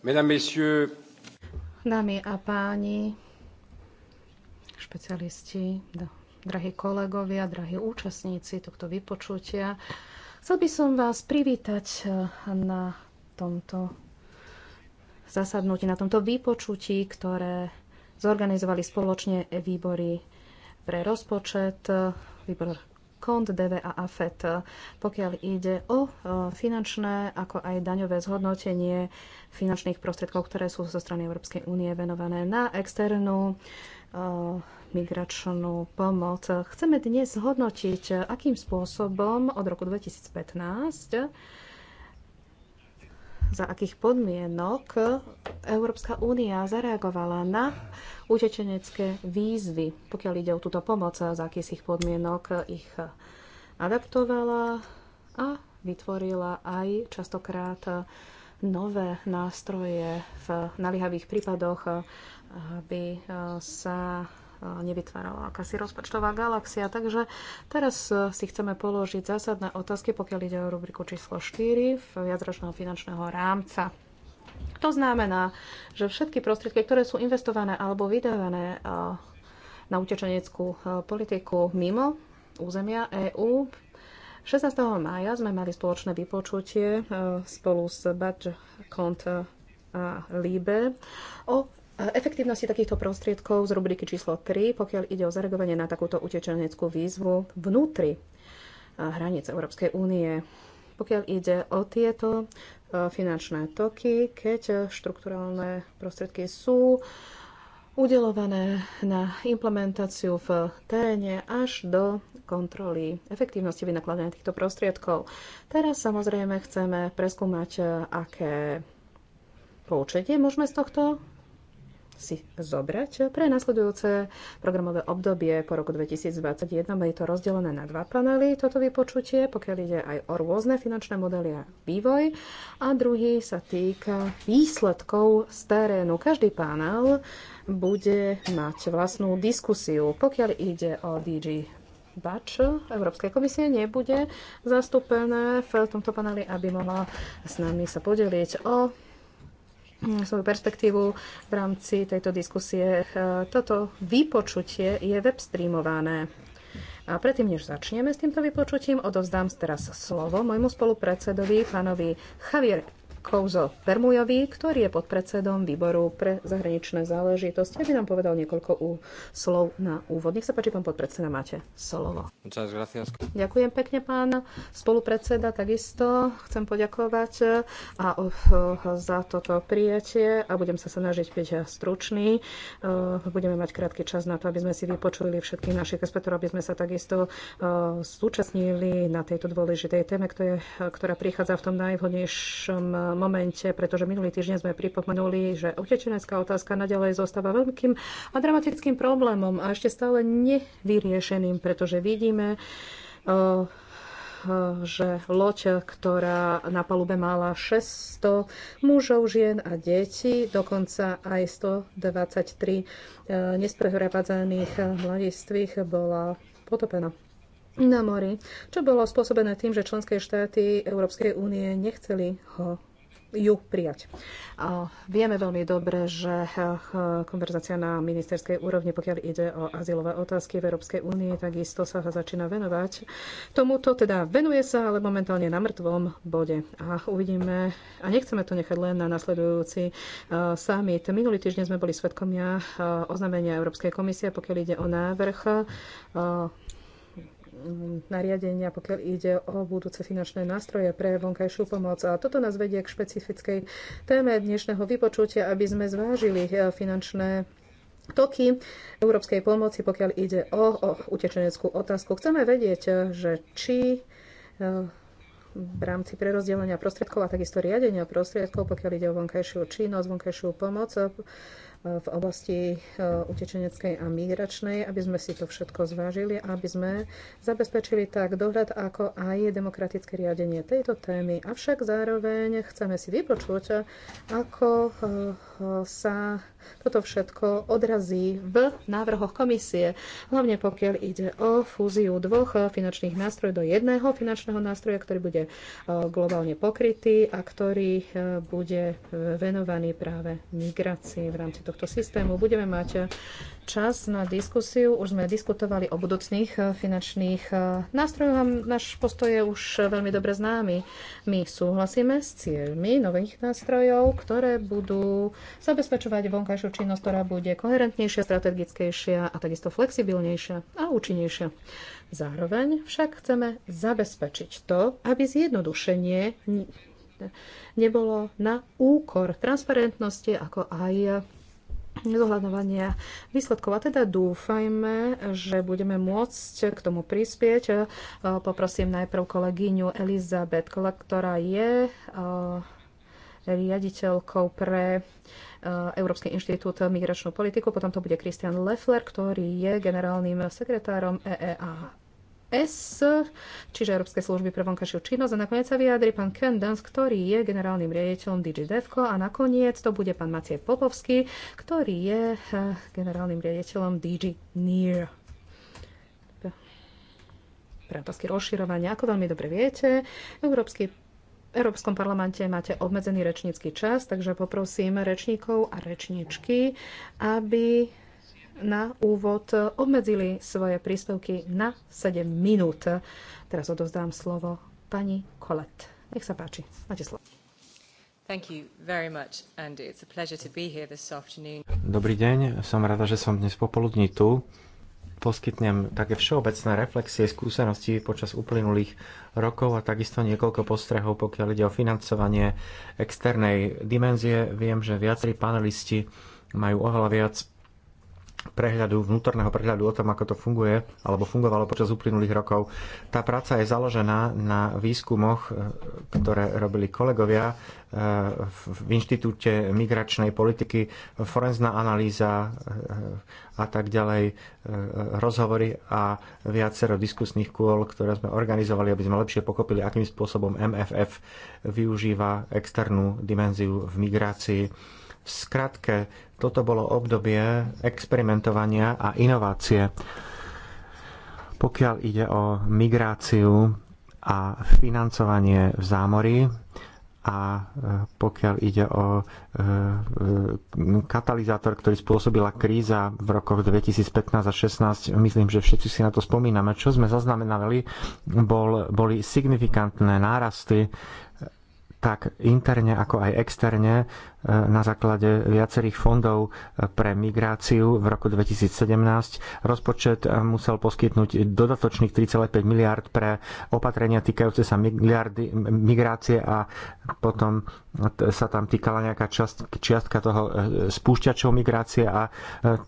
Dámy a páni, špecialisti, drahí kolegovia, drahí účastníci tohto vypočutia, chcel by som vás privítať eh, na tomto zasadnutí, na tomto vypočutí, ktoré zorganizovali spoločne výbory pre rozpočet, eh, výbor KONT, DV a AFET, pokiaľ ide o e, finančné ako aj daňové zhodnotenie finančných prostriedkov, ktoré sú zo strany Európskej únie venované na externú e, migračnú pomoc. Chceme dnes zhodnotiť, akým spôsobom od roku 2015 za akých podmienok Európska únia zareagovala na utečenecké výzvy, pokiaľ ide o túto pomoc, za akých podmienok ich adaptovala a vytvorila aj častokrát nové nástroje v naliehavých prípadoch, aby sa nevytvárala akási rozpočtová galaxia. Takže teraz e, si chceme položiť zásadné otázky, pokiaľ ide o rubriku číslo 4 v viacročného finančného rámca. To znamená, že všetky prostriedky, ktoré sú investované alebo vydávané e, na utečeneckú e, politiku mimo územia EÚ, 16. mája sme mali spoločné vypočutie spolu s Badge Kont Líbe o efektívnosti takýchto prostriedkov z rubriky číslo 3, pokiaľ ide o zareagovanie na takúto utečeneckú výzvu vnútri hranic Európskej únie. Pokiaľ ide o tieto finančné toky, keď štrukturálne prostriedky sú udelované na implementáciu v teréne až do kontroly efektívnosti vynakladania týchto prostriedkov. Teraz samozrejme chceme preskúmať, aké poučenie môžeme z tohto si zobrať pre nasledujúce programové obdobie po roku 2021. Je to rozdelené na dva panely, toto vypočutie, pokiaľ ide aj o rôzne finančné modely a vývoj. A druhý sa týka výsledkov z terénu. Každý panel bude mať vlastnú diskusiu, pokiaľ ide o DG Bač Európskej komisie nebude zastúpené v tomto paneli, aby mohla s nami sa podeliť o svoju perspektívu v rámci tejto diskusie. E, toto vypočutie je webstreamované. A predtým, než začneme s týmto vypočutím, odovzdám teraz slovo môjmu spolupredsedovi, pánovi Javier Kouzo Vermujovi, ktorý je podpredsedom výboru pre zahraničné záležitosti, aby nám povedal niekoľko slov na úvod. Nech sa páči, pán podpredseda, máte slovo. Ďakujem pekne, pán spolupredseda. Takisto chcem poďakovať e, a za toto prijatie a budem sa snažiť byť e, stručný. E, budeme mať krátky čas na to, aby sme si vypočuli všetkých našich respektorov, aby sme sa takisto zúčastnili na tejto dôležitej téme, ktorá prichádza v tom najvhodnejšom momente, pretože minulý týždeň sme pripomenuli, že utečenecká otázka naďalej zostáva veľkým a dramatickým problémom a ešte stále nevyriešeným, pretože vidíme eh, eh, že loď, ktorá na palube mala 600 mužov, žien a detí, dokonca aj 123 eh, nesprevádzaných mladistvých bola potopená na mori, čo bolo spôsobené tým, že členské štáty Európskej únie nechceli ho ju prijať. vieme veľmi dobre, že eh, konverzácia na ministerskej úrovni, pokiaľ ide o azylové otázky v Európskej únii, takisto sa začína venovať tomuto, teda venuje sa, ale momentálne na mŕtvom bode. A uvidíme, a nechceme to nechať len na nasledujúci eh, summit. Minulý týždeň sme boli svetkomia eh, oznámenia Európskej komisie, pokiaľ ide o návrh nariadenia, pokiaľ ide o budúce finančné nástroje pre vonkajšiu pomoc. A toto nás vedie k špecifickej téme dnešného vypočutia, aby sme zvážili eh, finančné toky európskej pomoci, pokiaľ ide o, o utečeneckú otázku. Chceme vedieť, eh, že či eh, v rámci prerozdelenia prostriedkov a takisto riadenia prostriedkov, pokiaľ ide o vonkajšiu činnosť, vonkajšiu pomoc, v oblasti e, utečeneckej a migračnej, aby sme si to všetko zvážili, aby sme zabezpečili tak dohľad, ako aj demokratické riadenie tejto témy. Avšak zároveň chceme si vypočuť, ako e, e, sa toto všetko odrazí v návrhoch komisie, hlavne pokiaľ ide o fúziu dvoch finančných nástrojov do jedného finančného nástroja, ktorý bude eh, globálne pokrytý a ktorý eh, bude eh, venovaný práve migrácii v rámci tohto systému. Budeme mať čas na diskusiu. Už sme diskutovali o budúcných finančných nástrojoch a náš postoj je už veľmi dobre známy. My súhlasíme s cieľmi nových nástrojov, ktoré budú zabezpečovať vonkajšie vonkajšiu činnosť, ktorá bude koherentnejšia, strategickejšia a takisto flexibilnejšia a účinnejšia. Zároveň však chceme zabezpečiť to, aby zjednodušenie nebolo na úkor transparentnosti, ako aj zohľadovania výsledkov. A teda dúfajme, že budeme môcť k tomu prispieť. Poprosím najprv kolegyňu Elizabeth, ktorá je riaditeľkou pre eh, Európsky inštitút migračnú politiku. Potom to bude Christian Leffler, ktorý je generálnym sekretárom EEA. S, čiže Európskej služby pre vonkajšiu činnosť. A nakoniec sa vyjadri pán Ken Dance, ktorý je generálnym riaditeľom DigiDevco a nakoniec to bude pán Maciej Popovský, ktorý je eh, generálnym riaditeľom DigiNear. Pre otázky rozširovania, ako veľmi dobre viete, Európsky v Európskom parlamente máte obmedzený rečnícky čas, takže poprosím rečníkov a rečníčky, aby na úvod obmedzili svoje príspevky na 7 minút. Teraz odovzdám slovo pani Kolet. Nech sa páči, máte slovo. Much, Dobrý deň, som rada, že som dnes popoludní tu poskytnem také všeobecné reflexie, skúsenosti počas uplynulých rokov a takisto niekoľko postrehov, pokiaľ ide o financovanie externej dimenzie. Viem, že viacerí panelisti majú oveľa viac prehľadu, vnútorného prehľadu o tom, ako to funguje alebo fungovalo počas uplynulých rokov. Tá práca je založená na výskumoch, e, ktoré robili kolegovia e, v Inštitúte migračnej politiky, forenzná analýza e, a tak ďalej, rozhovory a viacero diskusných kôl, ktoré sme organizovali, aby sme lepšie pochopili, akým spôsobom MFF využíva externú dimenziu v migrácii v skratke, toto bolo obdobie experimentovania a inovácie. Pokiaľ ide o migráciu a financovanie v zámorí, a e, pokiaľ ide o e, e, katalizátor, ktorý spôsobila kríza v rokoch 2015 a 16, myslím, že všetci si na to spomíname. Čo sme zaznamenali, bol, boli signifikantné nárasty tak interne ako aj externe e, na základe viacerých fondov e, pre migráciu v roku 2017. Rozpočet e, musel poskytnúť dodatočných 3,5 miliard pre opatrenia týkajúce sa miliardy, migrácie a potom sa tam týkala nejaká časť, čiastka toho spúšťačov migrácie a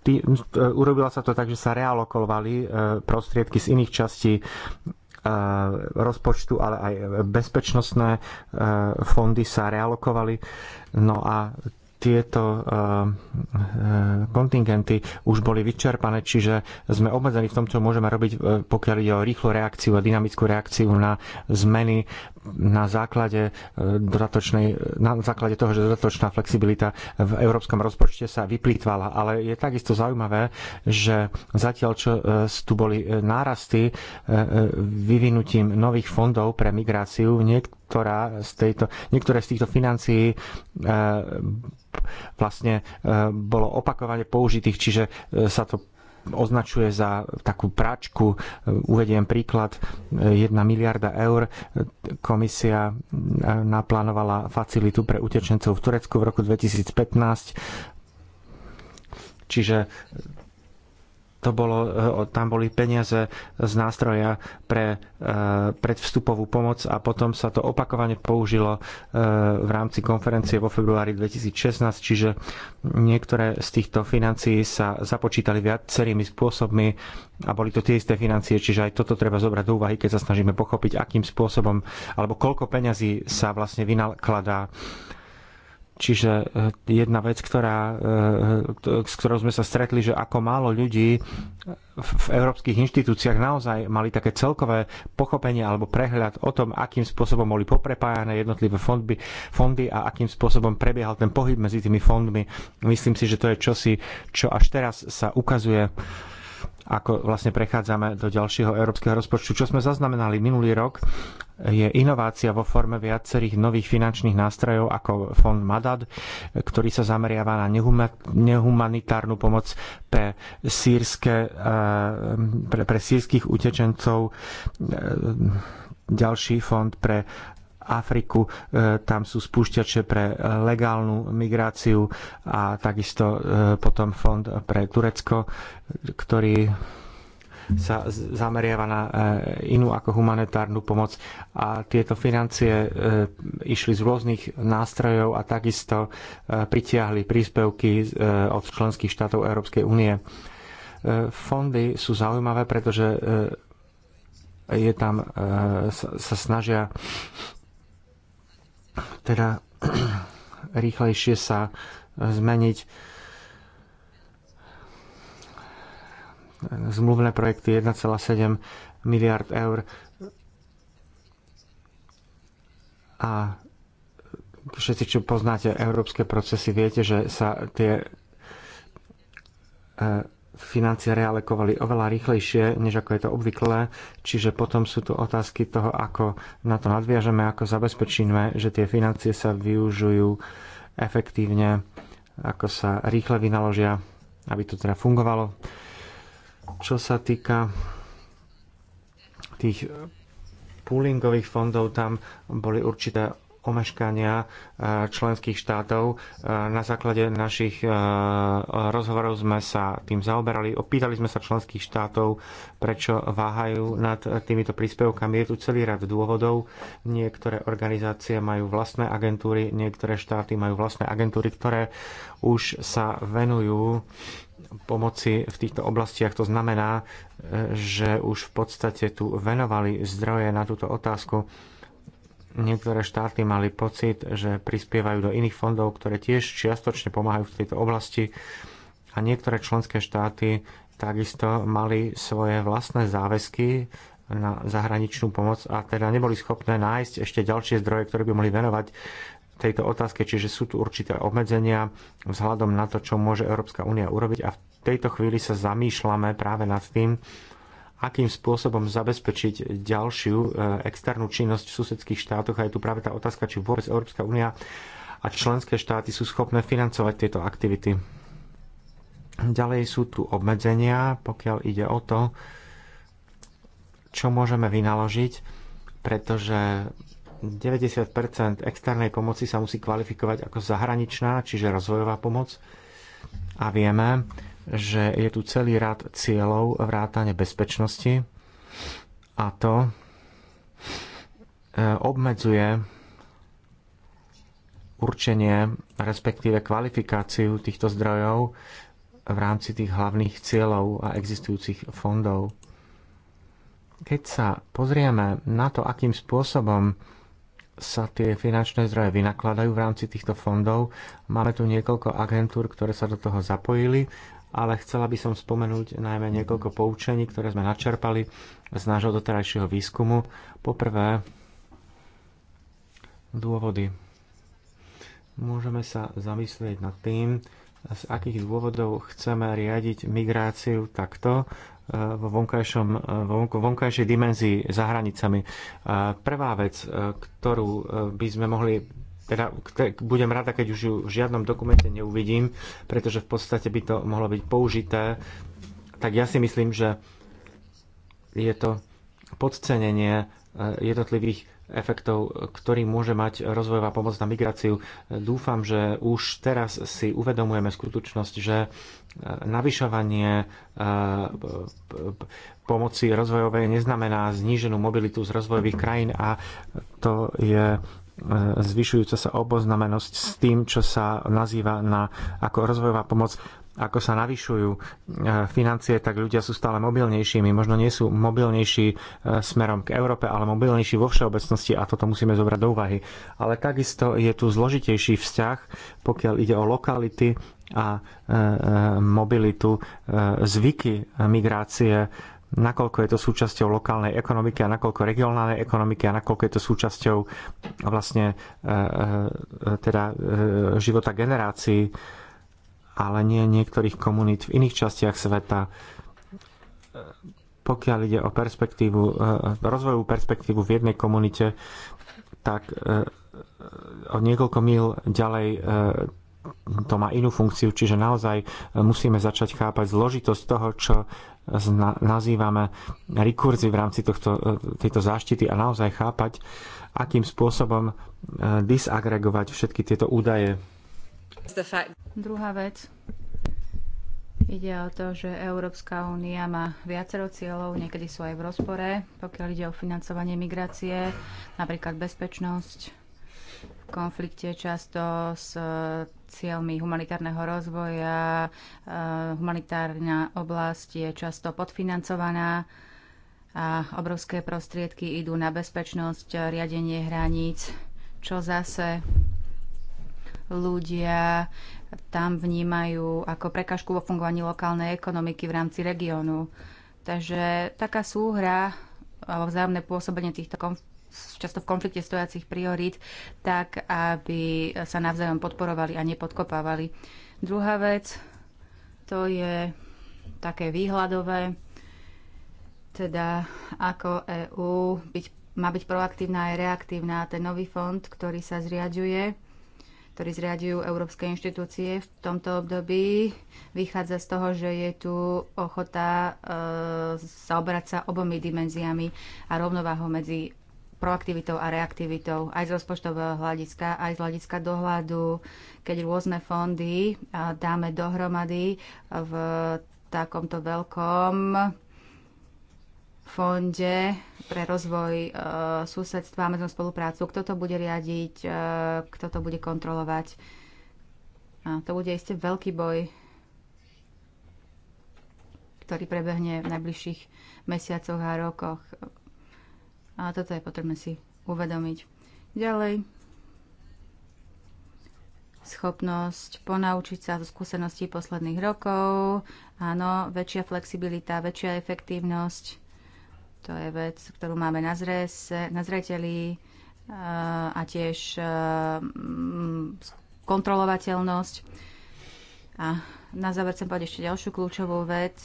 tý, urobila sa to tak, že sa realokovali prostriedky z iných častí rozpočtu, ale aj bezpečnostné e, fondy sa realokovali. No a tieto eh, eh, kontingenty už boli vyčerpané, čiže sme obmedzení v tom, čo môžeme robiť, eh, pokiaľ ide o rýchlu reakciu a dynamickú reakciu na zmeny na základe, dodatočnej, na základe toho, že dodatočná flexibilita v európskom rozpočte sa vyplýtvala. Ale je takisto zaujímavé, že zatiaľ, čo tu boli nárasty vyvinutím nových fondov pre migráciu, niek- ktorá z tejto, niektoré z týchto financií e, vlastne e, bolo opakovane použitých, čiže e, sa to označuje za takú práčku. Uvediem príklad, 1 miliarda eur komisia naplánovala facilitu pre utečencov v Turecku v roku 2015. Čiže to bolo, e, tam boli peniaze z nástroja pre e, predvstupovú pomoc a potom sa to opakovane použilo e, v rámci konferencie vo februári 2016, čiže niektoré z týchto financií sa započítali viacerými spôsobmi a boli to tie isté financie, čiže aj toto treba zobrať do úvahy, keď sa snažíme pochopiť, akým spôsobom alebo koľko peňazí sa vlastne vynakladá Čiže eh, jedna vec, ktorá, eh, s ktorou sme sa stretli, že ako málo ľudí eh, v európskych inštitúciách naozaj mali také celkové pochopenie alebo prehľad o tom, akým spôsobom boli poprepájane jednotlivé fondy, fondy a akým spôsobom prebiehal ten pohyb medzi tými fondmi. Myslím si, že to je čosi, čo až teraz sa ukazuje ako vlastne prechádzame do ďalšieho európskeho rozpočtu. Čo sme zaznamenali minulý rok, je inovácia vo forme viacerých nových finančných nástrojov ako fond Madad, ktorý sa zameriava na nehumanitárnu pomoc pre, sírske, eh, pre, pre sírskych utečencov, eh, ďalší fond pre Afriku, eh, tam sú spúšťače pre legálnu migráciu a takisto potom fond pre Turecko, ktorý sa zameriava na e, inú ako humanitárnu pomoc a tieto financie e, išli z rôznych nástrojov a takisto e, pritiahli príspevky od členských štátov Európskej únie. Fondy sú zaujímavé, pretože je tam, sa snažia teda rýchlejšie sa zmeniť zmluvné projekty 1,7 miliard eur a všetci, čo poznáte európske procesy, viete, že sa tie e, financie realekovali oveľa rýchlejšie, než ako je to obvyklé, čiže potom sú tu otázky toho, ako na to nadviažeme, ako zabezpečíme, že tie financie sa využijú efektívne, ako sa rýchle vynaložia, aby to teda fungovalo. Čo sa týka tých eh, poolingových fondov, tam boli určité omeškania eh, členských štátov. Eh, na základe našich rozhovorov sme sa tým zaoberali. Opýtali sme sa členských štátov, prečo váhajú nad týmito príspevkami. Je tu celý rad dôvodov. Niektoré organizácie majú vlastné agentúry, niektoré štáty majú vlastné agentúry, ktoré už sa venujú pomoci v týchto oblastiach. To znamená, e, že už v podstate tu venovali zdroje na túto otázku. Niektoré štáty mali pocit, že prispievajú do iných fondov, ktoré tiež čiastočne pomáhajú v tejto oblasti. A niektoré členské štáty takisto mali svoje vlastné záväzky na zahraničnú pomoc a teda neboli schopné nájsť ešte ďalšie zdroje, ktoré by mohli venovať tejto otázke, čiže sú tu určité obmedzenia vzhľadom na to, čo môže Európska únia urobiť a v tejto chvíli sa zamýšľame práve nad tým, akým spôsobom zabezpečiť ďalšiu e, externú činnosť v susedských štátoch. A je tu práve tá otázka, či vôbec Európska únia a členské štáty sú schopné financovať tieto aktivity. Ďalej sú tu obmedzenia, pokiaľ ide o to, čo môžeme vynaložiť, pretože 90 externej pomoci sa musí kvalifikovať ako zahraničná, čiže rozvojová pomoc. A vieme, že je tu celý rad cieľov vrátane bezpečnosti a to e, obmedzuje určenie, respektíve kvalifikáciu týchto zdrojov v rámci tých hlavných cieľov a existujúcich fondov. Keď sa pozrieme na to, akým spôsobom sa tie finančné zdroje vynakladajú v rámci týchto fondov. Máme tu niekoľko agentúr, ktoré sa do toho zapojili, ale chcela by som spomenúť najmä niekoľko poučení, ktoré sme načerpali z nášho doterajšieho výskumu. Poprvé, dôvody. Môžeme sa zamyslieť nad tým, z akých dôvodov chceme riadiť migráciu takto, vo, vonkajšom, vo vonkajšej dimenzii za hranicami. Prvá vec, e, ktorú e, by sme mohli teda budem rada, keď už ju v žiadnom dokumente neuvidím, pretože v podstate by to mohlo byť použité, tak ja si myslím, že je to podcenenie e, jednotlivých efektov, ktorý môže mať rozvojová pomoc na migráciu. Dúfam, že už teraz si uvedomujeme skutočnosť, že e, navyšovanie e, pomoci rozvojovej neznamená zníženú mobilitu z rozvojových krajín a to je e, zvyšujúca sa oboznamenosť s tým, čo sa nazýva na, ako rozvojová pomoc ako sa navyšujú eh, financie, tak ľudia sú stále mobilnejšími. Možno nie sú mobilnejší eh, smerom k Európe, ale mobilnejší vo všeobecnosti a toto musíme zobrať do úvahy. Ale takisto je tu zložitejší vzťah, pokiaľ ide o lokality a eh, mobilitu, zvyky migrácie, nakoľko je to súčasťou lokálnej ekonomiky a nakoľko regionálnej ekonomiky a nakoľko je to súčasťou vlastne teda života generácií ale nie niektorých komunít v iných častiach sveta. Pokiaľ ide o perspektívu, e, rozvojovú perspektívu v jednej komunite, tak e, o niekoľko mil ďalej e, to má inú funkciu, čiže naozaj musíme začať chápať zložitosť toho, čo nazývame rekurzy v rámci tohto, tejto záštity a naozaj chápať, akým spôsobom disagregovať všetky tieto údaje Druhá vec. Ide o to, že Európska únia má viacero cieľov, niekedy sú aj v rozpore, pokiaľ ide o financovanie migrácie, napríklad bezpečnosť, v konflikte často s e, cieľmi humanitárneho rozvoja. E, humanitárna oblasť je často podfinancovaná a obrovské prostriedky idú na bezpečnosť, riadenie hraníc, čo zase ľudia tam vnímajú ako prekažku vo fungovaní lokálnej ekonomiky v rámci regiónu. Takže taká súhra alebo vzájomné pôsobenie týchto konf- často v konflikte stojacich priorít, tak aby sa navzájom podporovali a nepodkopávali. Druhá vec, to je také výhľadové, teda ako EÚ byť, má byť proaktívna aj reaktívna. Ten nový fond, ktorý sa zriaďuje, ktorý zriadujú európske inštitúcie v tomto období, vychádza z toho, že je tu ochota e, zaoberať sa obomi dimenziami a rovnováhou medzi proaktivitou a reaktivitou, aj z rozpočtového hľadiska, aj z hľadiska dohľadu, keď rôzne fondy e, dáme dohromady v takomto veľkom fonde pre rozvoj e, susedstva a medzinú spoluprácu. Kto to bude riadiť, e, kto to bude kontrolovať. A to bude iste veľký boj, ktorý prebehne v najbližších mesiacoch a rokoch. A toto je potrebné si uvedomiť. Ďalej, schopnosť ponaučiť sa zo skúseností posledných rokov, áno, väčšia flexibilita, väčšia efektívnosť, to je vec, ktorú máme na, zrese, na zreteli eh, a tiež eh, kontrolovateľnosť. A na záver chcem povedať ešte ďalšiu kľúčovú vec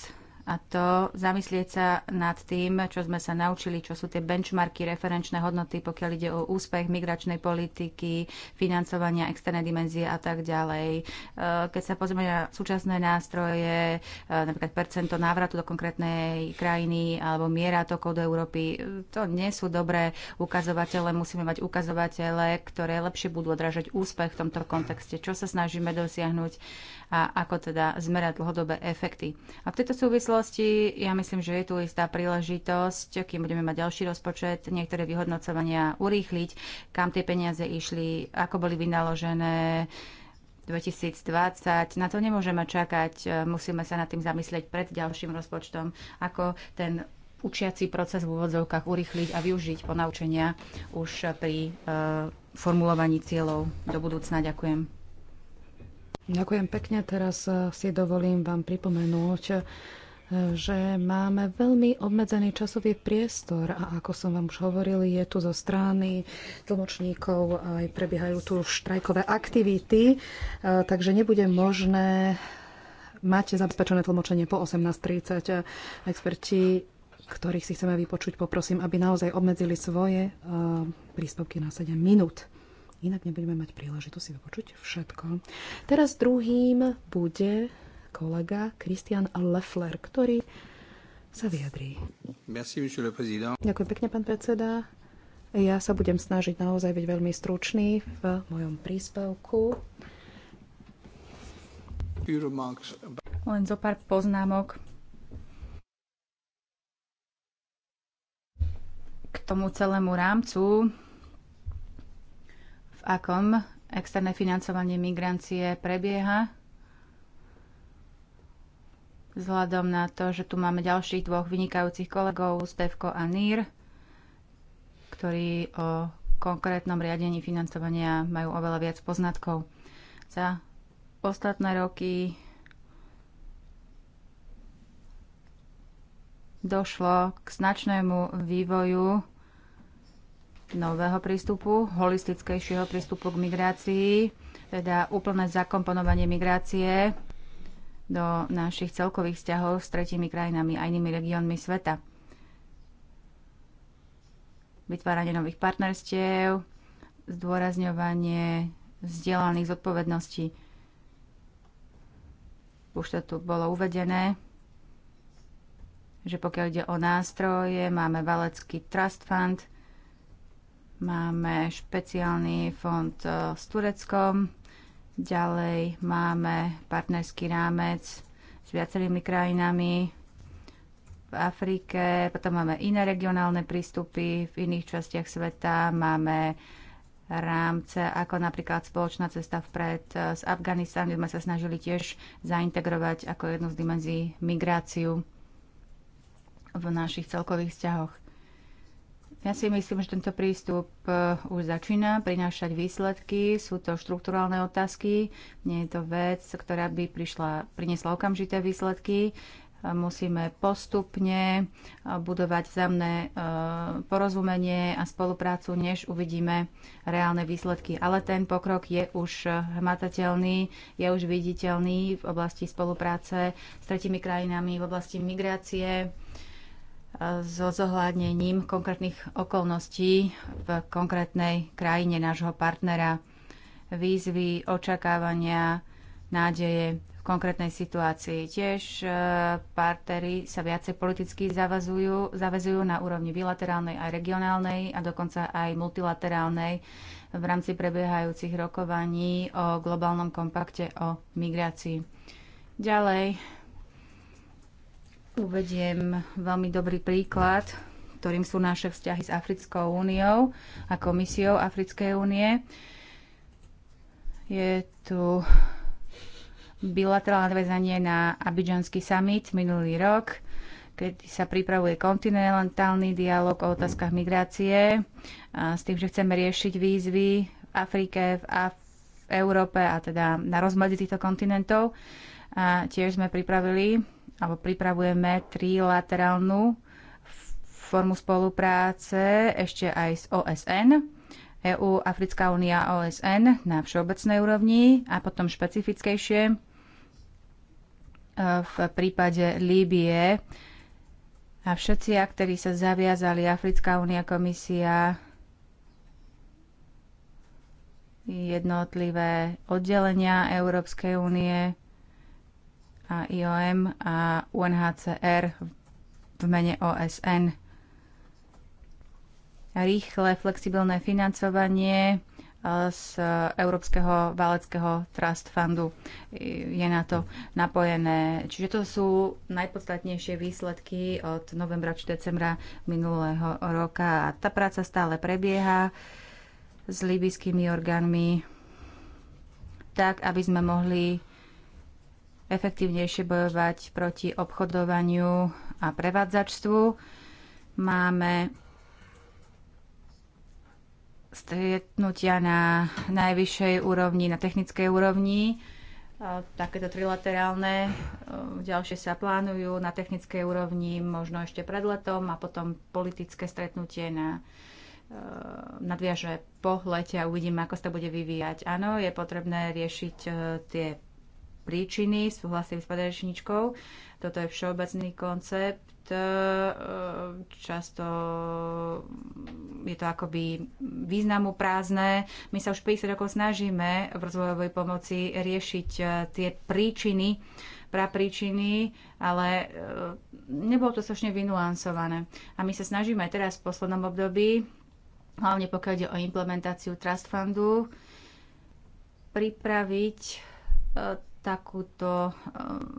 a to zamyslieť sa nad tým, čo sme sa naučili, čo sú tie benchmarky, referenčné hodnoty, pokiaľ ide o úspech migračnej politiky, financovania externej dimenzie a tak ďalej. E, keď sa pozrieme na súčasné nástroje, e, napríklad percento návratu do konkrétnej krajiny alebo miera tokov do Európy, e, to nie sú dobré ukazovatele. Musíme mať ukazovatele, ktoré lepšie budú odrážať úspech v tomto kontexte, čo sa snažíme dosiahnuť a ako teda zmerať dlhodobé efekty. A v tejto súvislosti minulosti. Ja myslím, že je tu istá príležitosť, kým budeme mať ďalší rozpočet, niektoré vyhodnocovania urýchliť, kam tie peniaze išli, ako boli vynaložené, 2020. Na to nemôžeme čakať, musíme sa nad tým zamyslieť pred ďalším rozpočtom, ako ten učiaci proces v úvodzovkách urychliť a využiť ponaučenia už pri uh, formulovaní cieľov do budúcna. Ďakujem. Ďakujem pekne. Teraz eh, si dovolím vám pripomenúť, že máme veľmi obmedzený časový priestor a ako som vám už hovoril, je tu zo strany tlmočníkov aj prebiehajú tu štrajkové aktivity, e, takže nebude možné mať zabezpečené tlmočenie po 18.30. Experti, ktorých si chceme vypočuť, poprosím, aby naozaj obmedzili svoje e, príspevky na 7 minút. Inak nebudeme mať príležitosť si vypočuť všetko. Teraz druhým bude kolega Christian Leffler, ktorý sa vyjadrí. Merci, le Ďakujem pekne, pán predseda. Ja sa budem snažiť naozaj byť veľmi stručný v mojom príspevku. Len zo pár poznámok k tomu celému rámcu, v akom externé financovanie migrancie prebieha vzhľadom na to, že tu máme ďalších dvoch vynikajúcich kolegov, Stevko a Nír, ktorí o konkrétnom riadení financovania majú oveľa viac poznatkov. Za ostatné roky došlo k značnému vývoju nového prístupu, holistickejšieho prístupu k migrácii, teda úplné zakomponovanie migrácie do našich celkových vzťahov s tretími krajinami a inými regiónmi sveta. Vytváranie nových partnerstiev, zdôrazňovanie vzdielaných zodpovedností. Už to tu bolo uvedené, že pokiaľ ide o nástroje, máme Valecký Trust Fund, máme špeciálny fond eh, s Tureckom, Ďalej máme partnerský rámec s viacerými krajinami v Afrike, potom máme iné regionálne prístupy v iných častiach sveta, máme rámce, ako napríklad spoločná cesta vpred z e, Afganistánu, kde sme sa snažili tiež zaintegrovať ako jednu z dimenzií migráciu v našich celkových vzťahoch. Ja si myslím, že tento prístup e, už začína prinášať výsledky. Sú to štruktúralne otázky. Nie je to vec, ktorá by prišla, priniesla okamžité výsledky. E, musíme postupne e, budovať vzájomné porozumenie a spoluprácu, než uvidíme reálne výsledky. Ale ten pokrok je už hmatateľný, je už viditeľný v oblasti spolupráce s tretimi krajinami, v oblasti migrácie so zohľadnením konkrétnych okolností v konkrétnej krajine nášho partnera, výzvy, očakávania, nádeje v konkrétnej situácii. Tiež e, partnery sa viacej politicky zavazujú, zavazujú na úrovni bilaterálnej aj regionálnej a dokonca aj multilaterálnej v rámci prebiehajúcich rokovaní o globálnom kompakte o migrácii. Ďalej, Uvediem veľmi dobrý príklad, ktorým sú naše vzťahy s Africkou úniou a komisiou Africkej únie. Je tu bilaterálne väzanie na Abidžanský summit minulý rok, keď sa pripravuje kontinentálny dialog o otázkach migrácie a s tým, že chceme riešiť výzvy v Afrike, v, Af- v Európe a teda na rozmedzi týchto kontinentov. A tiež sme pripravili alebo pripravujeme trilaterálnu formu spolupráce ešte aj s OSN, EU, Africká únia, OSN na všeobecnej úrovni a potom špecifickejšie e, v prípade Líbie. A všetci ktorí sa zaviazali, Africká únia, komisia, jednotlivé oddelenia Európskej únie, a IOM a UNHCR v mene OSN. Rýchle, flexibilné financovanie e, z Európskeho váleckého trust fundu e, je na to napojené. Čiže to sú najpodstatnejšie výsledky od novembra či decembra minulého roka. A tá práca stále prebieha s libyskými orgánmi tak, aby sme mohli efektívnejšie bojovať proti obchodovaniu a prevádzačstvu. Máme stretnutia na najvyššej úrovni, na technickej úrovni, takéto trilaterálne. E, ďalšie sa plánujú na technickej úrovni, možno ešte pred letom a potom politické stretnutie na e, nadviaže po lete a uvidíme, ako sa to bude vyvíjať. Áno, je potrebné riešiť e, tie príčiny, súhlasím s paderečničkou. Toto je všeobecný koncept. E, často je to akoby významu prázdne. My sa už 50 rokov snažíme v rozvojovej pomoci riešiť e, tie príčiny, prapríčiny, ale e, nebolo to strašne vynuansované. A my sa snažíme teraz v poslednom období, hlavne pokiaľ ide o implementáciu Trust Fundu, pripraviť takúto eh,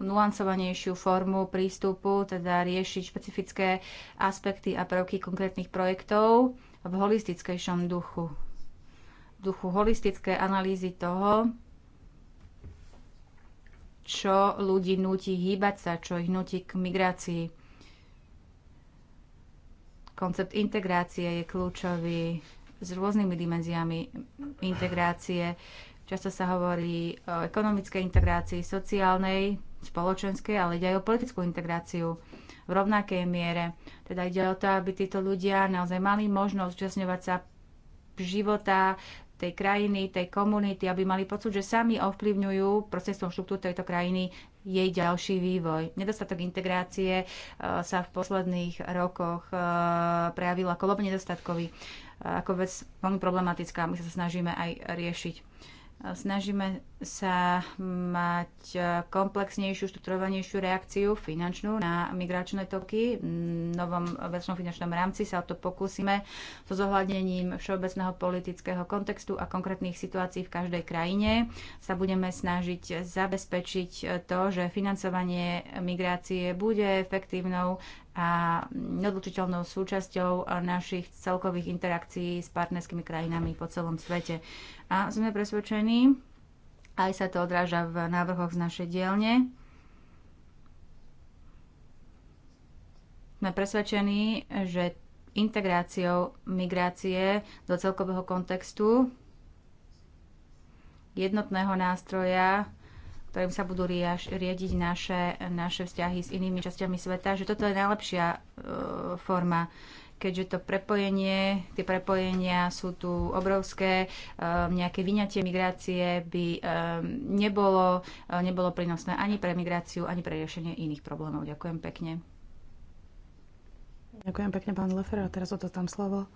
nuancovanejšiu formu prístupu, teda riešiť špecifické aspekty a prvky konkrétnych projektov v holistickejšom duchu. V duchu holistické analýzy toho, čo ľudí nutí hýbať sa, čo ich nutí k migrácii. Koncept integrácie je kľúčový s rôznymi dimenziami integrácie. Často sa hovorí o ekonomickej integrácii, sociálnej, spoločenskej, ale ide aj o politickú integráciu v rovnakej miere. Teda ide o to, aby títo ľudia naozaj mali možnosť zúčastňovať sa života tej krajiny, tej komunity, aby mali pocit, že sami ovplyvňujú procesom štruktúr tejto krajiny jej ďalší vývoj. Nedostatok integrácie e, sa v posledných rokoch e, prejavil ako nedostatkový, e, ako vec veľmi problematická, my sa snažíme aj riešiť. Snažíme sa mať e, komplexnejšiu, štruktúrovanejšiu reakciu finančnú na migračné toky. V novom väčšom finančnom rámci sa o to pokúsime so zohľadnením všeobecného politického kontextu a konkrétnych situácií v každej krajine. Sa budeme snažiť zabezpečiť to, že financovanie migrácie bude efektívnou, a neodlučiteľnou súčasťou našich celkových interakcií s partnerskými krajinami po celom svete. A sme presvedčení, aj sa to odráža v návrhoch z našej dielne, sme presvedčení, že integráciou migrácie do celkového kontextu jednotného nástroja ktorým sa budú riadiť naše, naše vzťahy s inými časťami sveta, že toto je najlepšia e, forma keďže to prepojenie, tie prepojenia sú tu obrovské, e, nejaké vyňatie migrácie by e, nebolo, e, nebolo prínosné ani pre migráciu, ani pre riešenie iných problémov. Ďakujem pekne. Ďakujem pekne, pán Lefer. A teraz odotám slovo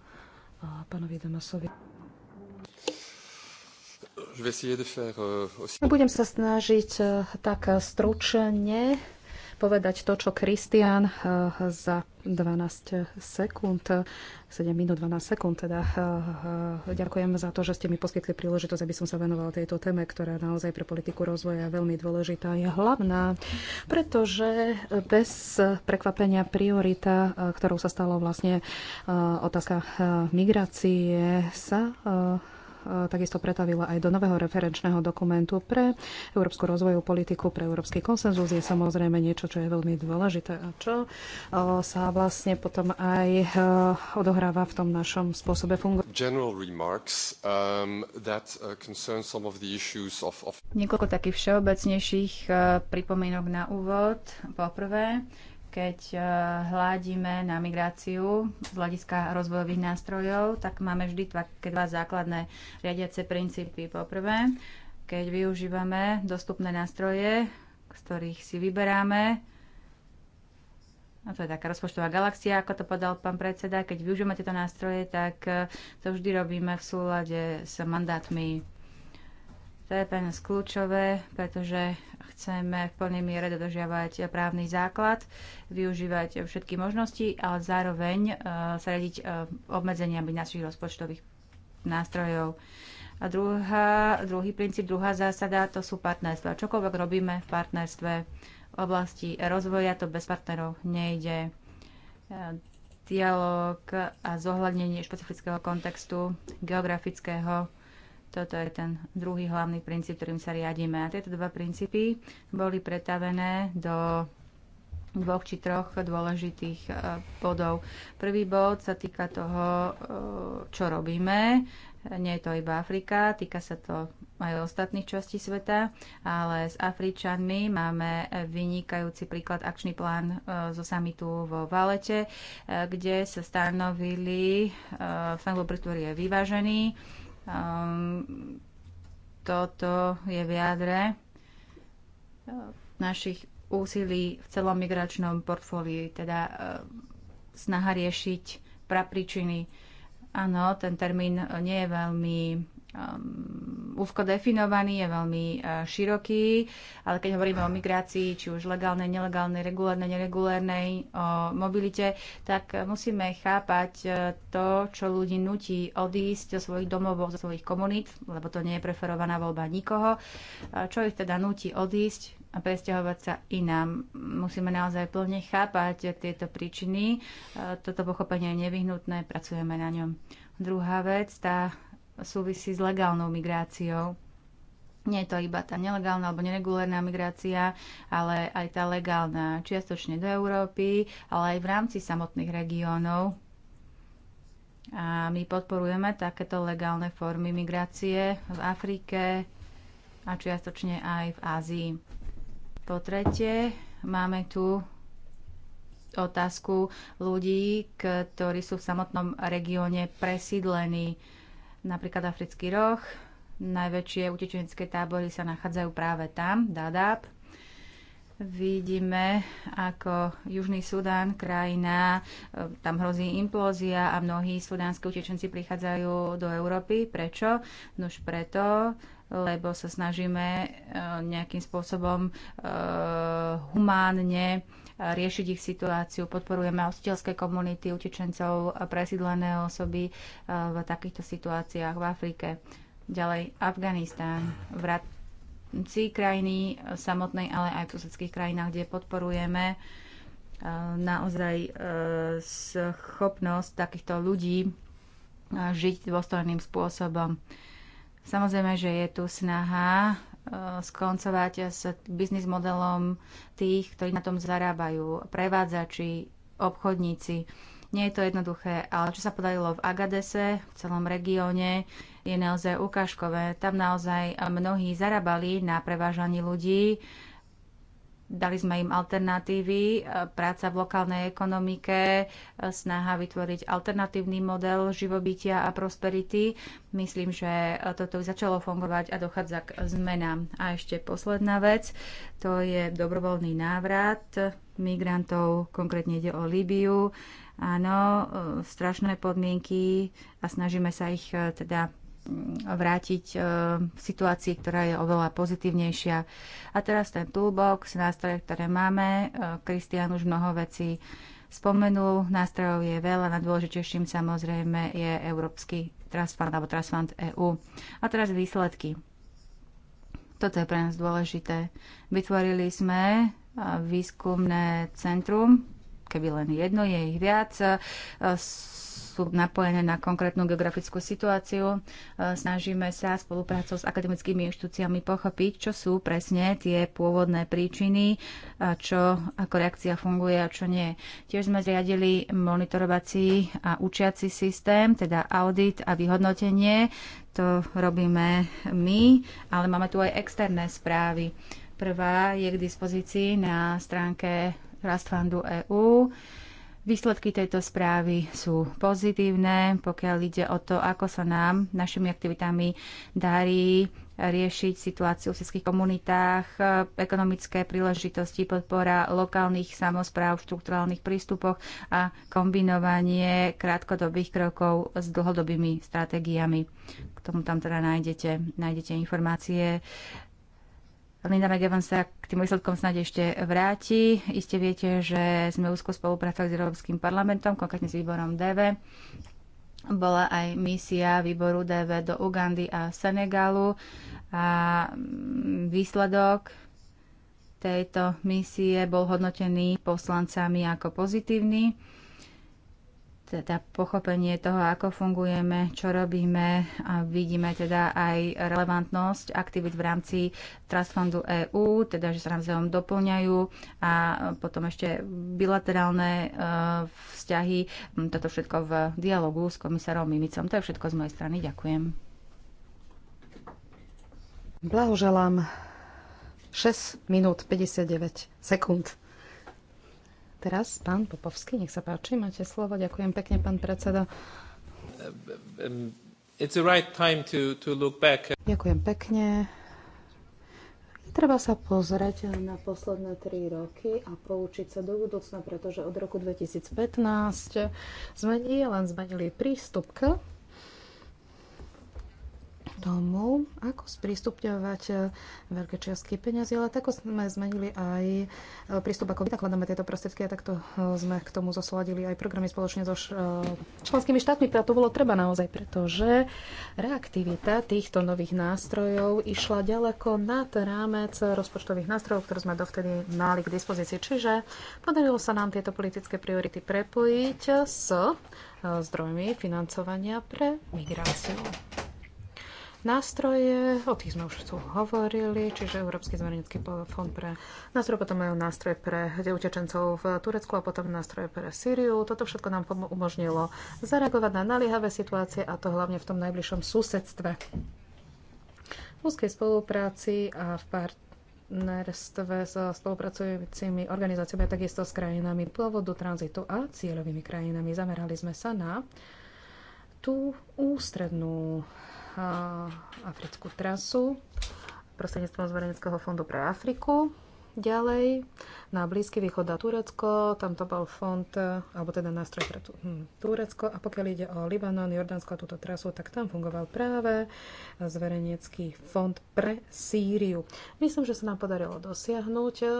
pánovi Damasovi. Euh, Budem sa snažiť eh, tak stručne povedať to, čo Kristian eh, za 12 sekúnd, 7 minút 12 sekúnd teda. Eh, ďakujem za to, že ste mi poskytli príležitosť, aby som sa venoval tejto téme, ktorá naozaj pre politiku rozvoja je veľmi dôležitá je hlavná, pretože bez prekvapenia priorita, ktorou sa stalo vlastne otázka migrácie, sa Eh, takisto pretavila aj do nového referenčného dokumentu pre európsku rozvojovú politiku, pre európsky konsenzus je samozrejme niečo, čo je veľmi dôležité a čo eh, sa vlastne potom aj eh, odohráva v tom našom spôsobe fungovania. Um, uh, Niekoľko takých všeobecnejších pripomienok na úvod. Poprvé, keď e, hľadíme na migráciu z hľadiska rozvojových nástrojov, tak máme vždy dva, dva základné riadiace princípy. Poprvé, keď využívame dostupné nástroje, z ktorých si vyberáme, a to je taká rozpočtová galaxia, ako to podal pán predseda, keď využívame tieto nástroje, tak e, to vždy robíme v súlade s mandátmi to je pre nás kľúčové, pretože Chceme v plnej miere dodržiavať právny základ, využívať všetky možnosti, ale zároveň e, sa obmedzenia e, obmedzeniami našich rozpočtových nástrojov. A druhá, druhý princíp, druhá zásada, to sú partnerstva. Čokoľvek robíme v partnerstve v oblasti rozvoja, to bez partnerov nejde. E, Dialóg a zohľadnenie špecifického kontextu, geografického, toto je ten druhý hlavný princíp, ktorým sa riadíme. A tieto dva princípy boli pretavené do dvoch či troch dôležitých e, bodov. Prvý bod sa týka toho, e, čo robíme. Nie je to iba Afrika, týka sa to aj ostatných častí sveta, ale s Afričanmi máme vynikajúci príklad akčný plán e, zo samitu vo Valete, kde sa stanovili, stanovil príklad je vyvážený, Um, toto je v jadre eh, našich úsilí v celom migračnom portfóliu, teda uh, snaha riešiť prapríčiny. Áno, ten termín eh, nie je veľmi um, úzko definovaný, je veľmi uh, široký, ale keď hovoríme o migrácii, či už legálnej, nelegálnej, regulárnej, neregulárnej, o mobilite, tak musíme chápať e, to, čo ľudí nutí odísť zo svojich domovov, zo svojich komunít, lebo to nie je preferovaná voľba nikoho, čo ich teda nutí odísť a presťahovať sa inám. Musíme naozaj plne chápať tieto príčiny. E, toto pochopenie je nevyhnutné, pracujeme na ňom. Druhá vec, tá súvisí s legálnou migráciou. Nie je to iba tá nelegálna alebo neregulárna migrácia, ale aj tá legálna čiastočne do Európy, ale aj v rámci samotných regiónov. A my podporujeme takéto legálne formy migrácie v Afrike a čiastočne aj v Ázii. Po tretie, máme tu otázku ľudí, ktorí sú v samotnom regióne presídlení napríklad Africký roh. Najväčšie utečenecké tábory sa nachádzajú práve tam, Dadaab. Vidíme, ako Južný Sudán, krajina, e, tam hrozí implózia a mnohí sudánsky utečenci prichádzajú do Európy. Prečo? Nož preto, lebo sa snažíme e, nejakým spôsobom e, humánne riešiť ich situáciu. Podporujeme hostiteľské komunity, utečencov, presídlené osoby e, v takýchto situáciách v Afrike. Ďalej Afganistán, v rámci krajiny samotnej, ale aj v susedských krajinách, kde podporujeme e, naozaj e, schopnosť takýchto ľudí žiť dôstojným spôsobom. Samozrejme, že je tu snaha Eh, skoncovať s biznis modelom tých, ktorí na tom zarábajú, prevádzači, obchodníci. Nie je to jednoduché, ale čo sa podarilo v Agadese, v celom regióne, je naozaj ukážkové. Tam naozaj mnohí zarábali na prevážaní ľudí, Dali sme im alternatívy, e, práca v lokálnej ekonomike, e, snaha vytvoriť alternatívny model živobytia a prosperity. Myslím, že e, toto už začalo fungovať a dochádza k zmenám. A ešte posledná vec, to je dobrovoľný návrat migrantov, konkrétne ide o Líbiu. Áno, strašné podmienky a snažíme sa ich teda Mm, vrátiť e, v situácii, ktorá je oveľa pozitívnejšia. A teraz ten toolbox, nástroje, ktoré máme, e, Kristian už mnoho vecí spomenul, nástrojov je veľa, najdôležitejším samozrejme je Európsky Trust Fund alebo Trust Fund EU. A teraz výsledky. Toto je pre nás dôležité. Vytvorili sme e, výskumné centrum, keby len jedno, je ich viac. S sú napojené na konkrétnu geografickú situáciu. E, snažíme sa spoluprácou s akademickými inštitúciami pochopiť, čo sú presne tie pôvodné príčiny, e, čo ako reakcia funguje a čo nie. Tiež sme zriadili monitorovací a učiaci systém, teda audit a vyhodnotenie. To robíme my, ale máme tu aj externé správy. Prvá je k dispozícii na stránke Rastfundu EU. Výsledky tejto správy sú pozitívne, pokiaľ ide o to, ako sa nám našimi aktivitami darí riešiť situáciu v svetských komunitách, ekonomické príležitosti, podpora lokálnych samozpráv v štruktúrálnych prístupoch a kombinovanie krátkodobých krokov s dlhodobými stratégiami. K tomu tam teda nájdete, nájdete informácie Linda McEwan sa k tým výsledkom snáď ešte vráti. Iste viete, že sme úzko spolupracovali s Európskym parlamentom, konkrétne s výborom DV. Bola aj misia výboru DV do Ugandy a Senegalu. A mm, výsledok tejto misie bol hodnotený poslancami ako pozitívny teda pochopenie toho, ako fungujeme, čo robíme a vidíme teda aj relevantnosť aktivít v rámci Trust Fundu EU, teda že sa navzájom doplňajú a potom ešte bilaterálne e, vzťahy, hm, toto všetko v dialogu s komisárom Mimicom. To je všetko z mojej strany. Ďakujem. Blahoželám 6 minút 59 sekúnd. Teraz pán Popovský, nech sa páči, máte slovo. Ďakujem pekne, pán predseda. It's the right time to, to look back. Ďakujem pekne. Treba sa pozrieť na posledné tri roky a poučiť sa do budúcna, pretože od roku 2015 sme nie len zmenili prístup k tomu, ako sprístupňovať eh, veľké čiastky peniazy, ale tako sme zmenili aj eh, prístup, ako vynakladáme tieto prostriedky a takto eh, sme k tomu zosladili aj programy spoločne so členskými štátmi. A to bolo treba naozaj, pretože reaktivita týchto nových nástrojov išla ďaleko nad rámec rozpočtových nástrojov, ktoré sme dovtedy mali k dispozícii. Čiže podarilo sa nám tieto politické priority prepojiť s zdrojmi financovania pre migráciu nástroje, o tých sme už tu hovorili, čiže Európsky zverejnický fond pre nástroje, potom majú nástroje pre utečencov v Turecku a potom nástroje pre Syriu. Toto všetko nám umožnilo zareagovať na naliehavé situácie a to hlavne v tom najbližšom susedstve. V úzkej spolupráci a v partnerstve s spolupracujúcimi organizáciami a takisto s krajinami pôvodu, tranzitu a cieľovými krajinami. Zamerali sme sa na tú ústrednú Eh, africkú trasu prostredníctvom Zverejnického fondu pre Afriku. Ďalej, na Blízky východ a Turecko, tam to bol fond, eh, alebo teda nástroj pre hm, Turecko. A pokiaľ ide o Libanon, Jordánsko a túto trasu, tak tam fungoval práve Zverejnecký fond pre Sýriu. Myslím, že sa nám podarilo dosiahnuť eh,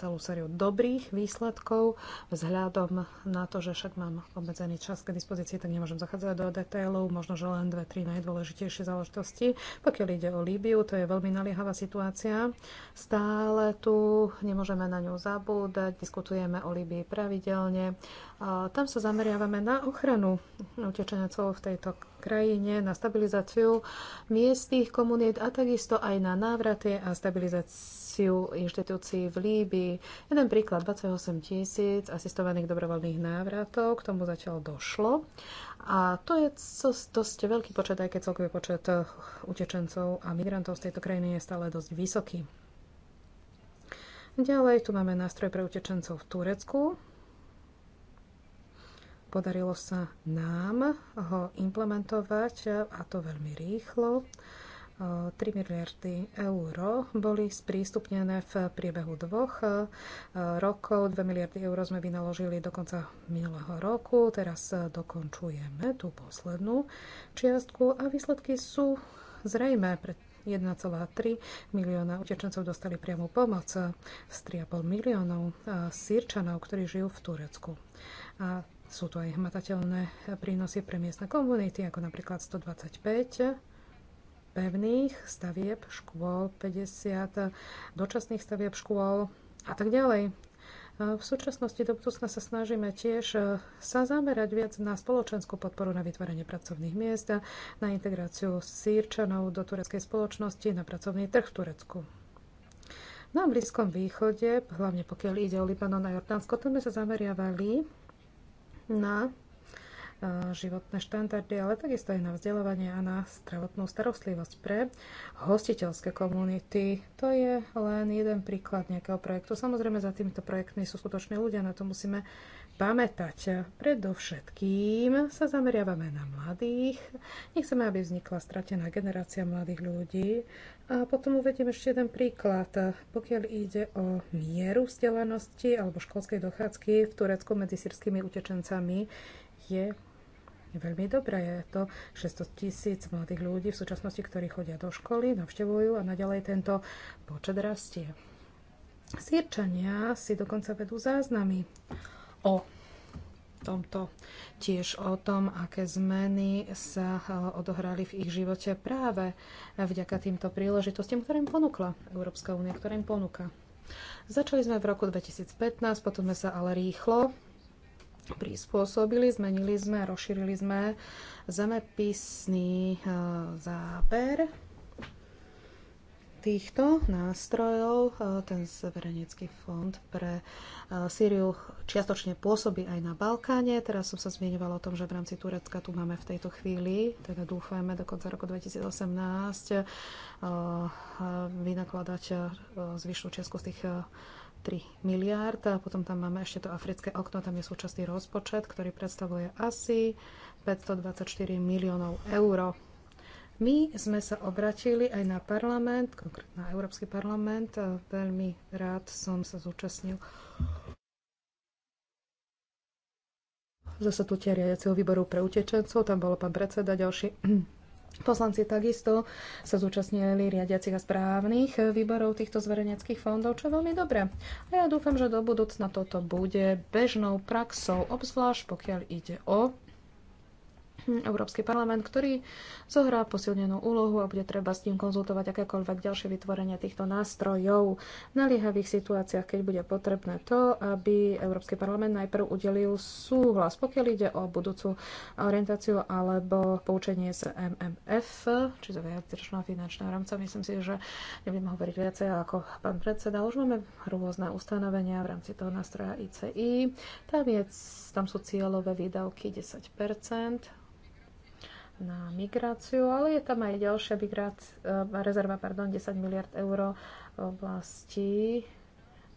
celú sériu dobrých výsledkov vzhľadom na to, že však mám obmedzený čas k dispozícii, tak nemôžem zachádzať do detailov, možno, že len dve, tri najdôležitejšie záležitosti. Pokiaľ ide o Líbiu, to je veľmi naliehavá situácia. Stále tu nemôžeme na ňu zabúdať, diskutujeme o Líbii pravidelne. Tam sa zameriavame na ochranu utečenecov v tejto krajine, na stabilizáciu miestných komunít a takisto aj na návraty a stabilizáciu inštitúcií v Líbii. Jeden príklad, 28 tisíc asistovaných dobrovoľných návratov, k tomu zatiaľ došlo. A to je dosť veľký počet, aj keď celkový počet utečencov a migrantov z tejto krajiny je stále dosť vysoký. Ďalej tu máme nástroj pre utečencov v Turecku, Podarilo sa nám ho implementovať a to veľmi rýchlo. 3 miliardy eur boli sprístupnené v priebehu dvoch e, rokov. 2 miliardy eur sme vynaložili do konca minulého roku. Teraz e, dokončujeme tú poslednú čiastku a výsledky sú zrejme, 1,3 milióna utečencov dostali priamu pomoc z 3,5 miliónov e, Sírčanov, ktorí žijú v Turecku. A sú to aj hmatateľné prínosy pre miestne komunity, ako napríklad 125 pevných stavieb škôl, 50 dočasných stavieb škôl a tak ďalej. V súčasnosti do budúcna sa snažíme tiež sa zamerať viac na spoločenskú podporu na vytvorenie pracovných miest, na integráciu sírčanov do tureckej spoločnosti, na pracovný trh v Turecku. Na Blízkom východe, hlavne pokiaľ ide o Libanon a Jordánsko, tam sme sa zameriavali na e, životné štandardy, ale takisto aj na vzdelávanie a na zdravotnú starostlivosť pre hostiteľské komunity. To je len jeden príklad nejakého projektu. Samozrejme, za týmito projektmi sú skutoční ľudia, na to musíme pamätať. Predovšetkým sa zameriavame na mladých. Nechceme, aby vznikla stratená generácia mladých ľudí. A potom uvediem ešte jeden príklad. Pokiaľ ide o mieru vzdelanosti alebo školskej dochádzky v Turecku medzi sírskymi utečencami, je veľmi dobré. Je to 600 tisíc mladých ľudí v súčasnosti, ktorí chodia do školy, navštevujú a naďalej tento počet rastie. Sýrčania si dokonca vedú záznamy o tomto tiež o tom, aké zmeny sa e, odohrali v ich živote práve vďaka týmto príležitostiam, ktorým ponúkla Európska únia, ktorým ponúka. Začali sme v roku 2015, potom sme sa ale rýchlo prispôsobili, zmenili sme, rozšírili sme zemepisný e, záber týchto nástrojov e, ten Severenecký fond pre e, Sýriu čiastočne pôsobí aj na Balkáne. Teraz som sa zmienovala o tom, že v rámci Turecka tu máme v tejto chvíli, teda dúfajme do konca roku 2018 e, vynakladať zvyšnú čiastku z tých 3 miliárd. A potom tam máme ešte to africké okno, tam je súčasný rozpočet, ktorý predstavuje asi 524 miliónov eur. My sme sa obratili aj na parlament, konkrétne na Európsky parlament. A veľmi rád som sa zúčastnil tie riadiaceho výboru pre utečencov. Tam bol pán predseda, ďalší Poslanci takisto sa zúčastnili riadiacich a správnych výborov týchto zverejneckých fondov, čo je veľmi dobré. A ja dúfam, že do budúcna toto bude bežnou praxou, obzvlášť pokiaľ ide o Európsky parlament, ktorý zohrá posilnenú úlohu a bude treba s ním konzultovať akékoľvek ďalšie vytvorenie týchto nástrojov v naliehavých situáciách, keď bude potrebné to, aby Európsky parlament najprv udelil súhlas, pokiaľ ide o budúcu orientáciu alebo poučenie z MMF, či za viacročná finančná rámca. Myslím si, že nebudem hovoriť viacej ako pán predseda. Už máme rôzne ustanovenia v rámci toho nástroja ICI. Tam, je, tam sú cieľové výdavky 10 na migráciu, ale je tam aj ďalšia migrácia, eh, rezerva pardon, 10 miliard eur v oblasti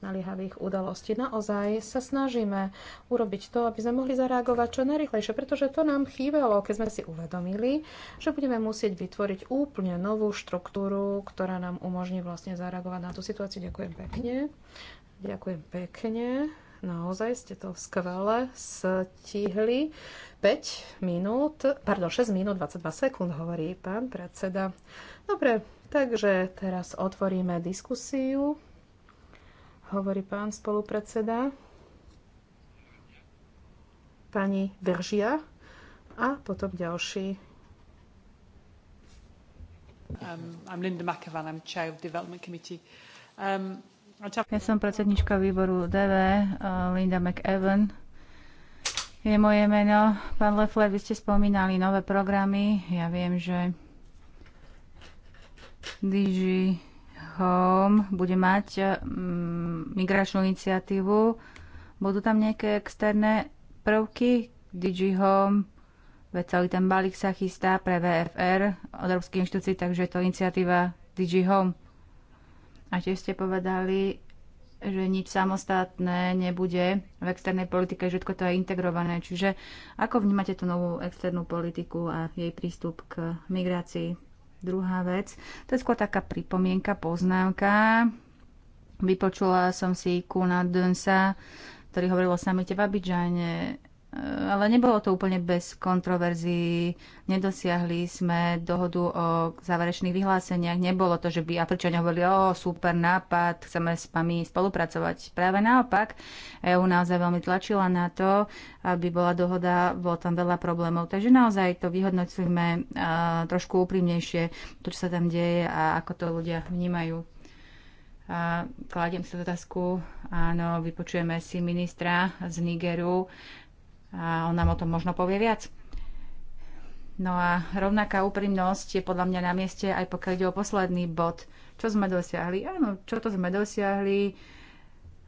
naliehavých udalostí. Naozaj sa snažíme urobiť to, aby sme mohli zareagovať čo najrychlejšie, pretože to nám chýbalo, keď sme si uvedomili, že budeme musieť vytvoriť úplne novú štruktúru, ktorá nám umožní vlastne zareagovať na tú situáciu. Ďakujem pekne. Ďakujem pekne. Naozaj ste to skvele stihli. 5 minút, pardon, 6 minút 22 sekúnd, hovorí pán predseda. Dobre, takže teraz otvoríme diskusiu, hovorí pán spolupredseda. Pani Veržia a potom ďalší. Um, I'm Linda McEvan, I'm chair of the Development Committee. Um, ja som predsednička výboru DV, eh, Linda McEwen. Je moje meno. Pán Lefler, vy ste spomínali nové programy. Ja viem, že Digi Home bude mať eh, migračnú iniciatívu. Budú tam nejaké externé prvky? Digi Home, veď celý ten balík sa chystá pre VFR od Európskej inštitúcii, takže je to iniciatíva Digi Home. A tiež ste povedali, že nič samostatné nebude v externej politike, že všetko to je integrované. Čiže ako vnímate tú novú externú politiku a jej prístup k migrácii? Druhá vec, to je skôr taká pripomienka, poznámka. Vypočula som si Kuna Dunsa, ktorý hovoril o samite v Abidžane ale nebolo to úplne bez kontroverzií. Nedosiahli sme dohodu o záverečných vyhláseniach. Nebolo to, že by Afričania hovorili, o, super nápad, chceme s vami spolupracovať. Práve naopak, EU naozaj veľmi tlačila na to, aby bola dohoda, bolo tam veľa problémov. Takže naozaj to vyhodnocujme e, trošku úprimnejšie, to, čo sa tam deje a ako to ľudia vnímajú. A kladiem si otázku, áno, vypočujeme si ministra z Nigeru, a on nám o tom možno povie viac. No a rovnaká úprimnosť je podľa mňa na mieste aj pokiaľ ide o posledný bod. Čo sme dosiahli? Áno, čo to sme dosiahli?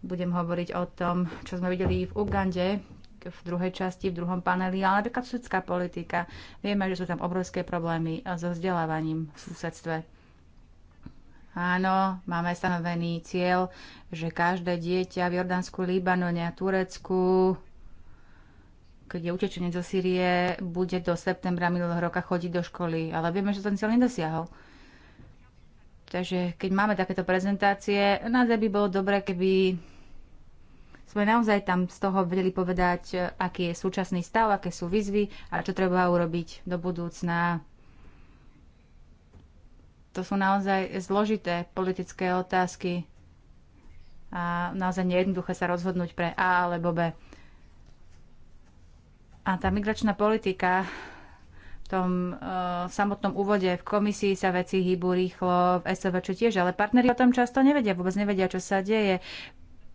Budem hovoriť o tom, čo sme videli v Ugande, v druhej časti, v druhom paneli, ale napríklad susedská politika. Vieme, že sú tam obrovské problémy so vzdelávaním v susedstve. Áno, máme stanovený cieľ, že každé dieťa v Jordánsku, Libanone a Turecku keď je utečenec zo Sýrie, bude do septembra minulého roka chodiť do školy. Ale vieme, že ten cieľ nedosiahol. Takže keď máme takéto prezentácie, naozaj by bolo dobré, keby sme naozaj tam z toho vedeli povedať, eh, aký je súčasný stav, aké sú výzvy a čo treba urobiť do budúcna. To sú naozaj zložité politické otázky a naozaj nejednoduché sa rozhodnúť pre A alebo B. A tá migračná politika v tom uh, samotnom úvode v komisii sa veci hýbu rýchlo, v SOV čo tiež, ale partneri o tom často nevedia, vôbec nevedia, čo sa deje.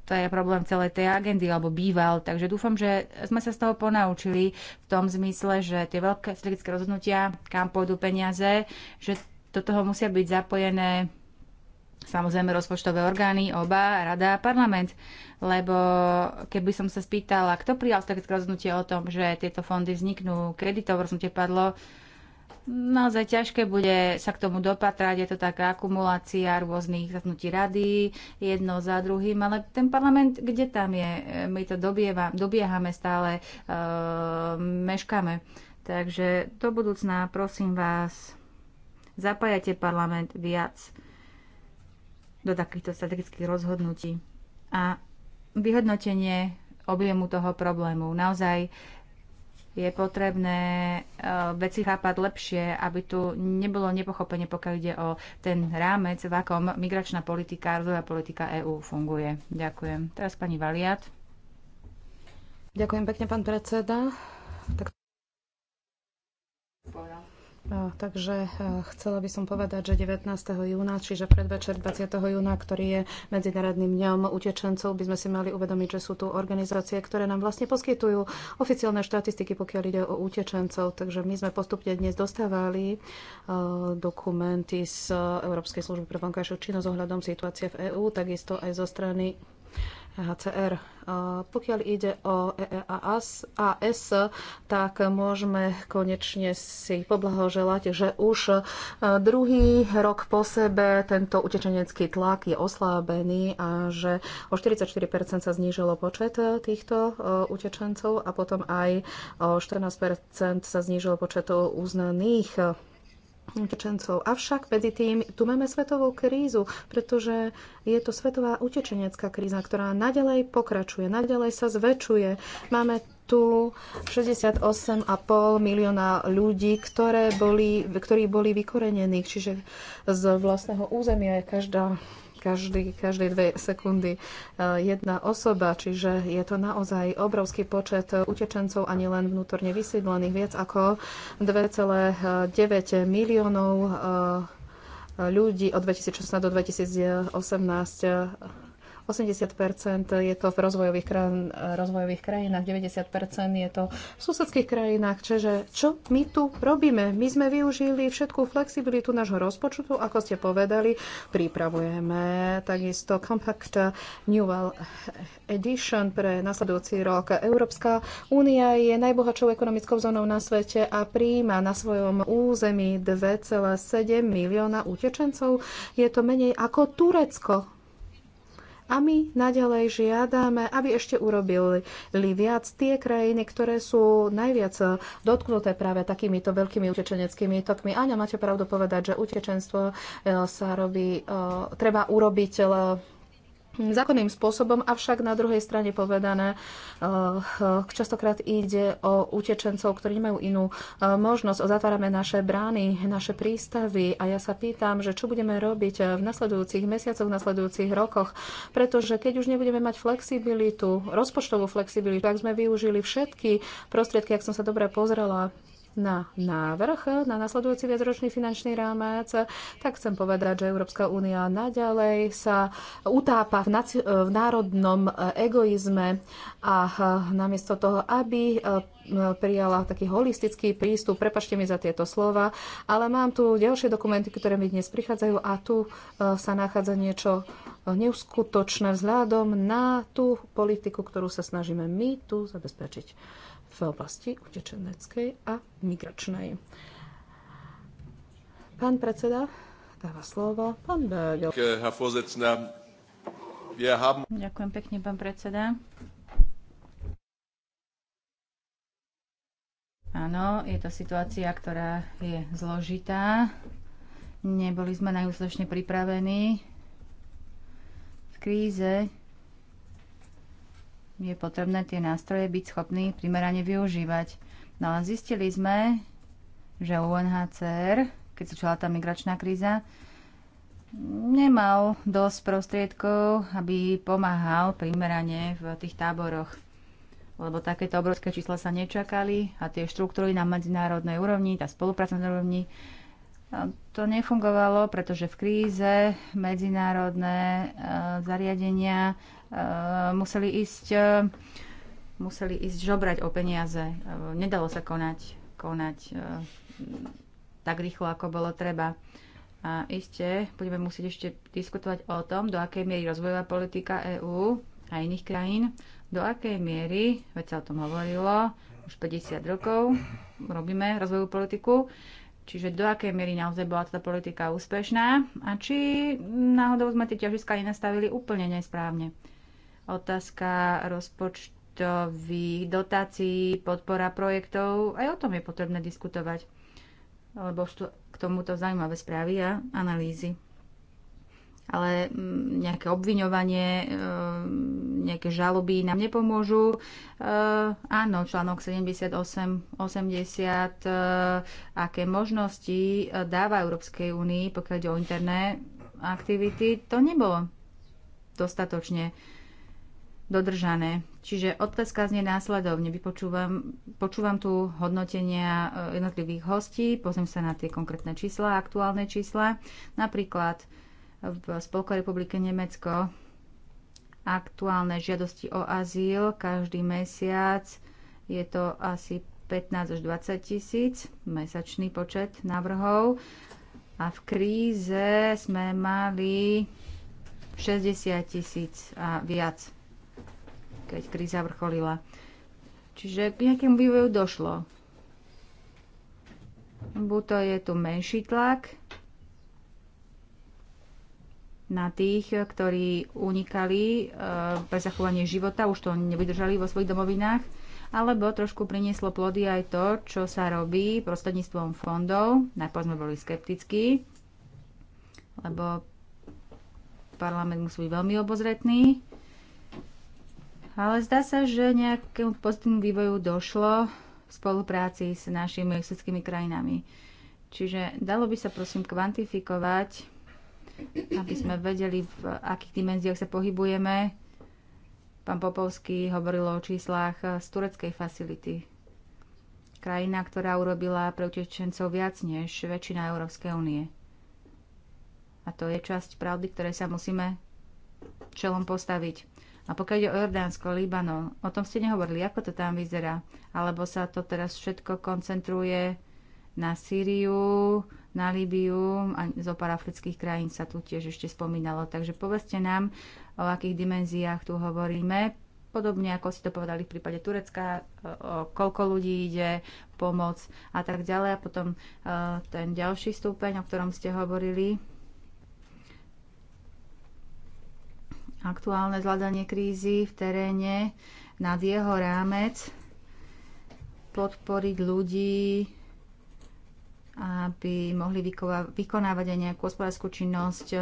To je problém celej tej agendy, alebo býval. Takže dúfam, že sme sa z toho ponaučili v tom zmysle, že tie veľké strategické rozhodnutia, kam pôjdu peniaze, že do toho musia byť zapojené samozrejme rozpočtové orgány, oba, rada a parlament. Lebo keby som sa spýtala, kto prijal také rozhodnutie o tom, že tieto fondy vzniknú, kedy to rozhodnutie padlo, naozaj ťažké bude sa k tomu dopatrať. Je to taká akumulácia rôznych zaznutí rady, jedno za druhým, ale ten parlament, kde tam je? My to dobieva, dobiehame stále, uh, ehm, meškame. Takže do budúcna, prosím vás, zapájate parlament viac do takýchto strategických rozhodnutí. A vyhodnotenie objemu toho problému. Naozaj je potrebné e, veci chápať lepšie, aby tu nebolo nepochopenie, pokiaľ ide o ten rámec, v akom migračná politika, rozvojová politika EÚ funguje. Ďakujem. Teraz pani Valiat. Ďakujem pekne, pán predseda. Tak... Takže e, chcela by som povedať, že 19. júna, čiže predvečer 20. júna, ktorý je Medzinárodným dňom utečencov, by sme si mali uvedomiť, že sú tu organizácie, ktoré nám vlastne poskytujú oficiálne štatistiky, pokiaľ ide o utečencov. Takže my sme postupne dnes dostávali e, dokumenty z Európskej služby pre vonkajšiu činnosť ohľadom situácie v EÚ, takisto aj zo strany HCR. E, pokiaľ ide o EEAS, AS, tak môžeme konečne si poblahoželať, že už e, druhý rok po sebe tento utečenecký tlak je oslábený a že o 44% sa znížilo počet e, týchto utečencov a potom aj o 14% sa znížilo počet uznaných utečencov. Avšak medzi tým tu máme svetovú krízu, pretože je to svetová utečenecká kríza, ktorá nadalej pokračuje, nadalej sa zväčšuje. Máme tu 68,5 milióna ľudí, ktoré boli, ktorí boli vykorenení, čiže z vlastného územia je každá každý, každé dve sekundy e, jedna osoba, čiže je to naozaj obrovský počet utečencov a nielen vnútorne vysídlených, viac ako 2,9 e, miliónov e, ľudí od 2016 do 2018 80 je to v rozvojových, krajin, rozvojových krajinách, 90 je to v susedských krajinách. Čiže čo my tu robíme? My sme využili všetkú flexibilitu nášho rozpočtu, ako ste povedali, pripravujeme takisto Compact New Edition pre nasledujúci rok. Európska únia je najbohatšou ekonomickou zónou na svete a príjma na svojom území 2,7 milióna utečencov. Je to menej ako Turecko a my naďalej žiadame, aby ešte urobili viac tie krajiny, ktoré sú najviac dotknuté práve takýmito veľkými utečeneckými tokmi. Áňa, máte pravdu povedať, že utečenstvo e, sa robí, e, treba urobiť e, Zákonným spôsobom, avšak na druhej strane povedané, eh, častokrát ide o utečencov, ktorí nemajú inú eh, možnosť. Zatvárame naše brány, naše prístavy a ja sa pýtam, že čo budeme robiť v nasledujúcich mesiacoch, v nasledujúcich rokoch, pretože keď už nebudeme mať flexibilitu, rozpočtovú flexibilitu, ak sme využili všetky prostriedky, ak som sa dobre pozrela, na návrh na nasledujúci viacročný finančný rámec, tak chcem povedať, že Európska únia naďalej sa utápa v, v národnom e, egoizme a e, namiesto toho, aby e, prijala taký holistický prístup. Prepašte mi za tieto slova, ale mám tu ďalšie dokumenty, ktoré mi dnes prichádzajú a tu sa nachádza niečo neuskutočné vzhľadom na tú politiku, ktorú sa snažíme my tu zabezpečiť v oblasti utečeneckej a migračnej. Pán predseda, dáva slovo. Pán Bögel. Ďakujem pekne, pán predseda. Áno, je to situácia, ktorá je zložitá. Neboli sme najúslešne pripravení. V kríze je potrebné tie nástroje byť schopný primerane využívať. No a zistili sme, že UNHCR, keď začala tá migračná kríza, nemal dosť prostriedkov, aby pomáhal primerane v tých táboroch. Lebo takéto obrovské čísla sa nečakali a tie štruktúry na medzinárodnej úrovni, tá spolupráca na úrovni to nefungovalo, pretože v kríze medzinárodné e, zariadenia e, museli ísť, e, museli ísť žobrať o peniaze. Nedalo sa konať, konať tak rýchlo, ako bolo treba. A iste budeme musieť ešte diskutovať o tom, do akej miery rozvojová politika EÚ a iných krajín, do akej miery, veď sa o tom hovorilo, už 50 rokov robíme rozvojovú politiku, Čiže do akej miery naozaj bola tá politika úspešná a či náhodou sme tie ťažiska nenastavili úplne nesprávne. Otázka rozpočtových dotácií, podpora projektov, aj o tom je potrebné diskutovať, lebo k tomuto zaujímavé správy a analýzy ale mm, nejaké obviňovanie, e, nejaké žaloby nám nepomôžu. E, áno, článok 78, 80, e, aké možnosti dáva Európskej únii, pokiaľ ide o interné aktivity, to nebolo dostatočne dodržané. Čiže otázka znie následovne. Vypočúvam, počúvam tu hodnotenia jednotlivých hostí, pozriem sa na tie konkrétne čísla, aktuálne čísla. Napríklad v Spolkovej republike Nemecko aktuálne žiadosti o azyl každý mesiac. Je to asi 15 až 20 tisíc mesačný počet návrhov. A v kríze sme mali 60 tisíc a viac, keď kríza vrcholila. Čiže k nejakému vývoju došlo. Buď to je tu menší tlak na tých, ktorí unikali eh, pre zachovanie života, už to nevydržali vo svojich domovinách, alebo trošku prinieslo plody aj to, čo sa robí prostredníctvom fondov. Najprv sme boli skeptickí, lebo parlament musí byť veľmi obozretný. Ale zdá sa, že nejakému pozitívnemu vývoju došlo v spolupráci s našimi exotickými krajinami. Čiže dalo by sa prosím kvantifikovať aby sme vedeli, v akých dimenziách sa pohybujeme. Pán Popovský hovoril o číslach z tureckej facility. Krajina, ktorá urobila pre utečencov viac než väčšina Európskej únie. A to je časť pravdy, ktorej sa musíme čelom postaviť. A pokiaľ ide o Jordánsko, Libanon, o tom ste nehovorili, ako to tam vyzerá. Alebo sa to teraz všetko koncentruje na Sýriu, na Líbiu a zo pár afrických krajín sa tu tiež ešte spomínalo. Takže povedzte nám, o akých dimenziách tu hovoríme, podobne ako si to povedali v prípade Turecka, o koľko ľudí ide, pomoc a tak ďalej. A potom e, ten ďalší stupeň, o ktorom ste hovorili, aktuálne zvládanie krízy v teréne nad jeho rámec, podporiť ľudí aby mohli vykonávať aj nejakú hospodárskú činnosť e,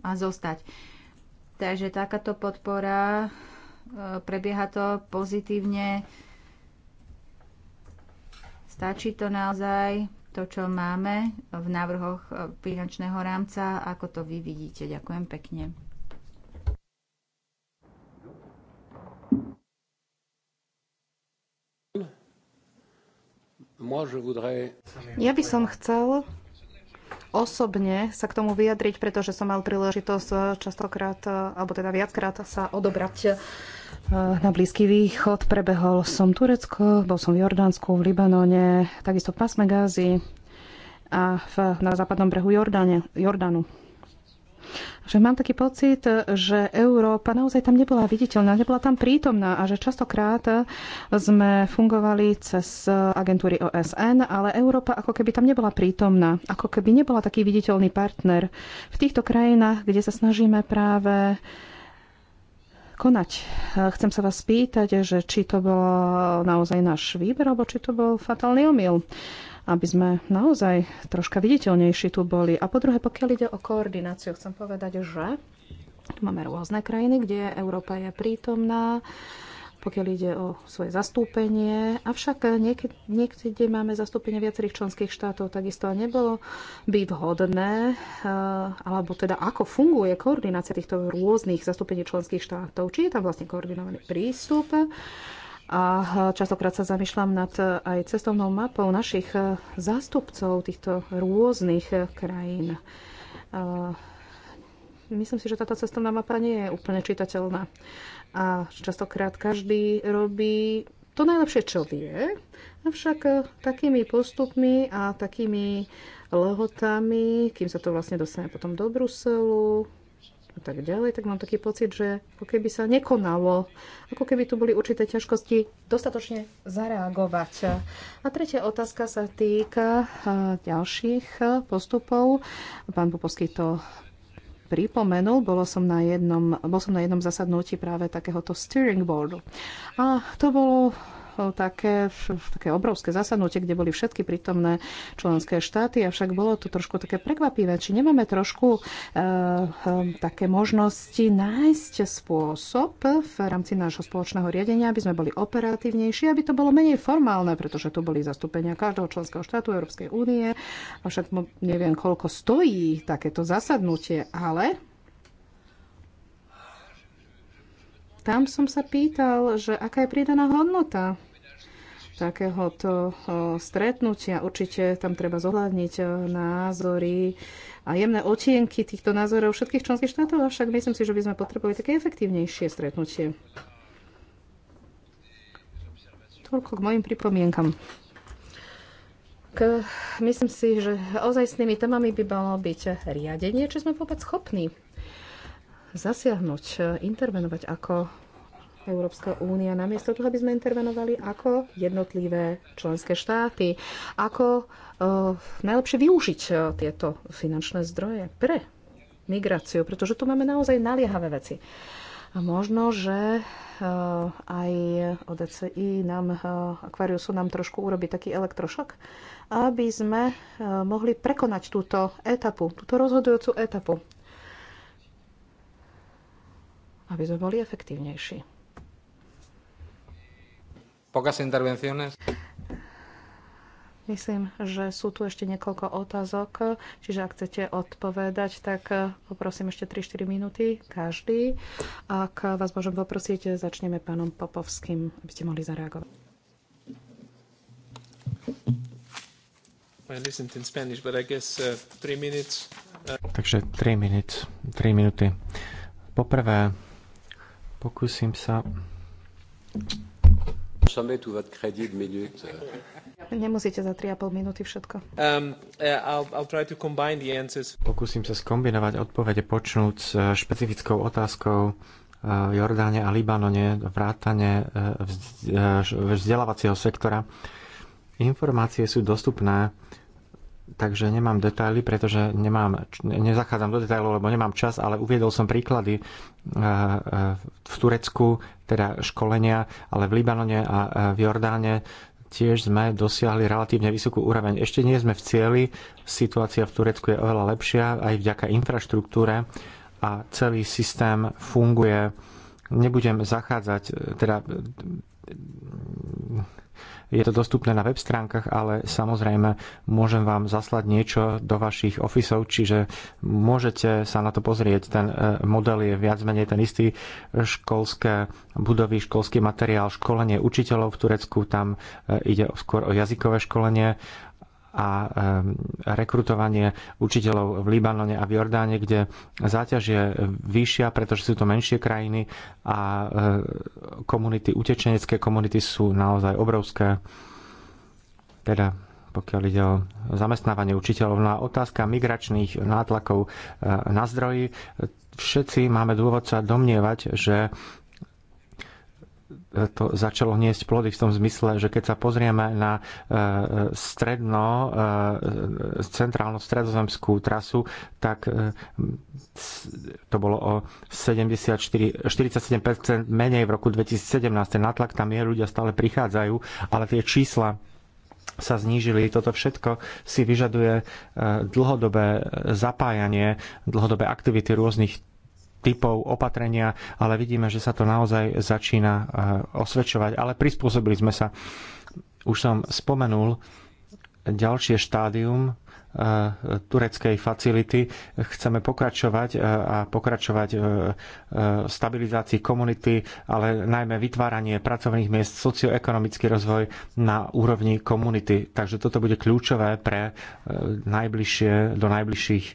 a zostať. Takže takáto podpora, e, prebieha to pozitívne, stačí to naozaj, to, čo máme v návrhoch e, finančného rámca, ako to vy vidíte. Ďakujem pekne. Ja by som chcel osobne sa k tomu vyjadriť, pretože som mal príležitosť eh, častokrát, eh, alebo teda viackrát sa odobrať eh, na Blízky východ. Prebehol som Turecko, bol som v Jordánsku, v Libanone, takisto v Pasme Gázy a v, na západnom brehu Jordáne, Jordánu že mám taký pocit, že Európa naozaj tam nebola viditeľná, nebola tam prítomná a že častokrát sme fungovali cez agentúry OSN, ale Európa ako keby tam nebola prítomná, ako keby nebola taký viditeľný partner v týchto krajinách, kde sa snažíme práve konať. Chcem sa vás spýtať, že či to bol naozaj náš výber, alebo či to bol fatálny omyl aby sme naozaj troška viditeľnejší tu boli. A po druhé, pokiaľ ide o koordináciu, chcem povedať, že tu máme rôzne krajiny, kde Európa je prítomná, pokiaľ ide o svoje zastúpenie. Avšak niekde, niekde máme zastúpenie viacerých členských štátov, takisto nebolo by vhodné, eh, alebo teda ako funguje koordinácia týchto rôznych zastúpení členských štátov, či je tam vlastne koordinovaný prístup a častokrát sa zamýšľam nad eh, aj cestovnou mapou našich eh, zástupcov týchto rôznych eh, krajín. Myslím si, že táto cestovná mapa nie je úplne čitateľná. A častokrát každý robí to najlepšie, čo vie, avšak takými postupmi a takými lehotami, kým sa to vlastne dostane potom do Bruselu, a tak ďalej, tak mám taký pocit, že ako keby sa nekonalo, ako keby tu boli určité ťažkosti dostatočne zareagovať. A tretia otázka sa týka e, ďalších e, postupov. Pán Popovský to pripomenul, bolo som na jednom, bol som na jednom zasadnutí práve takéhoto steering boardu. A to bolo Eh, také, také obrovské zasadnutie, kde boli všetky prítomné členské štáty, avšak bolo to trošku také prekvapivé. Či nemáme trošku e, e, také možnosti nájsť spôsob v rámci nášho spoločného riadenia, aby sme boli operatívnejší, aby to bolo menej formálne, pretože tu boli zastúpenia každého členského štátu Európskej únie, avšak neviem, koľko stojí takéto zasadnutie, ale tam som sa pýtal, že aká je pridaná hodnota takéhoto stretnutia. Určite tam treba zohľadniť názory a jemné otienky týchto názorov všetkých členských štátov, avšak myslím si, že by sme potrebovali také efektívnejšie stretnutie. Toľko k mojim pripomienkam. K, myslím si, že ozaj s tými témami by malo byť riadenie, či sme vôbec schopní zasiahnuť, intervenovať ako Európska únia, namiesto toho, aby sme intervenovali ako jednotlivé členské štáty, ako uh, najlepšie využiť uh, tieto finančné zdroje pre migráciu, pretože tu máme naozaj naliehavé veci. A možno, že uh, aj ODCI nám, uh, Aquariusu nám trošku urobí taký elektrošok, aby sme uh, mohli prekonať túto etapu, túto rozhodujúcu etapu, aby sme boli efektívnejší. Pocas intervenciones. Myslím, že sú tu ešte niekoľko otázok, čiže ak chcete odpovedať, tak poprosím ešte 3-4 minúty každý. Ak vás môžem poprosiť, začneme pánom Popovským, aby ste mohli zareagovať. Spanish, guess, uh, three minutes, uh... Takže 3 minút, 3 minúty. Poprvé, pokúsim sa jamais tout votre crédit de minute. Euh. Nemusíte za 3,5 minúty všetko. Um, uh, I'll, I'll try to combine the answers. Pokúsim sa skombinovať odpovede počnúť s uh, špecifickou otázkou uh, Jordáne a Libanone, vrátane vzdelávacieho sektora. Informácie sú dostupné takže nemám detaily, pretože nemám, nezachádzam do detailov, lebo nemám čas, ale uviedol som príklady eh, eh, v Turecku, teda školenia, ale v Libanone a eh, v Jordáne tiež sme dosiahli relatívne vysokú úroveň. Ešte nie sme v cieli, situácia v Turecku je oveľa lepšia aj vďaka infraštruktúre a celý systém funguje. Nebudem zachádzať, teda je to dostupné na web stránkach, ale samozrejme môžem vám zaslať niečo do vašich ofisov, čiže môžete sa na to pozrieť. Ten e, model je viac menej ten istý. Školské budovy, školský materiál, školenie učiteľov v Turecku, tam e, ide skôr o jazykové školenie a rekrutovanie učiteľov v Libanone a v Jordáne, kde záťaž je vyššia, pretože sú to menšie krajiny a komunity, utečenecké komunity sú naozaj obrovské. Teda pokiaľ ide o zamestnávanie učiteľov. No a otázka migračných nátlakov na zdroji. Všetci máme dôvod sa domnievať, že to začalo hniesť plody v tom zmysle, že keď sa pozrieme na e, stredno, e, centrálnu stredozemskú trasu, tak e, to bolo o 74, 47% menej v roku 2017. Ten natlak tam je, ľudia stále prichádzajú, ale tie čísla sa znížili. Toto všetko si vyžaduje dlhodobé zapájanie, dlhodobé aktivity rôznych typov opatrenia, ale vidíme, že sa to naozaj začína eh, osvedčovať. Ale prispôsobili sme sa. Už som spomenul ďalšie štádium eh, tureckej facility. Chceme pokračovať eh, a pokračovať v stabilizácii komunity, ale najmä vytváranie pracovných miest, socioekonomický rozvoj na úrovni komunity. Takže toto bude kľúčové pre najbližšie, do najbližších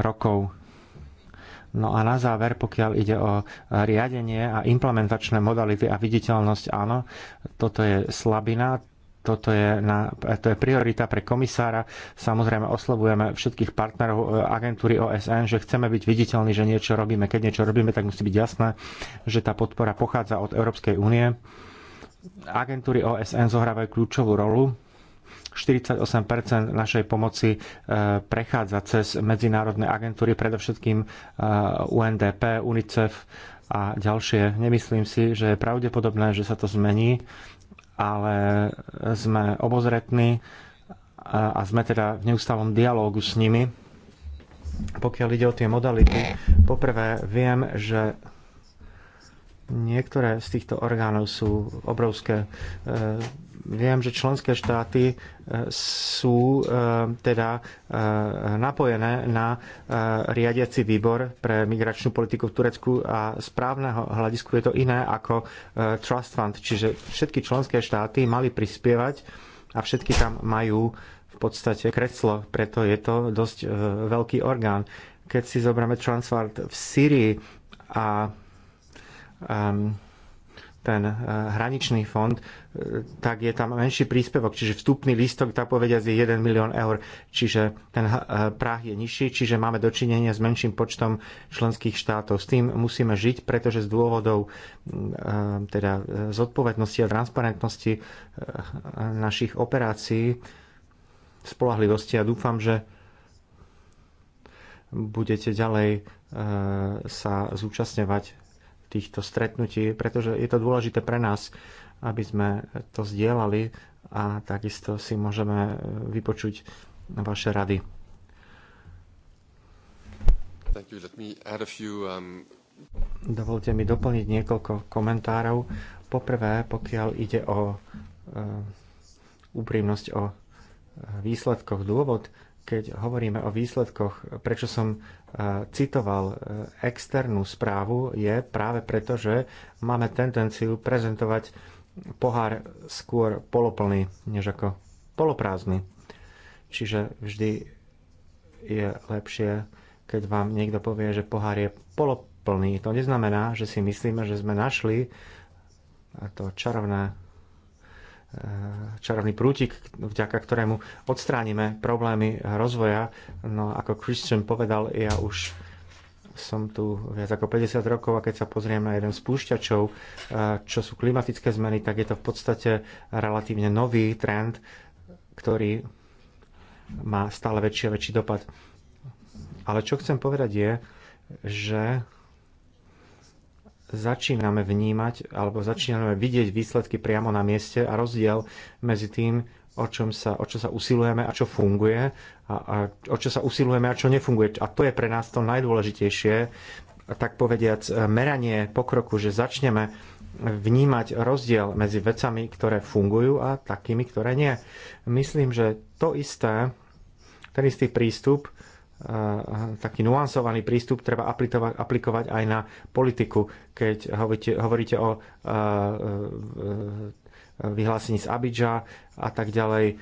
rokov. No a na záver, pokiaľ ide o e, riadenie a implementačné modality a viditeľnosť, áno, toto je slabina, toto je, na, to je priorita pre komisára. Samozrejme oslovujeme všetkých partnerov e, agentúry OSN, že chceme byť viditeľní, že niečo robíme. Keď niečo robíme, tak musí byť jasné, že tá podpora pochádza od Európskej únie. Agentúry OSN zohrávajú kľúčovú rolu 48 našej pomoci e, prechádza cez medzinárodné agentúry, predovšetkým e, UNDP, UNICEF a ďalšie. Nemyslím si, že je pravdepodobné, že sa to zmení, ale sme obozretní a sme teda v neustálom dialógu s nimi. Pokiaľ ide o tie modality, poprvé viem, že niektoré z týchto orgánov sú obrovské e, Viem, že členské štáty e, sú e, teda e, napojené na riadiaci výbor pre migračnú politiku v Turecku a správneho hľadisku je to iné ako Trust Fund, čiže všetky členské štáty mali prispievať a všetky tam majú v podstate kreslo, preto je to dosť veľký orgán. Keď si zoberieme Fund v Syrii a um, ten e, hraničný fond, e, tak je tam menší príspevok, čiže vstupný lístok, tak povediať, je 1 milión eur, čiže ten e, práh je nižší, čiže máme dočinenie s menším počtom členských štátov. S tým musíme žiť, pretože z dôvodov teda zodpovednosti a transparentnosti našich operácií spolahlivosti a dúfam, že budete ďalej sa zúčastňovať týchto stretnutí, pretože je to dôležité pre nás, aby sme to zdieľali a takisto si môžeme e, vypočuť vaše rady. Um, Dovolte mi doplniť niekoľko komentárov. Poprvé, pokiaľ ide o e, úprimnosť o e, výsledkoch, dôvod, keď hovoríme o výsledkoch, prečo som E, citoval e, externú správu, je práve preto, že máme tendenciu prezentovať pohár skôr poloplný, než ako poloprázdny. Čiže vždy je lepšie, keď vám niekto povie, že pohár je poloplný. To neznamená, že si myslíme, že sme našli to čarovné Eh, čarovný prútik, vďaka ktorému odstránime problémy rozvoja. No ako Christian povedal, ja už som tu viac ako 50 rokov a keď sa pozriem na jeden z púšťačov, eh, čo sú klimatické zmeny, tak je to v podstate relatívne nový trend, ktorý má stále väčší a väčší dopad. Ale čo chcem povedať je, že začíname vnímať alebo začíname vidieť výsledky priamo na mieste a rozdiel medzi tým, o, čom sa, o čo sa usilujeme a čo funguje a, a o čo sa usilujeme a čo nefunguje. A to je pre nás to najdôležitejšie, tak povediac, e, meranie pokroku, že začneme vnímať rozdiel medzi vecami, ktoré fungujú a takými, ktoré nie. Myslím, že to isté, ten istý prístup taký nuansovaný prístup treba aplikovať aj na politiku. Keď hovoríte, hovoríte o eh, eh, vyhlásení z Abidža a tak ďalej. Eh,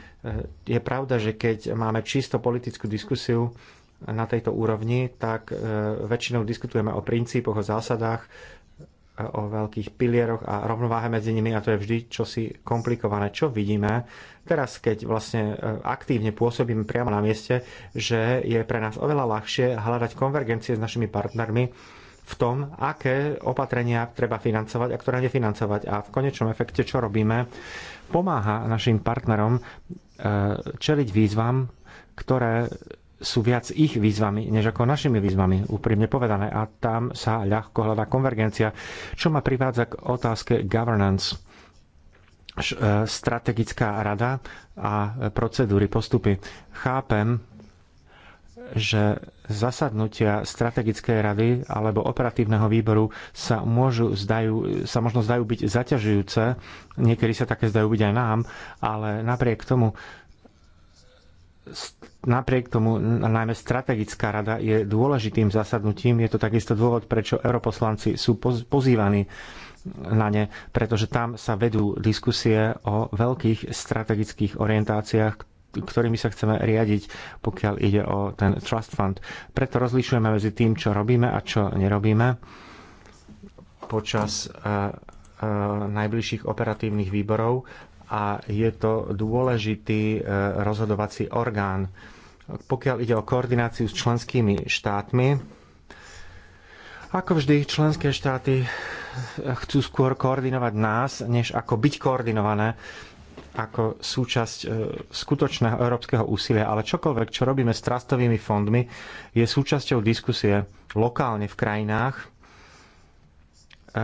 je pravda, že keď máme čisto politickú diskusiu na tejto úrovni, tak väčšinou diskutujeme o princípoch, o zásadách, o veľkých pilieroch a rovnováhe medzi nimi a to je vždy čosi komplikované. Čo vidíme teraz, keď vlastne e, aktívne pôsobíme priamo na mieste, že je pre nás oveľa ľahšie hľadať konvergencie s našimi partnermi v tom, aké opatrenia treba financovať a ktoré nefinancovať. A v konečnom efekte, čo robíme, pomáha našim partnerom e, čeliť výzvam, ktoré sú viac ich výzvami, než ako našimi výzvami, úprimne povedané. A tam sa ľahko hľadá konvergencia, čo ma privádza k otázke governance e, strategická rada a procedúry, postupy. Chápem, že zasadnutia strategickej rady alebo operatívneho výboru sa, môžu, zdajú, sa možno zdajú byť zaťažujúce, niekedy sa také zdajú byť aj nám, ale napriek tomu napriek tomu najmä strategická rada je dôležitým zasadnutím. Je to takisto dôvod, prečo europoslanci sú pozývaní na ne, pretože tam sa vedú diskusie o veľkých strategických orientáciách, ktorými sa chceme riadiť, pokiaľ ide o ten trust fund. Preto rozlišujeme medzi tým, čo robíme a čo nerobíme počas eh, eh, najbližších operatívnych výborov a je to dôležitý e, rozhodovací orgán. Pokiaľ ide o koordináciu s členskými štátmi, ako vždy, členské štáty e, chcú skôr koordinovať nás, než ako byť koordinované ako súčasť e, skutočného európskeho úsilia. Ale čokoľvek, čo robíme s trastovými fondmi, je súčasťou diskusie lokálne v krajinách E,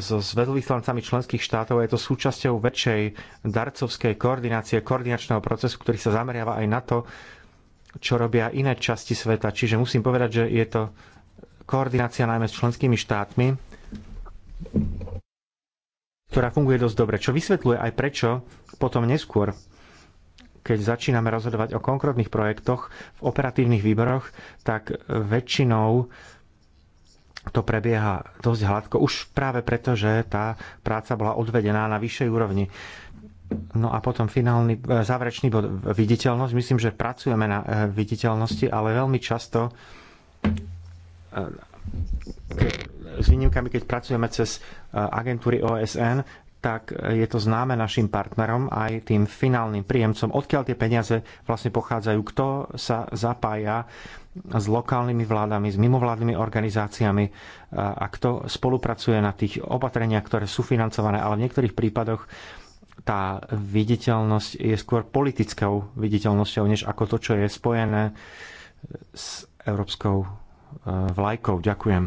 so zvedovýslancami členských štátov a je to súčasťou väčšej darcovskej koordinácie, koordinačného procesu, ktorý sa zameriava aj na to, čo robia iné časti sveta. Čiže musím povedať, že je to koordinácia najmä s členskými štátmi, ktorá funguje dosť dobre. Čo vysvetľuje aj prečo potom neskôr, keď začíname rozhodovať o konkrétnych projektoch v operatívnych výboroch, tak väčšinou to prebieha dosť hladko, už práve preto, že tá práca bola odvedená na vyššej úrovni. No a potom finálny e, záverečný bod viditeľnosť. Myslím, že pracujeme na e, viditeľnosti, ale veľmi často e, s výnimkami, keď pracujeme cez agentúry OSN, tak je to známe našim partnerom aj tým finálnym príjemcom, odkiaľ tie peniaze vlastne pochádzajú, kto sa zapája s lokálnymi vládami, s mimovládnymi organizáciami a kto spolupracuje na tých opatreniach, ktoré sú financované, ale v niektorých prípadoch tá viditeľnosť je skôr politickou viditeľnosťou, než ako to, čo je spojené s európskou e, vlajkou. Ďakujem.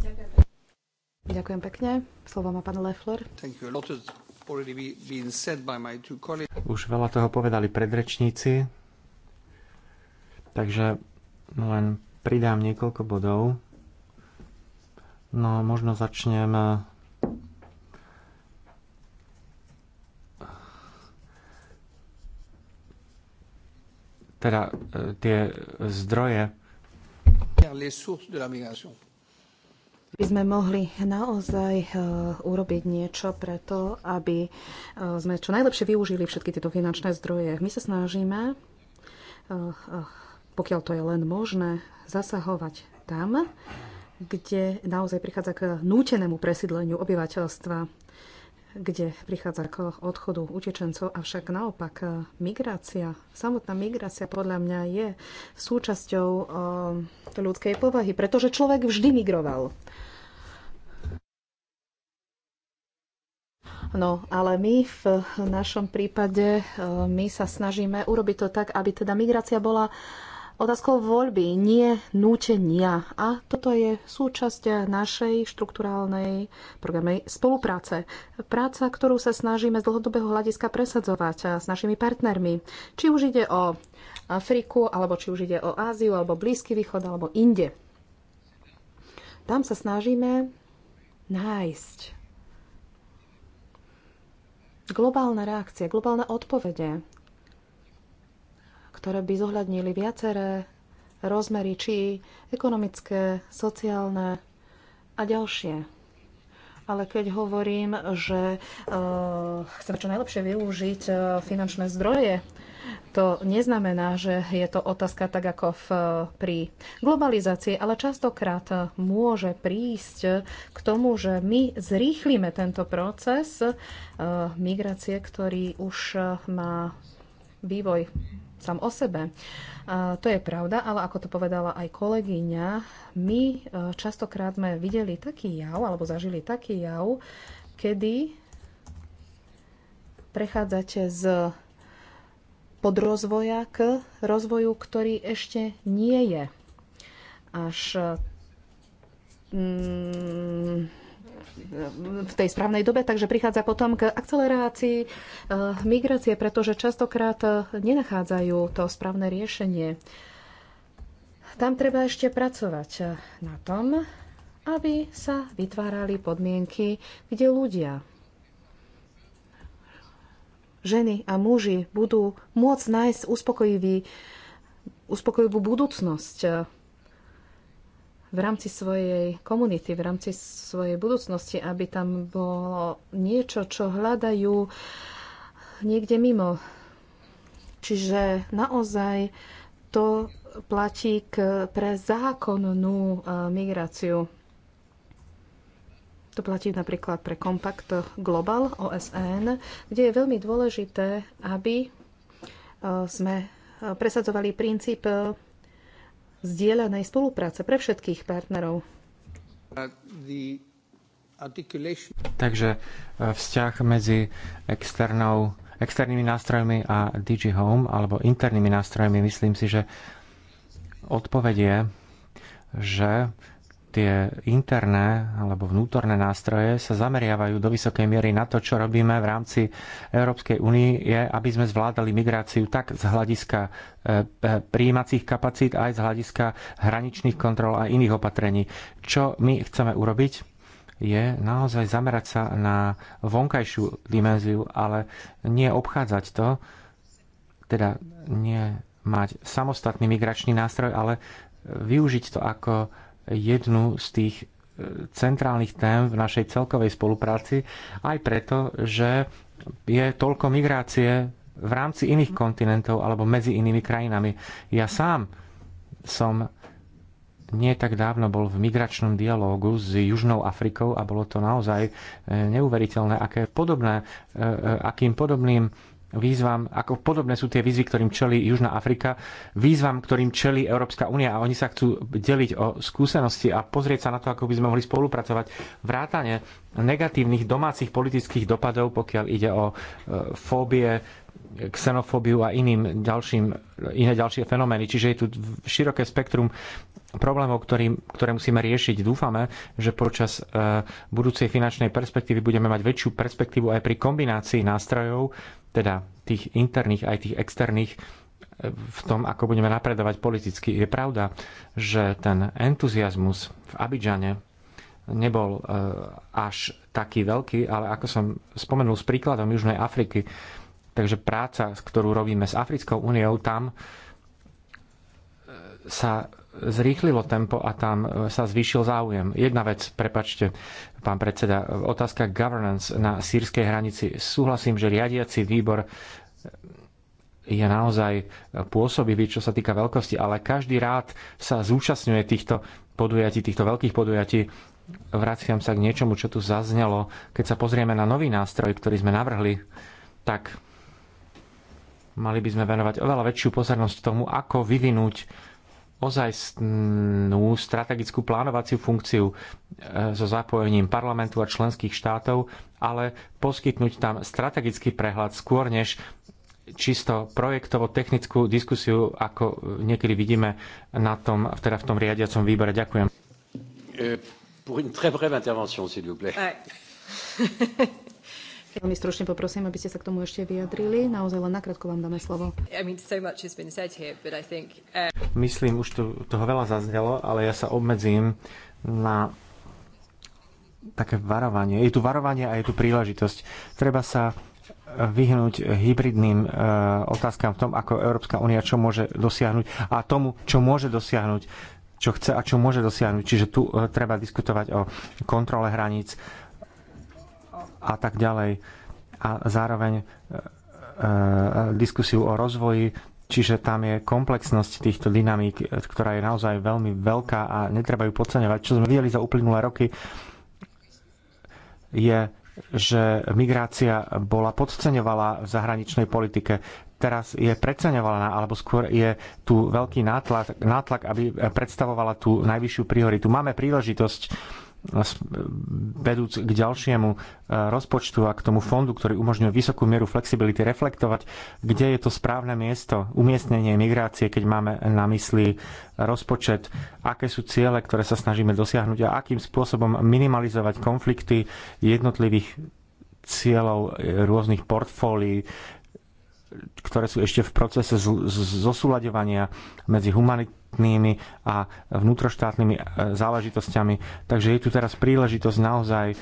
Ďakujem. Ďakujem pekne. Slovo má pán Leffler. Už veľa toho povedali predrečníci, takže len pridám niekoľko bodov. No, možno začnem eh, teda eh, tie zdroje by sme mohli naozaj eh, urobiť niečo preto, aby eh, sme čo najlepšie využili všetky tieto finančné zdroje. My sa snažíme, eh, pokiaľ to je len možné, zasahovať tam, kde naozaj prichádza k nútenému presídleniu obyvateľstva kde prichádza k odchodu utečencov, avšak naopak e, migrácia, samotná migrácia podľa mňa je súčasťou e, ľudskej povahy, pretože človek vždy migroval. No, ale my v našom prípade, e, my sa snažíme urobiť to tak, aby teda migrácia bola otázkou voľby, nie nútenia. A toto je súčasť našej štruktúrálnej programej spolupráce. Práca, ktorú sa snažíme z dlhodobého hľadiska presadzovať s našimi partnermi. Či už ide o Afriku, alebo či už ide o Áziu, alebo Blízky východ, alebo inde. Tam sa snažíme nájsť globálna reakcia, globálne odpovede ktoré by zohľadnili viaceré rozmery, či ekonomické, sociálne a ďalšie ale keď hovorím, že uh, chceme čo najlepšie využiť uh, finančné zdroje, to neznamená, že je to otázka tak ako v, eh, pri globalizácii, ale častokrát môže prísť k tomu, že my zrýchlime tento proces uh, migrácie, ktorý už má vývoj sám o sebe. to je pravda, ale ako to povedala aj kolegyňa, my e, častokrát sme videli taký jav, alebo zažili taký jav, kedy prechádzate z podrozvoja k rozvoju, ktorý ešte nie je. Až mm, v tej správnej dobe, takže prichádza potom k akcelerácii eh, migrácie, pretože častokrát eh, nenachádzajú to správne riešenie. Tam treba ešte pracovať eh, na tom, aby sa vytvárali podmienky, kde ľudia, ženy a muži budú môcť nájsť uspokojivý, uspokojivú budúcnosť v rámci svojej komunity, v rámci svojej budúcnosti, aby tam bolo niečo, čo hľadajú niekde mimo. Čiže naozaj to platí k, pre zákonnú e, migráciu. To platí napríklad pre Compact Global OSN, kde je veľmi dôležité, aby e, sme e, presadzovali princíp zdieľanej spolupráce pre všetkých partnerov. Takže e, vzťah medzi externou, externými nástrojmi a DG Home alebo internými nástrojmi, myslím si, že odpovedie, že tie interné alebo vnútorné nástroje sa zameriavajú do vysokej miery na to, čo robíme v rámci Európskej únie, je, aby sme zvládali migráciu tak z hľadiska e, e, príjímacích kapacít, aj z hľadiska hraničných kontrol a iných opatrení. Čo my chceme urobiť? je naozaj zamerať sa na vonkajšiu dimenziu, ale nie obchádzať to, teda nie mať samostatný migračný nástroj, ale využiť to ako jednu z tých e, centrálnych tém v našej celkovej spolupráci, aj preto, že je toľko migrácie v rámci iných kontinentov alebo medzi inými krajinami. Ja sám som nie tak dávno bol v migračnom dialógu s Južnou Afrikou a bolo to naozaj e, neuveriteľné, aké podobné, e, akým podobným výzvam, ako podobné sú tie výzvy, ktorým čelí Južná Afrika, výzvam, ktorým čelí Európska únia a oni sa chcú deliť o skúsenosti a pozrieť sa na to, ako by sme mohli spolupracovať. Vrátane negatívnych domácich politických dopadov, pokiaľ ide o e, fóbie, xenofóbiu a iným ďalším, iné ďalšie fenomény. Čiže je tu široké spektrum problémov, ktorý, ktoré musíme riešiť. Dúfame, že počas e, budúcej finančnej perspektívy budeme mať väčšiu perspektívu aj pri kombinácii nástrojov, teda tých interných aj tých externých e, v tom, ako budeme napredovať politicky. Je pravda, že ten entuziasmus v Abidžane nebol e, až taký veľký, ale ako som spomenul s príkladom Južnej Afriky, Takže práca, ktorú robíme s Africkou úniou, tam e, sa zrýchlilo tempo a tam e, sa zvýšil záujem. Jedna vec, prepačte, pán predseda, otázka governance na sírskej hranici. Súhlasím, že riadiaci výbor e, je naozaj pôsobivý, čo sa týka veľkosti, ale každý rád sa zúčastňuje týchto podujatí, týchto veľkých podujatí. Vraciam sa k niečomu, čo tu zaznelo. Keď sa pozrieme na nový nástroj, ktorý sme navrhli, tak Mali by sme venovať oveľa väčšiu pozornosť tomu, ako vyvinúť ozajstnú strategickú plánovaciu funkciu e, so zapojením parlamentu a členských štátov, ale poskytnúť tam strategický prehľad skôr než čisto projektovo-technickú diskusiu, ako niekedy vidíme na tom, teda v tom riadiacom výbore. Ďakujem. E, pour une très brève intervention, s'il vous plaît. Veľmi stručne poprosím, aby ste sa k tomu ešte vyjadrili. Naozaj len nakrátko vám dáme slovo. Uh, Myslím, už tu, toho veľa zaznelo, ale ja sa obmedzím na také varovanie. Je tu varovanie a je tu príležitosť. Treba sa vyhnúť hybridným e, otázkam v tom, ako Európska únia čo môže dosiahnuť a tomu, čo môže dosiahnuť, čo chce a čo môže dosiahnuť. Čiže tu e, treba diskutovať o kontrole hraníc, a tak ďalej. A zároveň e, e, diskusiu o rozvoji, čiže tam je komplexnosť týchto dynamík, e, ktorá je naozaj veľmi veľká a netreba ju podceňovať. Čo sme videli za uplynulé roky, je, že migrácia bola podceňovaná v zahraničnej politike. Teraz je preceňovaná, alebo skôr je tu veľký nátlak, nátlak aby predstavovala tú najvyššiu prioritu. Máme príležitosť vedúc k ďalšiemu eh, rozpočtu a k tomu fondu, ktorý umožňuje vysokú mieru flexibility, reflektovať, kde je to správne miesto, umiestnenie migrácie, keď máme na mysli rozpočet, aké sú ciele, ktoré sa snažíme dosiahnuť a akým spôsobom minimalizovať konflikty jednotlivých cieľov eh, rôznych portfólií, ktoré sú ešte v procese zosúľadovania medzi humanit- štátnymi a vnútroštátnymi e, záležitosťami. Takže je tu teraz príležitosť naozaj e,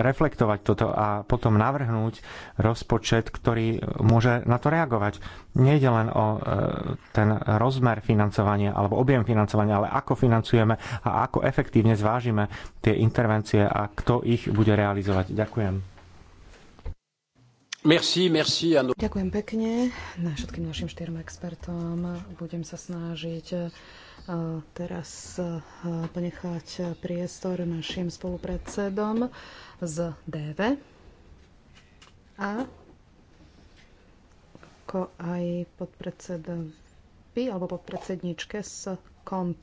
reflektovať toto a potom navrhnúť rozpočet, ktorý môže na to reagovať. Nejde len o e, ten rozmer financovania alebo objem financovania, ale ako financujeme a ako efektívne zvážime tie intervencie a kto ich bude realizovať. Ďakujem. Merci, merci a... Ďakujem pekne na všetkým našim štyrom expertom. Budem sa snažiť eh, teraz eh, ponechať priestor našim spolupredsedom z DV a ako aj podpredsedovi alebo podpredsedničke z KONT.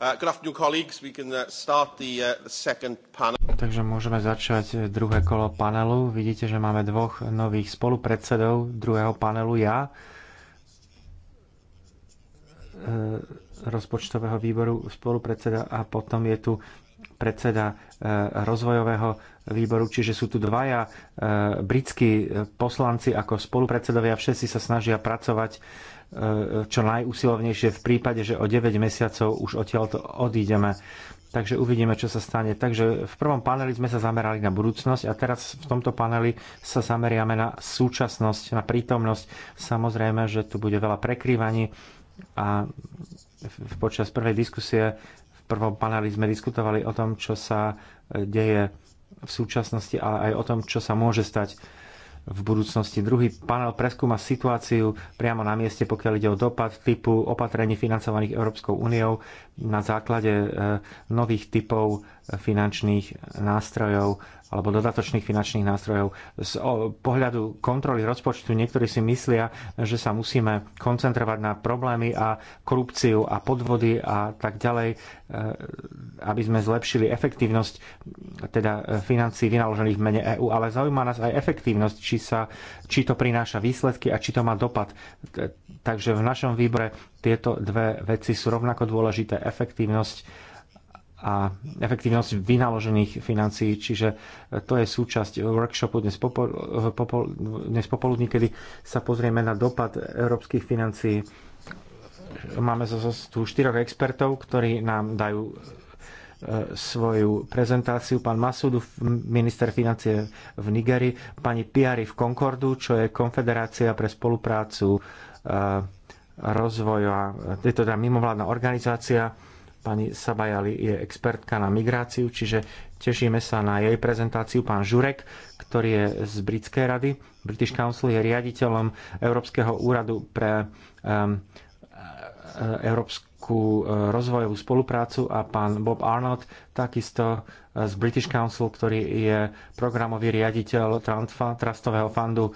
Uh, uh, uh, Takže môžeme začať druhé kolo panelu. Vidíte, že máme dvoch nových spolupredsedov druhého panelu ja rozpočtového výboru spolupredseda a potom je tu predseda e, rozvojového výboru, čiže sú tu dvaja e, britskí e, poslanci ako spolupredsedovia, všetci sa snažia pracovať čo najúsilovnejšie v prípade, že o 9 mesiacov už odtiaľto odídeme. Takže uvidíme, čo sa stane. Takže v prvom paneli sme sa zamerali na budúcnosť a teraz v tomto paneli sa zameriame na súčasnosť, na prítomnosť. Samozrejme, že tu bude veľa prekrývaní a počas prvej diskusie prvom paneli sme diskutovali o tom, čo sa e, deje v súčasnosti, ale aj o tom, čo sa môže stať v budúcnosti. Druhý panel preskúma situáciu priamo na mieste, pokiaľ ide o dopad typu opatrení financovaných Európskou úniou na základe e, nových typov finančných nástrojov alebo dodatočných finančných nástrojov. Z pohľadu kontroly rozpočtu niektorí si myslia, že sa musíme koncentrovať na problémy a korupciu a podvody a tak ďalej, e, aby sme zlepšili efektívnosť teda e, financí vynaložených v mene EÚ. Ale zaujíma nás aj efektívnosť, či, sa, či to prináša výsledky a či to má dopad. Takže v našom výbore tieto dve veci sú rovnako dôležité. Efektívnosť a efektívnosť vynaložených financií, čiže to je súčasť workshopu dnes, popol, popol, dnes popoludní, kedy sa pozrieme na dopad európskych financií. Máme tu štyroch expertov, ktorí nám dajú e, svoju prezentáciu. Pán Masudu, minister financie v Nigeri, pani Piari v Concordu, čo je Konfederácia pre spoluprácu e, rozvoja. Je to teda mimovládna organizácia. Pani Sabajali je expertka na migráciu, čiže tešíme sa na jej prezentáciu. Pán Žurek, ktorý je z Britskej rady, British Council, je riaditeľom Európskeho úradu pre um, európsku e, rozvojovú spoluprácu a pán Bob Arnold, takisto e, z British Council, ktorý je programový riaditeľ Trustového fondu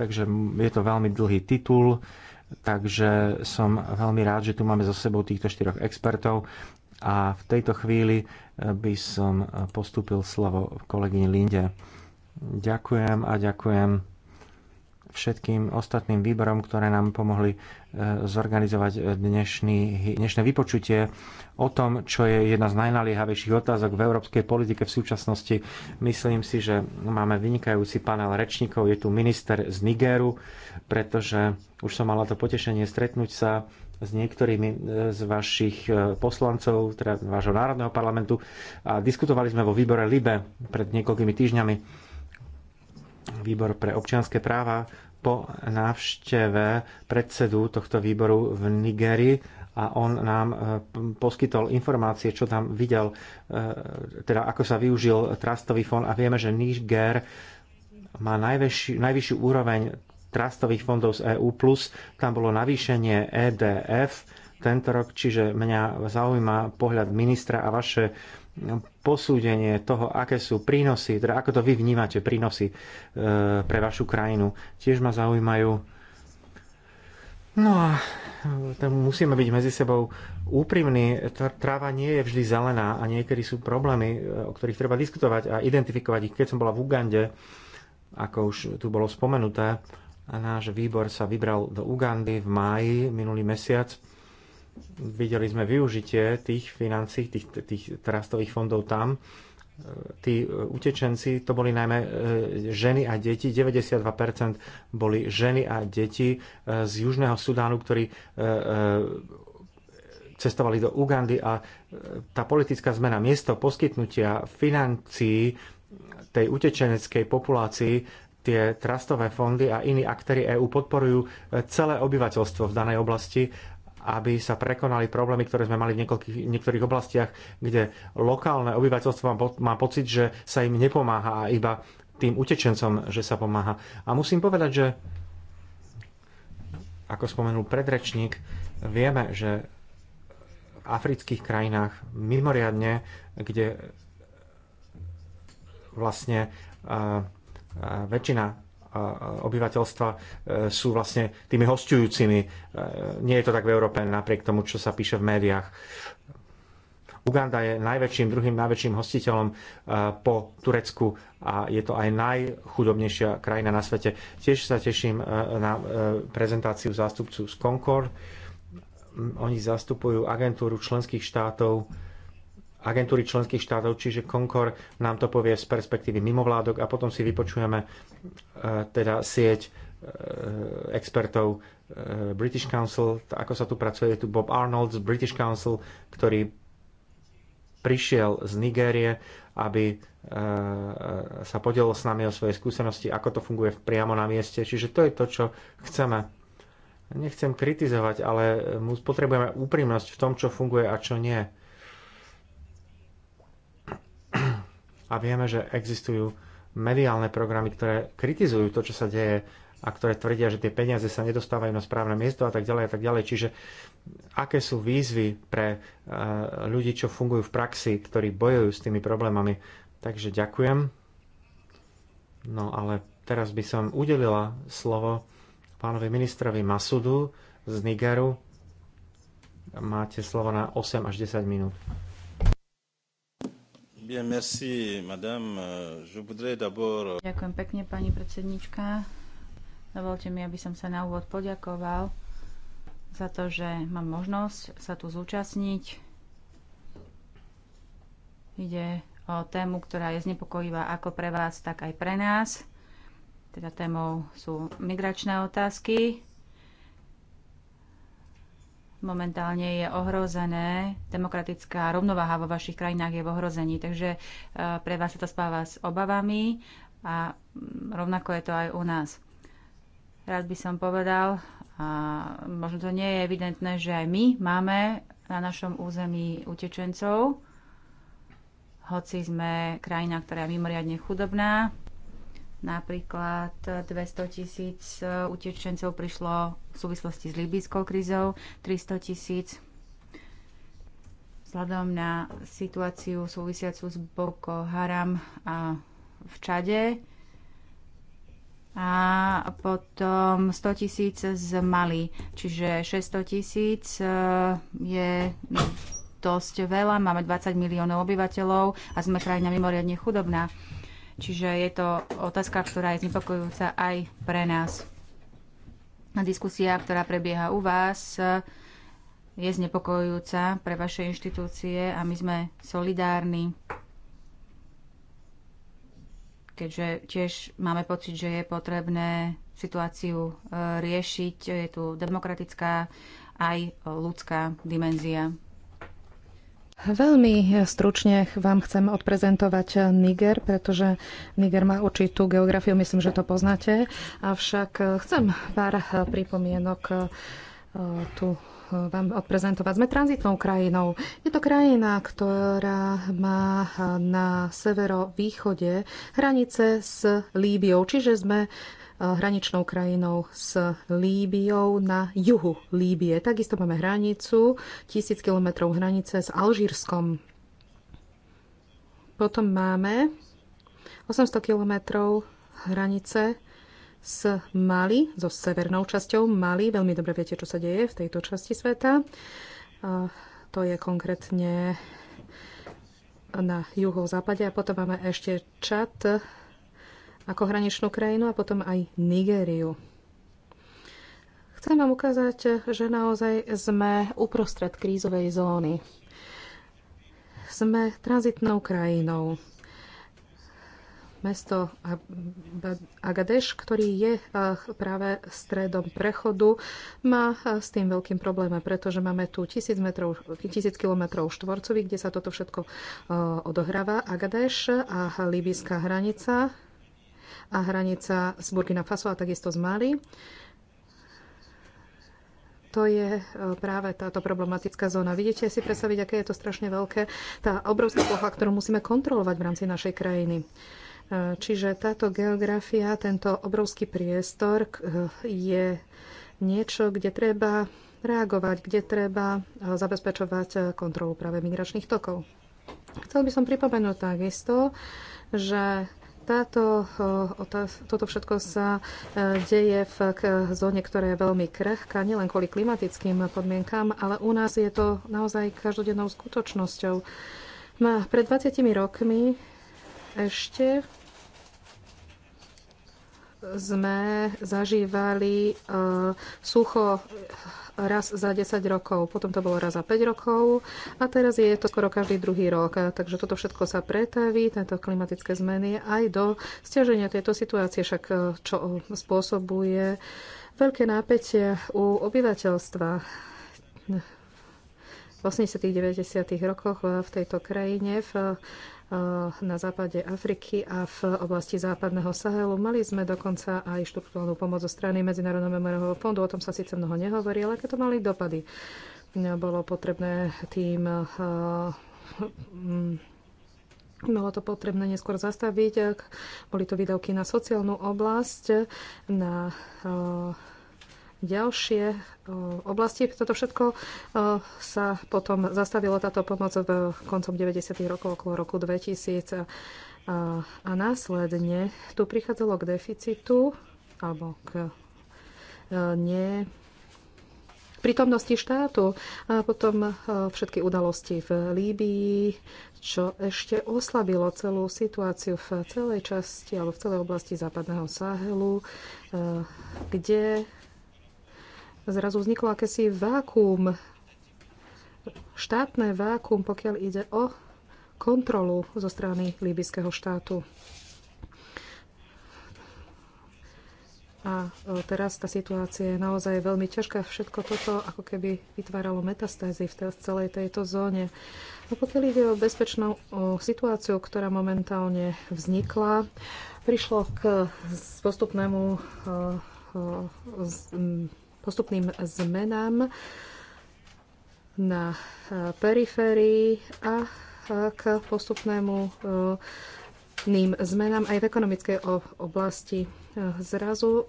takže je to veľmi dlhý titul, takže som veľmi rád, že tu máme za sebou týchto štyroch expertov a v tejto chvíli e, by som e, postúpil slovo kolegyni Linde. Ďakujem a ďakujem všetkým ostatným výborom, ktoré nám pomohli zorganizovať dnešný, dnešné vypočutie o tom, čo je jedna z najnaliehavejších otázok v európskej politike v súčasnosti. Myslím si, že máme vynikajúci panel rečníkov. Je tu minister z Nigeru, pretože už som mala to potešenie stretnúť sa s niektorými e, z vašich e, poslancov, teda vášho národného parlamentu a diskutovali sme vo výbore LIBE pred niekoľkými týždňami výbor pre občianské práva po návšteve predsedu tohto výboru v Nigerii a on nám e, poskytol informácie, čo tam videl, e, teda ako sa využil trastový fond a vieme, že Niger má najvyšší, najvyššiu úroveň trastových fondov z EU+, tam bolo navýšenie EDF tento rok, čiže mňa zaujíma pohľad ministra a vaše posúdenie toho, aké sú prínosy, teda ako to vy vnímate prínosy e, pre vašu krajinu. Tiež ma zaujímajú. No a tam musíme byť medzi sebou úprimní. Tráva nie je vždy zelená a niekedy sú problémy, e, o ktorých treba diskutovať a identifikovať ich. Keď som bola v Ugande, ako už tu bolo spomenuté, a náš výbor sa vybral do Ugandy v máji minulý mesiac Videli sme využitie tých financí, tých, tých trastových fondov tam. E, tí e, utečenci, to boli najmä e, ženy a deti. 92% boli ženy a deti z Južného Sudánu, ktorí cestovali do Ugandy a tá politická zmena miesto poskytnutia financií tej utečeneckej populácii tie trastové fondy a iní aktéry EÚ podporujú celé obyvateľstvo v danej oblasti aby sa prekonali problémy, ktoré sme mali v niektorých oblastiach, kde lokálne obyvateľstvo má, pocit, že sa im nepomáha a iba tým utečencom, že sa pomáha. A musím povedať, že ako spomenul predrečník, vieme, že v afrických krajinách mimoriadne, kde vlastne väčšina obyvateľstva e, sú vlastne tými hostujúcimi. E, nie je to tak v Európe, napriek tomu, čo sa píše v médiách. Uganda je najväčším, druhým najväčším hostiteľom e, po Turecku a je to aj najchudobnejšia krajina na svete. Tiež sa teším na prezentáciu zástupcu z Concord. Oni zastupujú agentúru členských štátov agentúry členských štátov, čiže Konkor nám to povie z perspektívy mimovládok a potom si vypočujeme e, teda sieť e, expertov e, British Council, ako sa tu pracuje, je tu Bob Arnold z British Council, ktorý prišiel z Nigérie, aby sa podelil s nami o svoje skúsenosti, ako to funguje priamo na mieste. Čiže to je to, čo chceme. Nechcem kritizovať, ale potrebujeme úprimnosť v tom, čo funguje a čo nie. a vieme, že existujú mediálne programy, ktoré kritizujú to, čo sa deje a ktoré tvrdia, že tie peniaze sa nedostávajú na správne miesto a tak ďalej a tak ďalej. Čiže aké sú výzvy pre e, ľudí, čo fungujú v praxi, ktorí bojujú s tými problémami. Takže ďakujem. No ale teraz by som udelila slovo pánovi ministrovi Masudu z Nigeru. Máte slovo na 8 až 10 minút. Bien, merci, madame. Euh, je voudrais d'abord... Euh, Ďakujem pekne, pani predsednička. Dovolte mi, aby som sa na úvod poďakoval za to, že mám možnosť sa tu zúčastniť. Ide o tému, ktorá je znepokojivá ako pre vás, tak aj pre nás. Teda témou sú migračné otázky momentálne je ohrozené, demokratická rovnováha vo vašich krajinách je v ohrození, takže e, pre vás sa to spáva s obavami a mm, rovnako je to aj u nás. Rád by som povedal, a možno to nie je evidentné, že aj my máme na našom území utečencov, hoci sme krajina, ktorá je mimoriadne chudobná, Napríklad 200 tisíc eh, utečencov prišlo v súvislosti s libýskou krízou, 300 tisíc vzhľadom na situáciu súvisiacu s Boko Haram a v Čade a potom 100 tisíc z Mali, čiže 600 tisíc eh, je dosť veľa, máme 20 miliónov obyvateľov a sme krajina mimoriadne chudobná. Čiže je to otázka, ktorá je znepokojujúca aj pre nás. Diskusia, ktorá prebieha u vás, je znepokojujúca pre vaše inštitúcie a my sme solidárni, keďže tiež máme pocit, že je potrebné situáciu e, riešiť. Je tu demokratická aj ľudská dimenzia. Veľmi stručne vám chcem odprezentovať Niger, pretože Niger má určitú geografiu, myslím, že to poznáte. Avšak chcem pár pripomienok e, tu vám odprezentovať. Sme tranzitnou krajinou. Je to krajina, ktorá má na severovýchode hranice s Líbiou, čiže sme hraničnou krajinou s Líbiou na juhu Líbie. Takisto máme hranicu, tisíc kilometrov hranice s Alžírskom. Potom máme 800 kilometrov hranice s Mali, so severnou časťou Mali. Veľmi dobre viete, čo sa deje v tejto časti sveta. To je konkrétne na juhozápade a potom máme ešte Čad ako hraničnú krajinu a potom aj Nigériu. Chcem vám ukázať, že naozaj sme uprostred krízovej zóny. Sme tranzitnou krajinou. Mesto Agadeš, ktorý je eh, práve stredom prechodu, má eh, s tým veľkým problém, pretože máme tu 1000, metrov, 1000 km štvorcových, kde sa toto všetko eh, odohráva. Agadeš a libyská hranica a hranica s Burkina Faso a takisto z Mali. To je e, práve táto problematická zóna. Vidíte si predstaviť, aké je to strašne veľké, tá obrovská plocha, ktorú musíme kontrolovať v rámci našej krajiny. E, čiže táto geografia, tento obrovský priestor e, je niečo, kde treba reagovať, kde treba zabezpečovať kontrolu práve migračných tokov. Chcel by som pripomenúť takisto, že táto, toto všetko sa e, deje v zóne, ktorá je veľmi krehká, nielen kvôli klimatickým podmienkám, ale u nás je to naozaj každodennou skutočnosťou. No pred 20 rokmi ešte sme zažívali e, sucho raz za 10 rokov, potom to bolo raz za 5 rokov a teraz je to skoro každý druhý rok. Takže toto všetko sa pretaví, tieto klimatické zmeny, aj do stiaženia tejto situácie, však e, čo spôsobuje veľké nápetie u obyvateľstva. V 80. -tých, 90. rokoch v tejto krajine v na západe Afriky a v oblasti západného Sahelu. Mali sme dokonca aj štruktúrnu pomoc zo strany Medzinárodného memorového fondu, o tom sa síce mnoho nehovorí, ale aké to mali dopady. Bolo potrebné tým hm, bolo to potrebné neskôr zastaviť. Boli to výdavky na sociálnu oblasť, na ďalšie e, oblasti. Toto všetko e, sa potom zastavilo táto pomoc v koncom 90. rokov, okolo roku 2000 e, a následne tu prichádzalo k deficitu alebo k nie prítomnosti štátu a potom všetky udalosti v Líbii, čo ešte oslabilo celú situáciu v celej časti alebo v celej oblasti západného Sahelu, kde zrazu vzniklo akési vákuum, štátne vákuum, pokiaľ ide o kontrolu zo strany líbyského štátu. A e, teraz tá situácia je naozaj veľmi ťažká. Všetko toto ako keby vytváralo metastázy v, celej tejto zóne. A pokiaľ ide o bezpečnú situáciu, ktorá momentálne vznikla, prišlo k postupnému e, e, postupným zmenám na e, periférii a e, k postupnému e, ným zmenám aj v ekonomickej oblasti. Zrazu,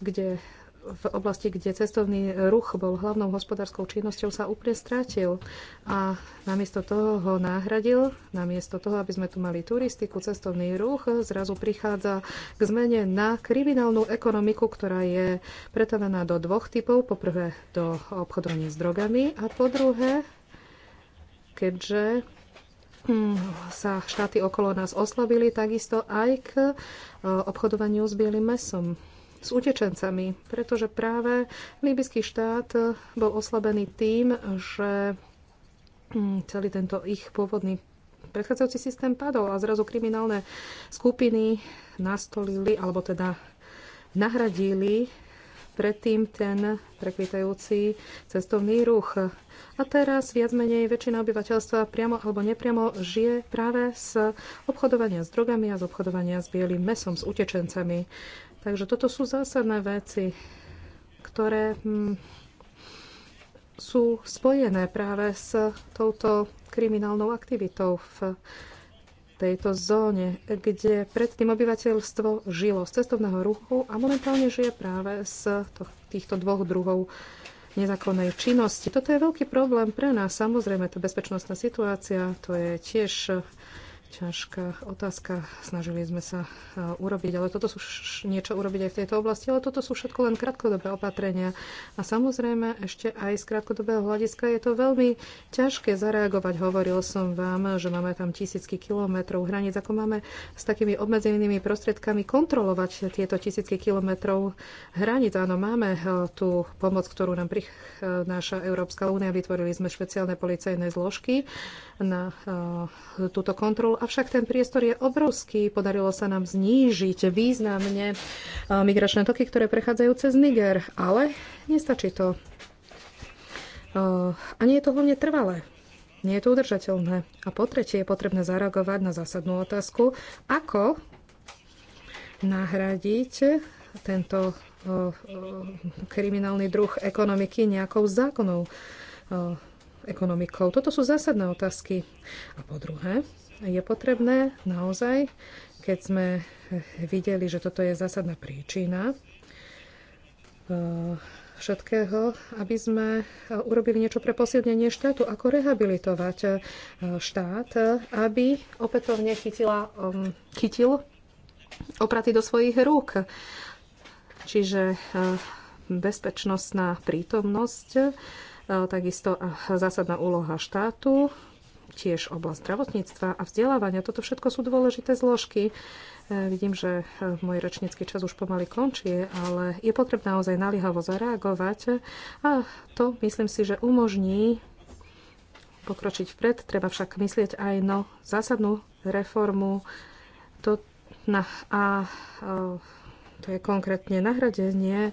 kde v oblasti, kde cestovný ruch bol hlavnou hospodárskou činnosťou, sa úplne strátil a namiesto toho ho náhradil, Namiesto toho, aby sme tu mali turistiku, cestovný ruch, zrazu prichádza k zmene na kriminálnu ekonomiku, ktorá je pretavená do dvoch typov. Poprvé do obchodovania s drogami a po druhé, keďže hm, sa štáty okolo nás oslabili, takisto aj k e, obchodovaniu s bielým mesom s utečencami, pretože práve líbyský štát bol oslabený tým, že mm, celý tento ich pôvodný predchádzajúci systém padol a zrazu kriminálne skupiny nastolili, alebo teda nahradili predtým ten prekvitajúci cestovný ruch. A teraz viac menej väčšina obyvateľstva priamo alebo nepriamo žije práve z obchodovania s drogami a z obchodovania s bielým mesom, s utečencami. Takže toto sú zásadné veci, ktoré hm, sú spojené práve s touto kriminálnou aktivitou v tejto zóne, kde predtým obyvateľstvo žilo z cestovného ruchu a momentálne žije práve z týchto dvoch druhov nezákonnej činnosti. Toto je veľký problém pre nás. Samozrejme, tá bezpečnostná situácia, to je tiež ťažká otázka. Snažili sme sa eh, urobiť, ale toto sú niečo urobiť aj v tejto oblasti, ale toto sú všetko len krátkodobé opatrenia. A samozrejme, ešte aj z krátkodobého hľadiska je to veľmi ťažké zareagovať. Hovoril som vám, že máme tam tisícky kilometrov hraníc, ako máme s takými obmedzenými prostriedkami kontrolovať tieto tisícky kilometrov hraníc. Áno, máme eh, tú pomoc, ktorú nám prináša eh, Európska únia. Vytvorili sme špeciálne policajné zložky na túto kontrolu avšak ten priestor je obrovský. Podarilo sa nám znížiť významne e, migračné toky, ktoré prechádzajú cez Niger, ale nestačí to. E, a nie je to hlavne trvalé. Nie je to udržateľné. A po tretie je potrebné zareagovať na zásadnú otázku, ako nahradiť tento e, kriminálny druh ekonomiky nejakou zákonnou ekonomikou. Toto sú zásadné otázky. A po druhé, je potrebné naozaj, keď sme videli, že toto je zásadná príčina e, všetkého, aby sme e, urobili niečo pre posilnenie štátu, ako rehabilitovať e, štát, aby opätovne chytila, um, chytil opraty do svojich rúk. Čiže bezpečnostná prítomnosť, takisto zásadná úloha štátu tiež oblasť zdravotníctva a vzdelávania. Toto všetko sú dôležité zložky. E, vidím, že e, môj ročnícky čas už pomaly končí, ale je potrebné naozaj naliehavo zareagovať a to myslím si, že umožní pokročiť vpred. Treba však myslieť aj na no zásadnú reformu to na, a, a e, to je konkrétne nahradenie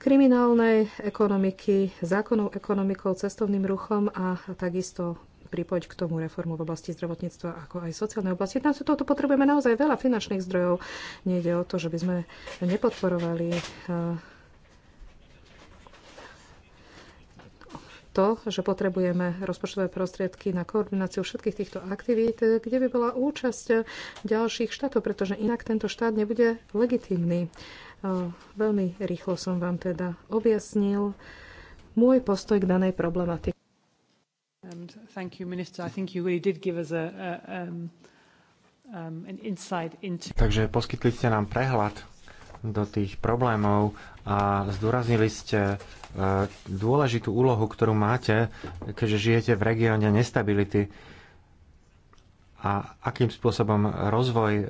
kriminálnej ekonomiky, zákonnou ekonomikou, cestovným ruchom a takisto pripojiť k tomu reformu v oblasti zdravotníctva, ako aj sociálnej oblasti. Tam sa toto potrebujeme naozaj veľa finančných zdrojov. Nejde o to, že by sme nepodporovali eh, to, že potrebujeme rozpočtové prostriedky na koordináciu všetkých týchto aktivít, kde by bola účasť ďalších štátov, pretože inak tento štát nebude legitímny. Eh, veľmi rýchlo som vám teda objasnil môj postoj k danej problematike and thank you, Minister. I think you really did give us a, um, um, an insight into... Takže poskytli ste nám prehľad do tých problémov a zdôraznili ste e, dôležitú úlohu, ktorú máte, keďže žijete v regióne nestability a akým spôsobom rozvoj, e,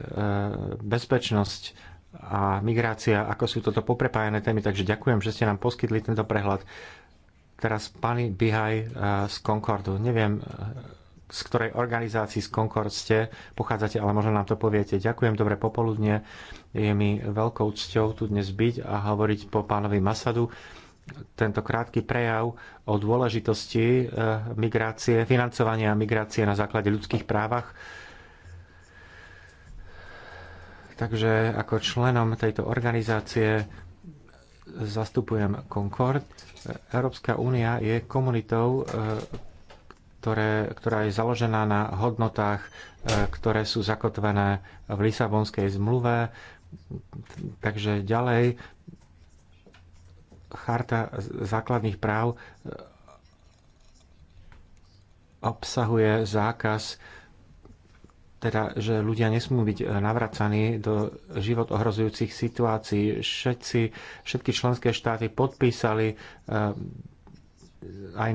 bezpečnosť a migrácia, ako sú toto poprepájané témy. Takže ďakujem, že ste nám poskytli tento prehľad. Teraz pani Bihaj eh, z Concordu. Neviem, eh, z ktorej organizácii z Concord ste, pochádzate, ale možno nám to poviete. Ďakujem, dobre popoludne. Je mi veľkou cťou tu dnes byť a hovoriť po pánovi Masadu tento krátky prejav o dôležitosti eh, migrácie, financovania migrácie na základe ľudských právach. Takže ako členom tejto organizácie zastupujem Concord. Európska únia je komunitou, e, ktoré, ktorá je založená na hodnotách, e, ktoré sú zakotvené v Lisabonskej zmluve. Takže ďalej Charta základných práv e, obsahuje zákaz teda, že ľudia nesmú byť e, navracaní do život ohrozujúcich situácií. Všetci, všetky členské štáty podpísali e, aj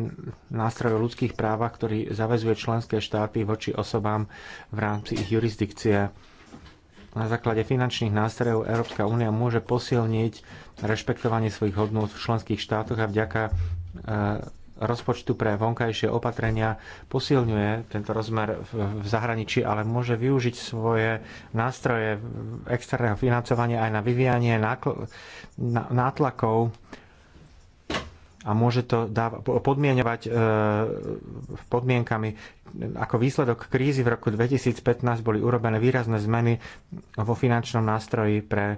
nástroj o ľudských právach, ktorý zavezuje členské štáty voči osobám v rámci ich jurisdikcie. Na základe finančných nástrojov Európska únia môže posilniť rešpektovanie svojich hodnot v členských štátoch a vďaka e, rozpočtu pre vonkajšie opatrenia posilňuje tento rozmer v zahraničí, ale môže využiť svoje nástroje externého financovania aj na vyvíjanie nátlakov a môže to podmienovať e, podmienkami. Ako výsledok krízy v roku 2015 boli urobené výrazné zmeny vo finančnom nástroji pre e,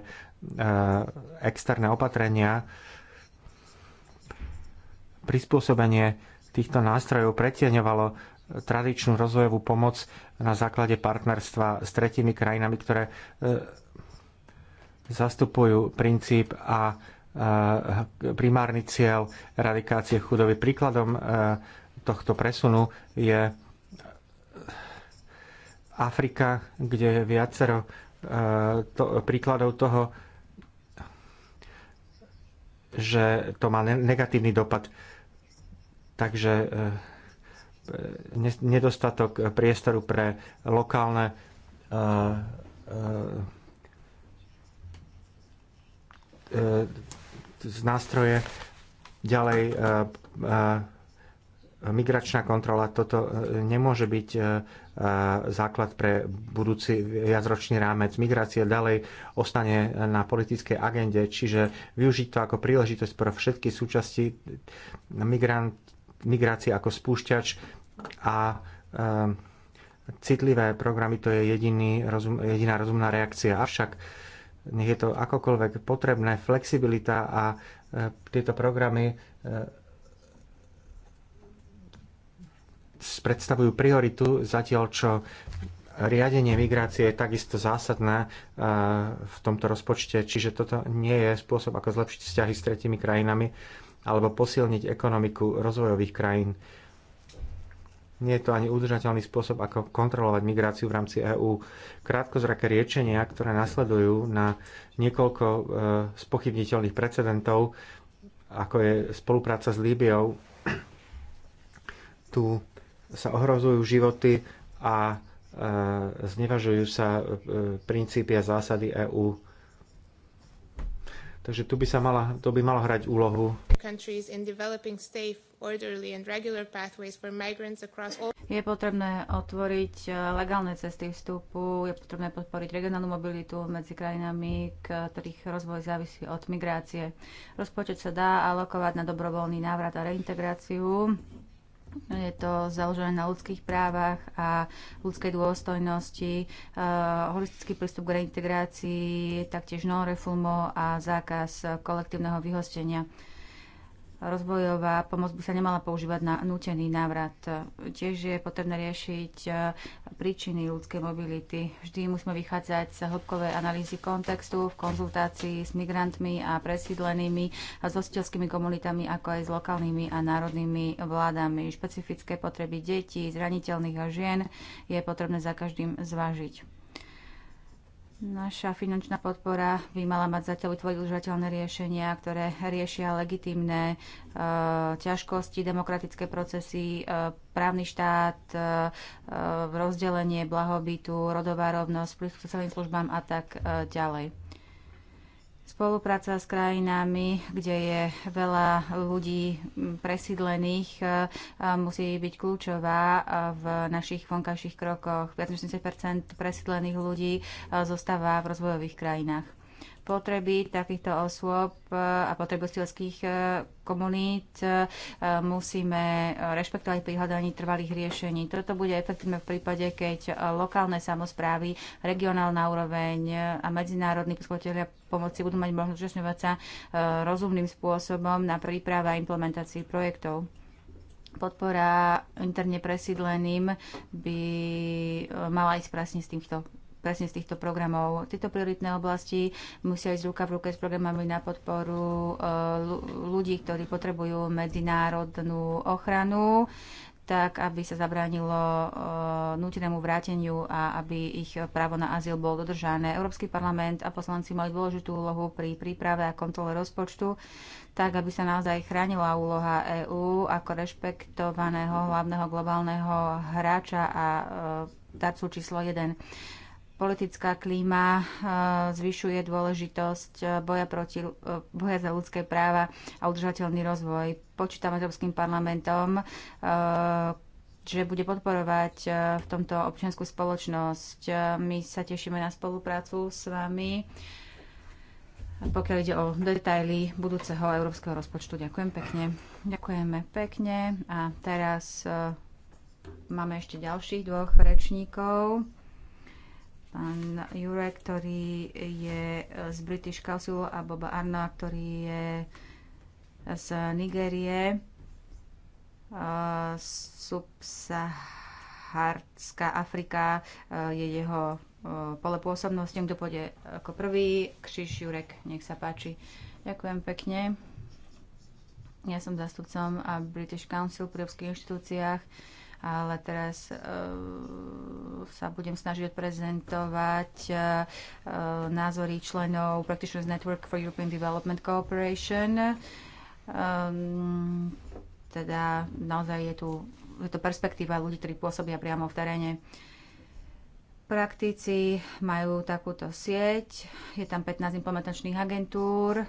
externé opatrenia, prispôsobenie týchto nástrojov pretieňovalo tradičnú rozvojovú pomoc na základe partnerstva s tretími krajinami, ktoré e, zastupujú princíp a e, primárny cieľ eradikácie chudoby. Príkladom e, tohto presunu je Afrika, kde je viacero to, príkladov toho, že to má negatívny dopad Takže eh, eh, nedostatok priestoru pre lokálne eh, nástroje, ďalej migračná kontrola, toto nemôže byť základ pre budúci viacročný rámec. Migrácia ďalej ostane na politickej agende, čiže využiť to ako príležitosť pre všetky súčasti migrant, migrácie ako spúšťač a ehm, citlivé programy to je jediný, rozum, jediná rozumná reakcia. Avšak nech je to akokoľvek potrebné, flexibilita a e, tieto programy e, predstavujú prioritu, zatiaľ čo riadenie migrácie je takisto zásadné e, v tomto rozpočte, čiže toto nie je spôsob, ako zlepšiť vzťahy s tretimi krajinami alebo posilniť ekonomiku rozvojových krajín. Nie je to ani udržateľný spôsob, ako kontrolovať migráciu v rámci EÚ. Krátkozraké riečenia, ktoré nasledujú na niekoľko e, spochybniteľných precedentov, ako je spolupráca s Líbiou, tu sa ohrozujú životy a e, znevažujú sa e, princípy a zásady EÚ. Takže tu by, sa mala, to by malo hrať úlohu countries in developing safe, orderly and regular pathways for migrants across all je potrebné otvoriť eh, legálne cesty vstupu, je potrebné podporiť regionálnu mobilitu medzi krajinami, ktorých rozvoj závisí od migrácie. Rozpočet sa dá alokovať na dobrovoľný návrat a reintegráciu. Je to založené na ľudských právach a ľudskej dôstojnosti, uh, holistický prístup k reintegrácii, taktiež non reformo a zákaz kolektívneho vyhostenia rozvojová pomoc by sa nemala používať na nútený návrat. Tiež je potrebné riešiť e, príčiny ľudskej mobility. Vždy musíme vychádzať z hĺbkovej analýzy kontextu v konzultácii s migrantmi a presídlenými, a s hostiteľskými komunitami, ako aj s lokálnymi a národnými vládami. Špecifické potreby detí, zraniteľných a žien je potrebné za každým zvážiť. Naša finančná podpora by mala mať zatiaľ vytvoriť užívateľné riešenia, ktoré riešia legitimné e, ťažkosti, demokratické procesy, e, právny štát, e, e, rozdelenie blahobytu, rodová rovnosť, prístup k sociálnym službám a tak e, ďalej. Spolupráca s krajinami, kde je veľa ľudí presídlených, e, musí byť kľúčová e, v našich vonkajších krokoch. 50 presídlených ľudí e, zostáva v rozvojových krajinách potreby takýchto osôb e, a potreby e, komunít e, musíme rešpektovať pri hľadaní trvalých riešení. Toto bude efektívne v prípade, keď lokálne samozprávy, regionálna úroveň a medzinárodní poskytovateľia pomoci budú mať možnosť zúčastňovať sa rozumným spôsobom na príprave a implementácii projektov podpora interne presídleným by mala ísť presne s týmto presne z týchto programov. Tieto prioritné oblasti musia ísť ruka v ruke s programami na podporu eh, ľudí, ktorí potrebujú medzinárodnú ochranu tak aby sa zabránilo uh, nútenému vráteniu a aby ich právo na azyl bolo dodržané. Európsky parlament a poslanci mali dôležitú úlohu pri príprave a kontrole rozpočtu, tak aby sa naozaj chránila úloha EÚ ako rešpektovaného hlavného globálneho hráča a uh, darcu číslo 1 politická klíma eh, zvyšuje dôležitosť eh, boja, proti, eh, boja za ľudské práva a udržateľný rozvoj. Počítam Európskym parlamentom, že bude podporovať v tomto občianskú spoločnosť. My sa tešíme na spoluprácu s vami. Pokiaľ ide o detaily budúceho európskeho rozpočtu, ďakujem pekne. Ďakujeme pekne. A teraz máme ešte ďalších dvoch rečníkov pán Jure, ktorý je e, z British Council a Boba Arna, ktorý je e, z Nigérie, e, subsahárska Afrika je jeho pole pôsobnosti. Kto pôjde ako prvý? Kšiš Jurek, nech sa páči. Ďakujem pekne. Ja som zastupcom British Council pri európskych inštitúciách ale teraz uh, sa budem snažiť odprezentovať uh, názory členov Practitioners Network for European Development Cooperation. Um, teda naozaj je tu je to perspektíva ľudí, ktorí pôsobia priamo v teréne. Praktici majú takúto sieť, je tam 15 implementačných agentúr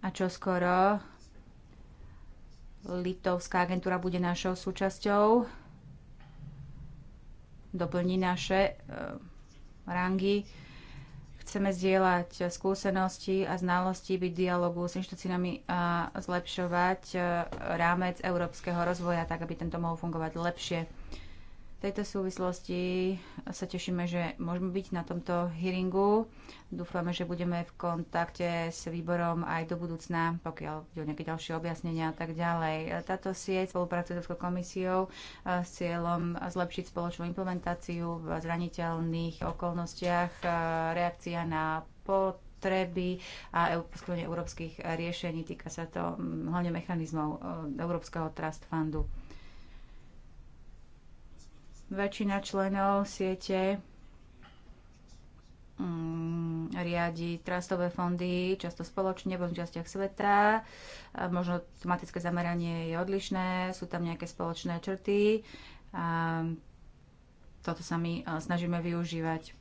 a čo skoro Litovská agentúra bude našou súčasťou, doplní naše e, rangy. Chceme zdieľať skúsenosti a znalosti, byť dialogu s inštitúciami a zlepšovať e, rámec európskeho rozvoja, tak aby tento mohol fungovať lepšie tejto súvislosti sa tešíme, že môžeme byť na tomto hearingu. Dúfame, že budeme v kontakte s výborom aj do budúcna, pokiaľ budú nejaké ďalšie objasnenia a tak ďalej. Táto sieť spolupracuje s Európskou komisiou e, s cieľom zlepšiť spoločnú implementáciu v zraniteľných okolnostiach, e, reakcia na potreby a e, poskytovanie európskych riešení. Týka sa to hlavne mechanizmov Európskeho Trust Fundu. Väčšina členov siete mm, riadi trastové fondy, často spoločne vo častiach sveta. Možno tematické zameranie je odlišné, sú tam nejaké spoločné črty. toto sa my snažíme využívať.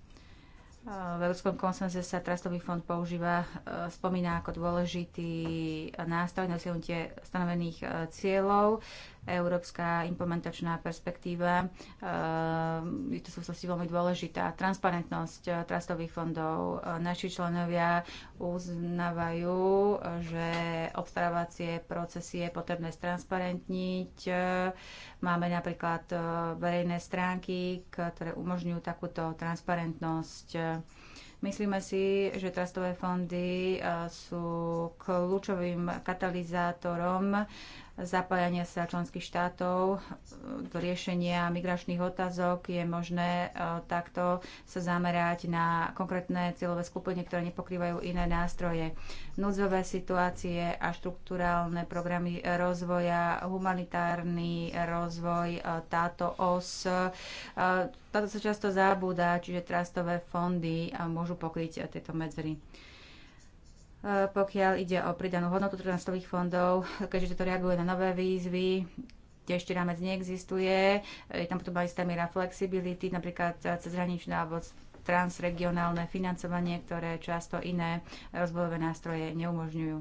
V Európskom konsenze sa Trastový fond používa, spomína ako dôležitý nástroj na dosiahnutie stanovených cieľov. Európska implementačná perspektíva. Eh, je to súvislosti veľmi dôležitá. Transparentnosť eh, trastových fondov. Eh, naši členovia uznávajú, že obstarávacie procesy je potrebné stransparentniť. Máme napríklad verejné stránky, ktoré umožňujú takúto transparentnosť. Myslíme si, že trastové fondy sú kľúčovým katalizátorom zapájania sa členských štátov e, do riešenia migračných otázok je možné e, takto sa zamerať na konkrétne cieľové skupiny, ktoré nepokrývajú iné nástroje. Núdzové situácie a štruktúrálne programy rozvoja, humanitárny rozvoj, e, táto os. Táto sa často zabúda, čiže trastové fondy môžu pokryť tieto medzery. Eh, pokiaľ ide o pridanú hodnotu trojnastových fondov, keďže to reaguje na nové výzvy, kde ešte rámec neexistuje. Je tam potom istá miera flexibility, napríklad eh, cezhraničná alebo transregionálne financovanie, ktoré často iné rozvojové nástroje neumožňujú.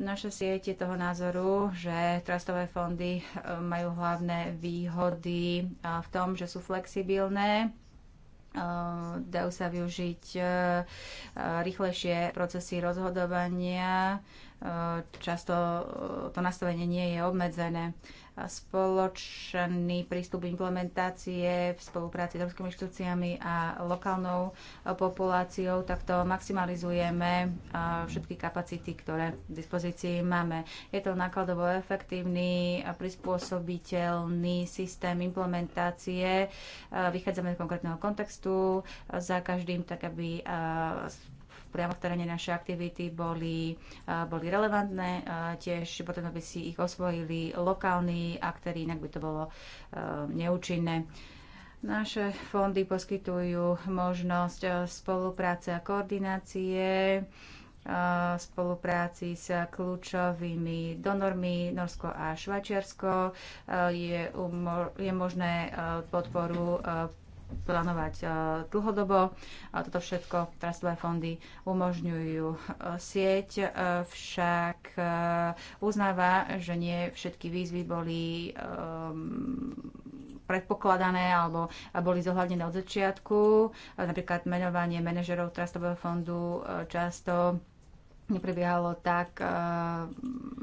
Naša sieť je toho názoru, že trastové fondy eh, majú hlavné výhody v tom, že sú flexibilné Ehm, dajú sa využiť e, e, rýchlejšie procesy rozhodovania, e, často to nastavenie nie je obmedzené spoločný prístup implementácie v spolupráci s európskymi inštitúciami a lokálnou e, populáciou, takto maximalizujeme e, všetky kapacity, ktoré v dispozícii máme. Je to nákladovo efektívny a prispôsobiteľný systém implementácie. E, vychádzame z konkrétneho kontextu za každým, tak aby priamo v teréne naše aktivity boli, boli relevantné, tiež potom by si ich osvojili lokálni aktéry, inak by to bolo neúčinné. Naše fondy poskytujú možnosť spolupráce a koordinácie, spolupráci s kľúčovými donormi Norsko a Švajčiarsko. Je, je možné podporu plánovať e, dlhodobo. A toto všetko trastové fondy umožňujú. E, sieť e, však uznáva, že nie všetky výzvy boli ehm, predpokladané alebo boli zohľadnené od začiatku. Napríklad menovanie manažerov trastového fondu často neprebiehalo tak, eh,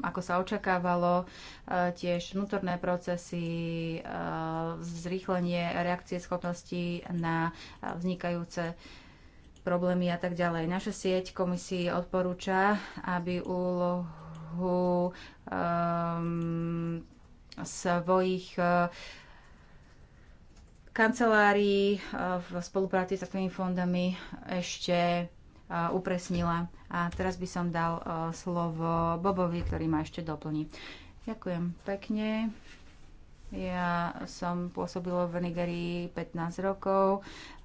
ako sa očakávalo. Eh, tiež vnútorné procesy, eh, zrýchlenie reakcie schopností na vznikajúce problémy a tak ďalej. Naša sieť komisii odporúča, aby úlohu ehm, svojich kancelárií v spolupráci s takými fondami ešte upresnila a teraz by som dal e, slovo Bobovi, ktorý ma ešte doplní. Ďakujem pekne. Ja som pôsobila v Nigerii 15 rokov. E,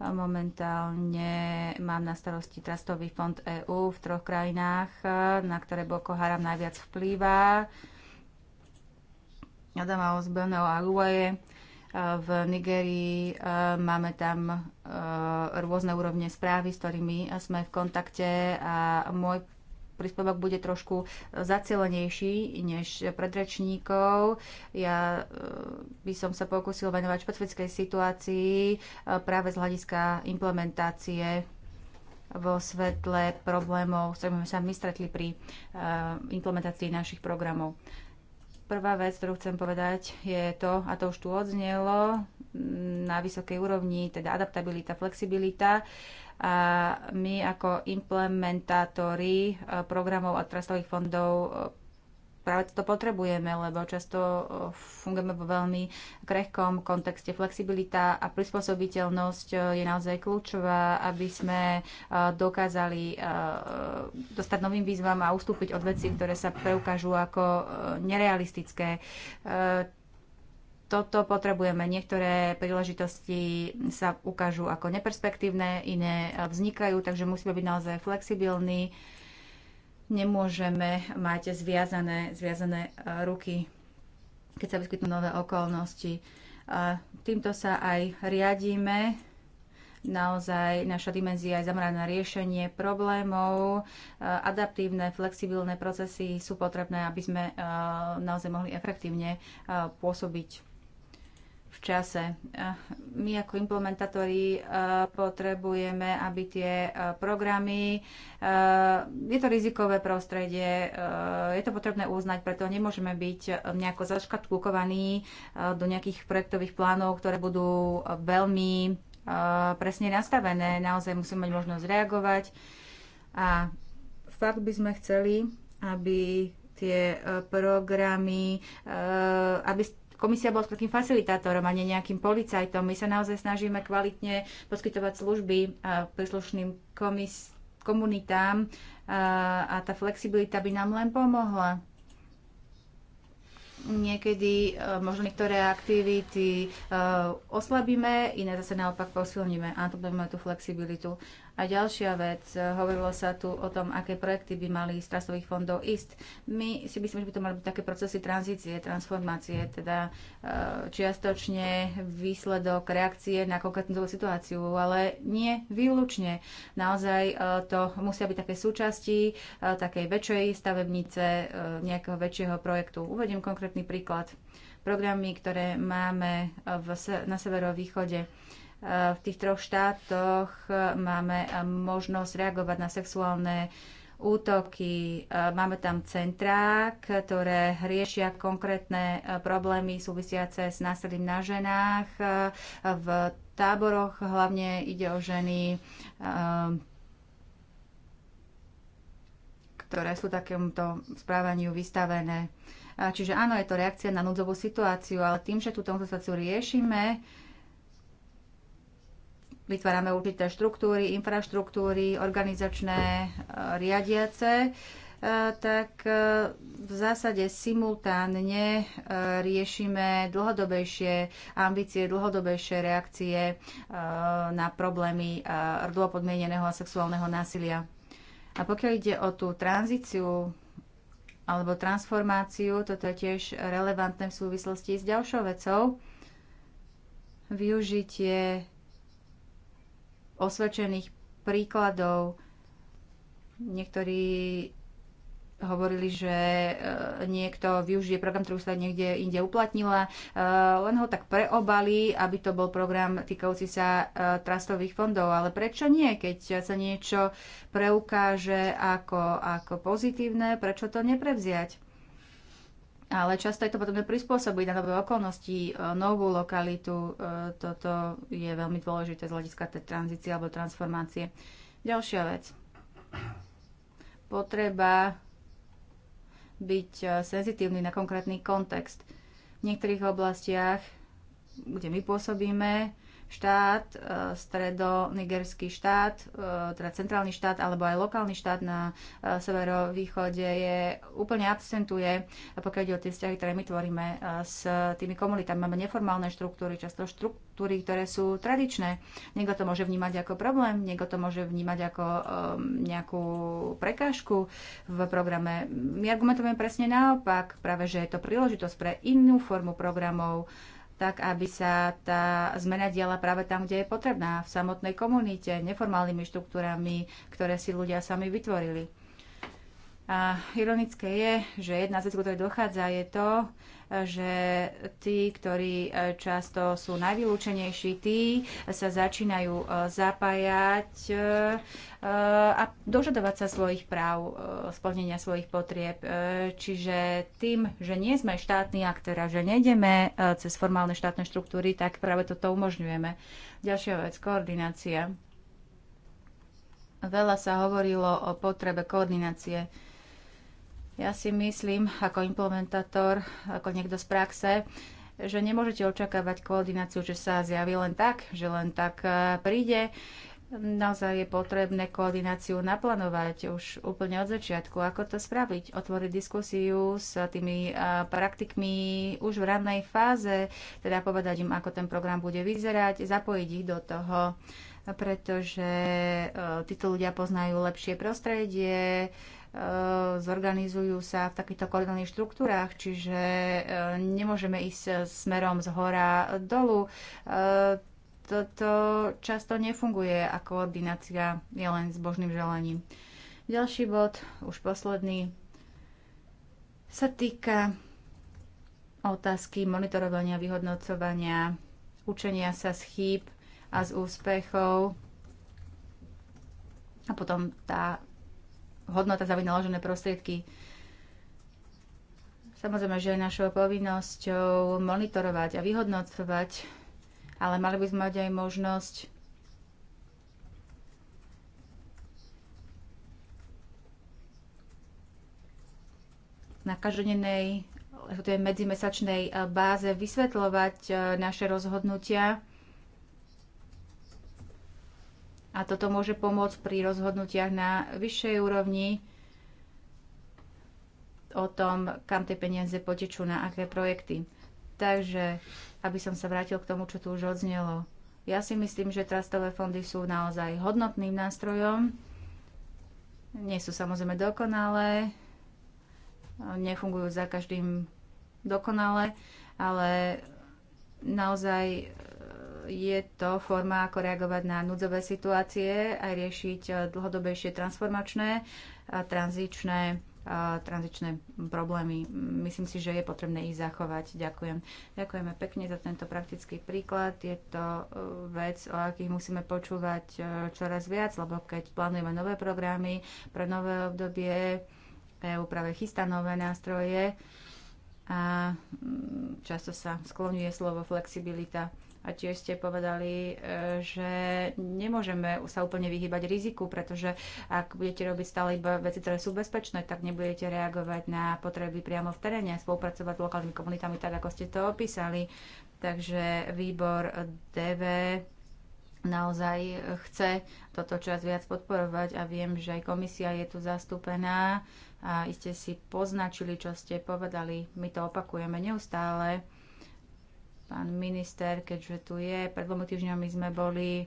momentálne mám na starosti Trastový fond EÚ v troch krajinách, e, na ktoré Boko Haram najviac vplýva. Adama a Aguaje v Nigerii. E, máme tam e, rôzne úrovne správy, s ktorými sme v kontakte a môj príspevok bude trošku zacielenejší než predrečníkov. Ja e, by som sa pokusil venovať špecifickej situácii práve z hľadiska implementácie vo svetle problémov, s ktorými sa my stretli pri implementácii našich programov. Prvá vec, ktorú chcem povedať, je to, a to už tu odznelo, na vysokej úrovni, teda adaptabilita, flexibilita. A my ako implementátori eh, programov a trastových fondov eh, práve to potrebujeme, lebo často e, fungujeme vo veľmi krehkom kontexte. Flexibilita a prispôsobiteľnosť e, je naozaj kľúčová, aby sme e, dokázali dostať novým výzvam a ustúpiť od vecí, ktoré sa preukážu ako nerealistické toto potrebujeme. Niektoré príležitosti sa ukážu ako neperspektívne, iné vznikajú, takže musíme byť naozaj flexibilní nemôžeme mať zviazané, zviazané e, ruky, keď sa vyskytnú nové okolnosti. týmto sa aj riadíme. Naozaj naša dimenzia je zameraná na riešenie problémov. E, adaptívne, flexibilné procesy sú potrebné, aby sme e, naozaj mohli efektívne pôsobiť v čase. My ako implementátori e, potrebujeme, aby tie e, programy, e, je to rizikové prostredie, je to potrebné uznať, preto nemôžeme byť nejako zaškatkúkovaní do nejakých projektových plánov, ktoré budú veľmi presne nastavené. Naozaj musíme mať možnosť reagovať a fakt by sme chceli, aby tie programy, aby komisia bola takým facilitátorom a nie nejakým policajtom. My sa naozaj snažíme kvalitne poskytovať služby príslušným komis- komunitám a tá flexibilita by nám len pomohla niekedy e, možno niektoré aktivity e, oslabíme, iné zase naopak posilníme a to budeme tú flexibilitu. A ďalšia vec, e, hovorilo sa tu o tom, aké projekty by mali z trastových fondov ísť. My si myslíme, že by to mali byť také procesy tranzície, transformácie, teda e, čiastočne výsledok reakcie na konkrétnu situáciu, ale nie výlučne. Naozaj e, to musia byť také súčasti takej väčšej stavebnice, nejakého väčšieho projektu. Uvediem konkrétny príklad. Programy, ktoré máme v, na severovýchode, v tých troch štátoch e, máme e, možnosť reagovať na sexuálne útoky. E, máme tam centrá, ktoré riešia konkrétne problémy súvisiace s násilím na ženách. V táboroch hlavne ide o ženy, ktoré sú takémuto správaniu vystavené. Čiže áno, je to reakcia na núdzovú situáciu, ale tým, že túto situáciu riešime, vytvárame určité štruktúry, infraštruktúry, organizačné, e, riadiace, e, tak e, v zásade simultánne riešime dlhodobejšie ambície, dlhodobejšie reakcie na problémy podmieneného a sexuálneho násilia. A pokiaľ ide o tú tranzíciu alebo transformáciu, toto je tiež relevantné v súvislosti s ďalšou vecou, využitie osvedčených príkladov. Niektorí hovorili, že e, niekto využije program, ktorý sa niekde inde uplatnila, e, len ho tak preobali, aby to bol program týkajúci sa e, trastových fondov. Ale prečo nie, keď sa niečo preukáže ako, ako pozitívne, prečo to neprevziať? ale často je to potrebné prispôsobiť na nové okolnosti, e, novú lokalitu. E, toto je veľmi dôležité z hľadiska tej tranzície alebo transformácie. Ďalšia vec. Potreba byť e, senzitívny na konkrétny kontext. V niektorých oblastiach, kde my pôsobíme, štát, e, stredonigerský štát, e, teda centrálny štát alebo aj lokálny štát na e, severovýchode je úplne absentuje, pokiaľ ide o tie vzťahy, ktoré my tvoríme s tými komunitami. Máme neformálne štruktúry, často štruktúry, ktoré sú tradičné. Niekto to môže vnímať ako problém, niekto to môže vnímať ako nejakú prekážku v programe. My argumentujeme presne naopak, práve že je to príležitosť pre inú formu programov, tak aby sa tá zmena diala práve tam, kde je potrebná, v samotnej komunite, neformálnymi štruktúrami, ktoré si ľudia sami vytvorili. A ironické je, že jedna z vecí, ktoré dochádza, je to, že tí, ktorí e, často sú najvylúčenejší, tí sa začínajú e, zapájať e, a dožadovať sa svojich práv, splnenia svojich potrieb. Čiže tým, že nie sme štátni aktéra, že nejdeme cez formálne štátne štruktúry, tak práve toto umožňujeme. Ďalšia vec, koordinácia. Veľa sa hovorilo o potrebe koordinácie ja si myslím, ako implementátor, ako niekto z praxe, že nemôžete očakávať koordináciu, že sa zjaví len tak, že len tak e, príde. Naozaj je potrebné koordináciu naplánovať už úplne od začiatku. Ako to spraviť? Otvoriť diskusiu s tými e, praktikmi už v rannej fáze, teda povedať im, ako ten program bude vyzerať, zapojiť ich do toho, pretože e, títo ľudia poznajú lepšie prostredie, E, zorganizujú sa v takýchto koordinovaných štruktúrách, čiže e, nemôžeme ísť e, smerom z hora dolu. Toto často nefunguje a koordinácia je len s božným želaním. Ďalší bod, už posledný, sa týka otázky monitorovania, vyhodnocovania, učenia sa z chýb a z úspechov a potom tá hodnota za vynaložené prostriedky. Samozrejme, že je našou povinnosťou monitorovať a vyhodnocovať, ale mali by sme mať aj možnosť na každodennej, medzimesačnej eh, báze vysvetľovať eh, naše rozhodnutia A toto môže pomôcť pri rozhodnutiach na vyššej úrovni o tom, kam tie peniaze potečú, na aké projekty. Takže, aby som sa vrátil k tomu, čo tu už odznelo. Ja si myslím, že trastové fondy sú naozaj hodnotným nástrojom. Nie sú samozrejme dokonalé, nefungujú za každým dokonale, ale naozaj je to forma, ako reagovať na núdzové situácie a riešiť e, dlhodobejšie transformačné a tranzičné e, tranzičné problémy. Myslím si, že je potrebné ich zachovať. Ďakujem. Ďakujeme pekne za tento praktický príklad. Je to e, vec, o akých musíme počúvať čoraz viac, lebo keď plánujeme nové programy pre nové obdobie, EU práve chystá nové nástroje a mm, často sa skloňuje slovo flexibilita a tiež ste povedali, e, že nemôžeme sa úplne vyhybať riziku, pretože ak budete robiť stále iba veci, ktoré sú bezpečné, tak nebudete reagovať na potreby priamo v teréne a spolupracovať s lokálnymi komunitami, tak ako ste to opísali. Takže výbor DV naozaj chce toto čas viac podporovať a viem, že aj komisia je tu zastúpená a iste si poznačili, čo ste povedali. My to opakujeme neustále pán minister, keďže tu je. Pred dvomi týždňami sme boli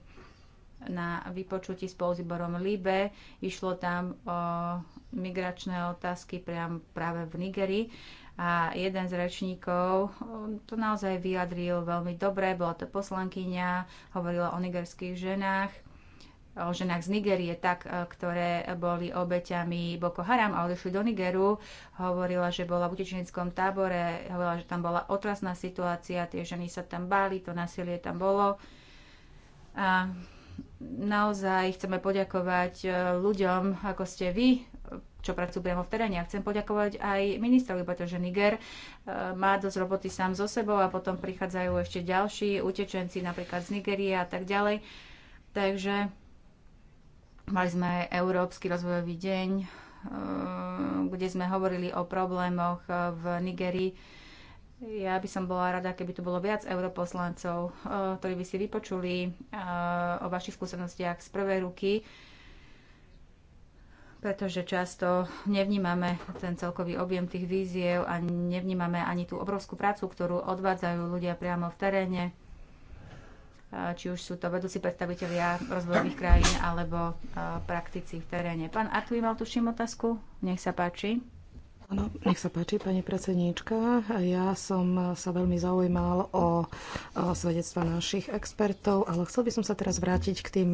na vypočutí s Iborom Libe. Išlo tam o migračné otázky priam práve v Nigerii a jeden z rečníkov to naozaj vyjadril veľmi dobre, bola to poslankyňa, hovorila o nigerských ženách o ženách z Nigérie, tak, e, ktoré boli obeťami Boko Haram a odišli do Nigeru. Hovorila, že bola v utečeneckom tábore, hovorila, že tam bola otrasná situácia, tie ženy sa tam báli, to násilie tam bolo. A naozaj chceme poďakovať e, ľuďom, ako ste vy, čo pracujú priamo v teréne. A chcem poďakovať aj ministrovi, pretože Niger e, má dosť roboty sám so sebou a potom prichádzajú ešte ďalší utečenci, napríklad z Nigerie a tak ďalej. Takže Mali sme Európsky rozvojový deň, eh, kde sme hovorili o problémoch eh, v Nigerii. Ja by som bola rada, keby tu bolo viac europoslancov, eh, ktorí by si vypočuli o vašich skúsenostiach z prvej ruky, pretože často nevnímame ten celkový objem tých víziev a nevnímame ani tú obrovskú prácu, ktorú odvádzajú ľudia priamo v teréne či už sú to vedúci predstavitelia rozvojových krajín alebo praktici v teréne. Pán Artuji mal tuším otázku. Nech sa páči. Áno, nech sa páči, pani predsedníčka. Ja som sa veľmi zaujímal o, o svedectva našich expertov, ale chcel by som sa teraz vrátiť k tým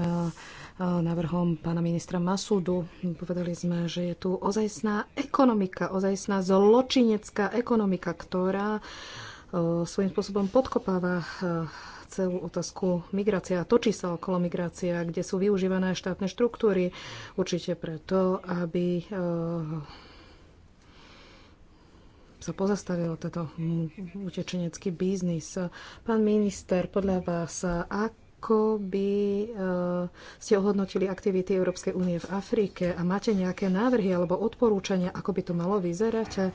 návrhom pána ministra Masúdu. Povedali sme, že je tu ozajstná ekonomika, ozajstná zločinecká ekonomika, ktorá svojím spôsobom podkopáva celú otázku migrácia a točí sa okolo migrácia, kde sú využívané štátne štruktúry určite preto, aby eh, sa pozastavil tento utečenecký biznis. Pán minister, podľa vás, ako by eh, ste ohodnotili aktivity Európskej únie v Afrike a máte nejaké návrhy alebo odporúčania, ako by to malo vyzerať?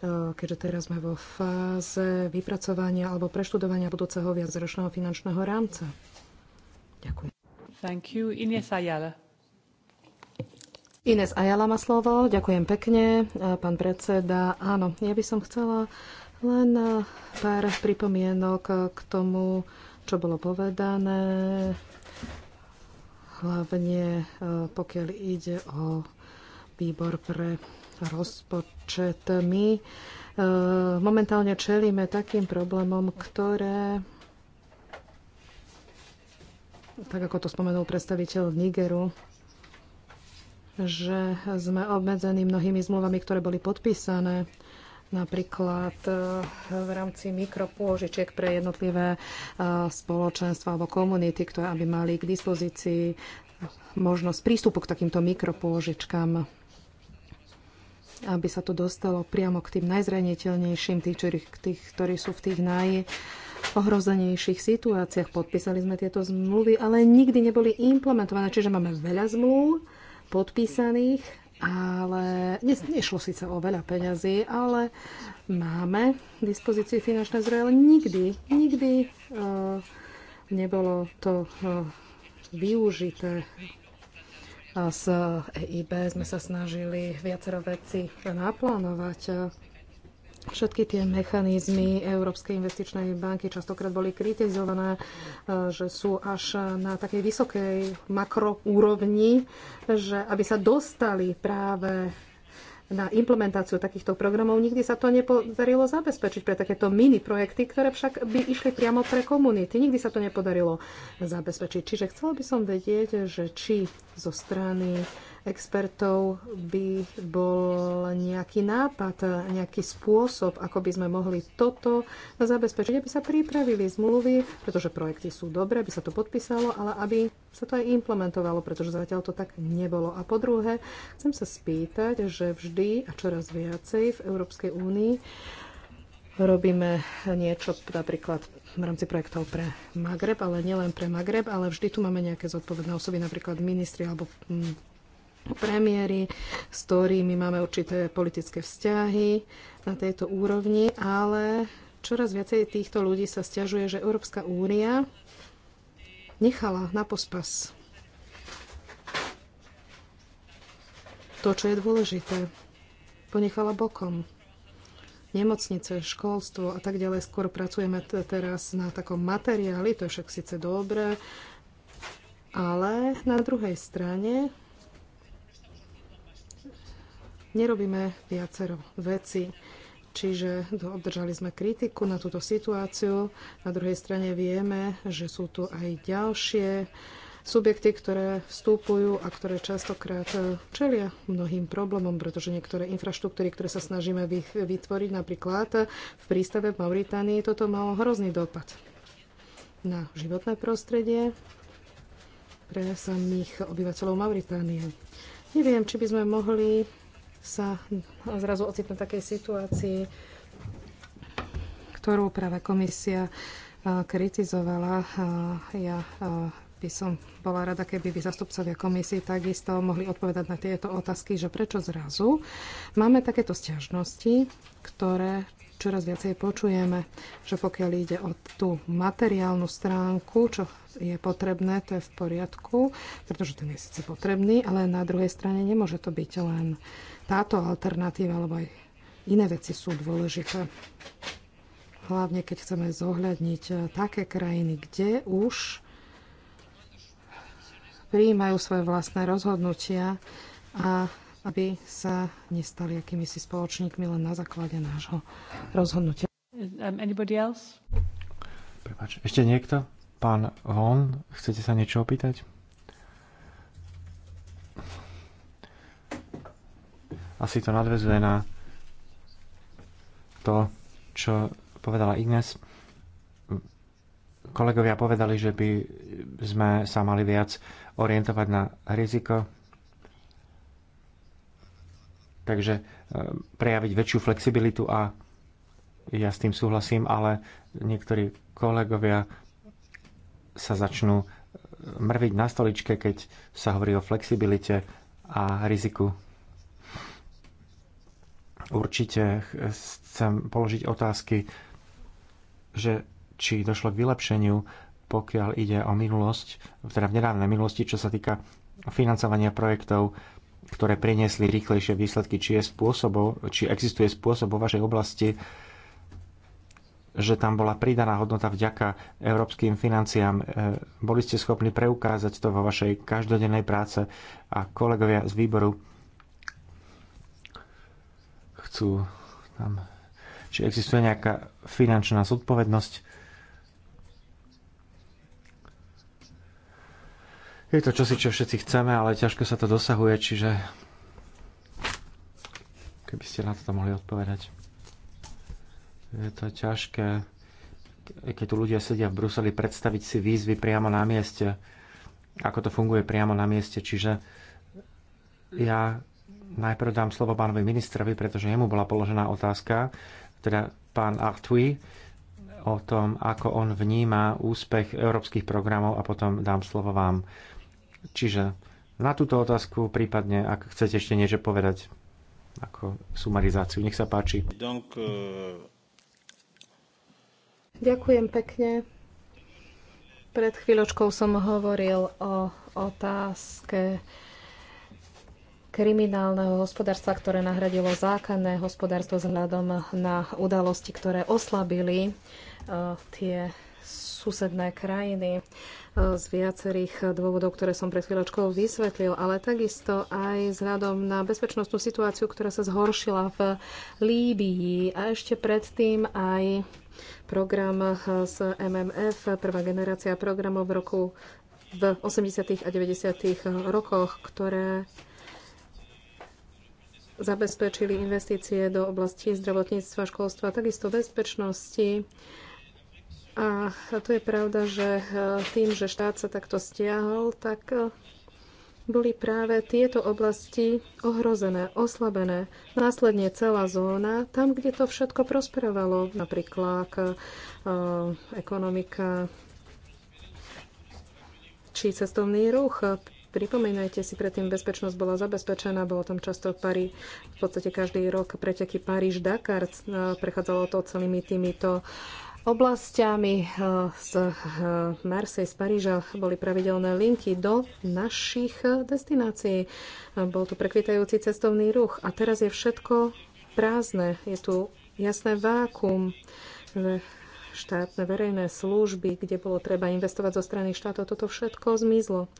E, keďže teraz sme vo fáze vypracovania alebo preštudovania budúceho viacročného finančného rámca. Ďakujem. Thank you. Ines Ayala. Ines Ajala má slovo. Ďakujem pekne, e, pán predseda. Áno, ja by som chcela len e, pár pripomienok k tomu, čo bolo povedané, hlavne pokiaľ ide o výbor pre rozpočet. My e, momentálne čelíme takým problémom, ktoré tak ako to spomenul predstaviteľ Nigeru, že sme obmedzení mnohými zmluvami, ktoré boli podpísané napríklad e, v rámci mikropôžičiek pre jednotlivé e, spoločenstva alebo komunity, ktoré aby mali k dispozícii možnosť prístupu k takýmto mikropôžičkám aby sa to dostalo priamo k tým najzraniteľnejším, tých, tých ktorí sú v tých naj ohrozenejších situáciách. Podpísali sme tieto zmluvy, ale nikdy neboli implementované, čiže máme veľa zmluv podpísaných, ale ne, nešlo síce o veľa peňazí, ale máme v dispozícii finančné zdroje, ale nikdy, nikdy uh, nebolo to uh, využité s EIB sme sa snažili viacero veci naplánovať. Všetky tie mechanizmy Európskej investičnej banky častokrát boli kritizované, e, že sú až na takej vysokej makroúrovni, že aby sa dostali práve na implementáciu takýchto programov. Nikdy sa to nepodarilo zabezpečiť pre takéto mini projekty, ktoré však by išli priamo pre komunity. Nikdy sa to nepodarilo zabezpečiť. Čiže chcela by som vedieť, že či zo strany expertov by bol nejaký nápad, nejaký spôsob, ako by sme mohli toto zabezpečiť, aby sa pripravili zmluvy, pretože projekty sú dobré, aby sa to podpísalo, ale aby sa to aj implementovalo, pretože zatiaľ to tak nebolo. A po druhé, chcem sa spýtať, že vždy a čoraz viacej v Európskej únii robíme niečo napríklad v rámci projektov pre Magreb, ale nielen pre Magreb, ale vždy tu máme nejaké zodpovedné osoby, napríklad ministri alebo mm, premiéry, s ktorými máme určité politické vzťahy na tejto úrovni, ale čoraz viacej týchto ľudí sa stiažuje, že Európska únia nechala na pospas to, čo je dôležité. Ponechala bokom nemocnice, školstvo a tak ďalej. Skôr pracujeme teraz na takom materiáli, to je však síce dobré, ale na druhej strane nerobíme viacero veci. Čiže obdržali sme kritiku na túto situáciu. Na druhej strane vieme, že sú tu aj ďalšie subjekty, ktoré vstupujú a ktoré častokrát e, čelia mnohým problémom, pretože niektoré infraštruktúry, ktoré sa snažíme vytvoriť, napríklad e, v prístave v Mauritánii, toto malo hrozný dopad na životné prostredie pre samých obyvateľov Mauritánie. Neviem, či by sme mohli sa zrazu ocitnú v takej situácii, ktorú práve komisia e, kritizovala. E, ja e, by som bola rada, keby by zastupcovia komisie takisto mohli odpovedať na tieto otázky, že prečo zrazu máme takéto stiažnosti, ktoré čoraz viacej počujeme, že pokiaľ ide o tú materiálnu stránku, čo je potrebné, to je v poriadku, pretože ten je síce potrebný, ale na druhej strane nemôže to byť len táto alternatíva, alebo aj iné veci sú dôležité. Hlavne, keď chceme zohľadniť eh, také krajiny, kde už prijímajú svoje vlastné rozhodnutia a aby sa nestali akýmisi spoločníkmi len na základe nášho rozhodnutia. Um, Prepač, ešte niekto? Pán Von, chcete sa niečo opýtať? Asi to nadvezuje na to, čo povedala Ignes. Kolegovia povedali, že by sme sa mali viac orientovať na riziko Takže e, prejaviť väčšiu flexibilitu a ja s tým súhlasím, ale niektorí kolegovia sa začnú e, mrviť na stoličke, keď sa hovorí o flexibilite a riziku. Určite chcem položiť otázky, že či došlo k vylepšeniu, pokiaľ ide o minulosť, teda v nedávnej minulosti, čo sa týka financovania projektov ktoré priniesli rýchlejšie výsledky, či, je spôsobo, či existuje spôsob vo vašej oblasti, že tam bola pridaná hodnota vďaka európskym financiám. E, boli ste schopní preukázať to vo vašej každodennej práce a kolegovia z výboru chcú tam... Či existuje nejaká finančná zodpovednosť Je to čosi, čo všetci chceme, ale ťažko sa to dosahuje, čiže keby ste na to mohli odpovedať. Je to ťažké, keď tu ľudia sedia v Bruseli, predstaviť si výzvy priamo na mieste, ako to funguje priamo na mieste, čiže ja najprv dám slovo pánovi ministrovi, pretože jemu bola položená otázka, teda pán Artui, o tom, ako on vníma úspech európskych programov a potom dám slovo vám. Čiže na túto otázku prípadne, ak chcete ešte niečo povedať ako sumarizáciu. Nech sa páči. Euh, Ďakujem pekne. Pred chvíľočkou som hovoril o otázke kriminálneho hospodárstva, ktoré nahradilo zákonné hospodárstvo vzhľadom na udalosti, ktoré oslabili eh, tie susedné krajiny z viacerých dôvodov, ktoré som pred chvíľočkou vysvetlil, ale takisto aj vzhľadom na bezpečnostnú situáciu, ktorá sa zhoršila v Líbii a ešte predtým aj program z MMF, prvá generácia programov v roku v 80. a 90. rokoch, ktoré zabezpečili investície do oblasti zdravotníctva, školstva, takisto bezpečnosti a, to tu je pravda, že e, tým, že štát sa takto stiahol, tak e, boli práve tieto oblasti ohrozené, oslabené. Následne celá zóna, tam, kde to všetko prosperovalo, napríklad e, ekonomika či cestovný ruch. Pripomínajte si, predtým bezpečnosť bola zabezpečená, bolo tam často Parí, v podstate každý rok preteky Paríž-Dakar, prechádzalo to celými týmito uh, oblastiami eh, z eh, Marsej, z Paríža boli pravidelné linky do našich eh, destinácií. Bol tu prekvitajúci cestovný ruch a teraz je všetko prázdne. Je tu jasné vákum štátne verejné služby, kde bolo treba investovať zo strany štátov, toto všetko zmizlo.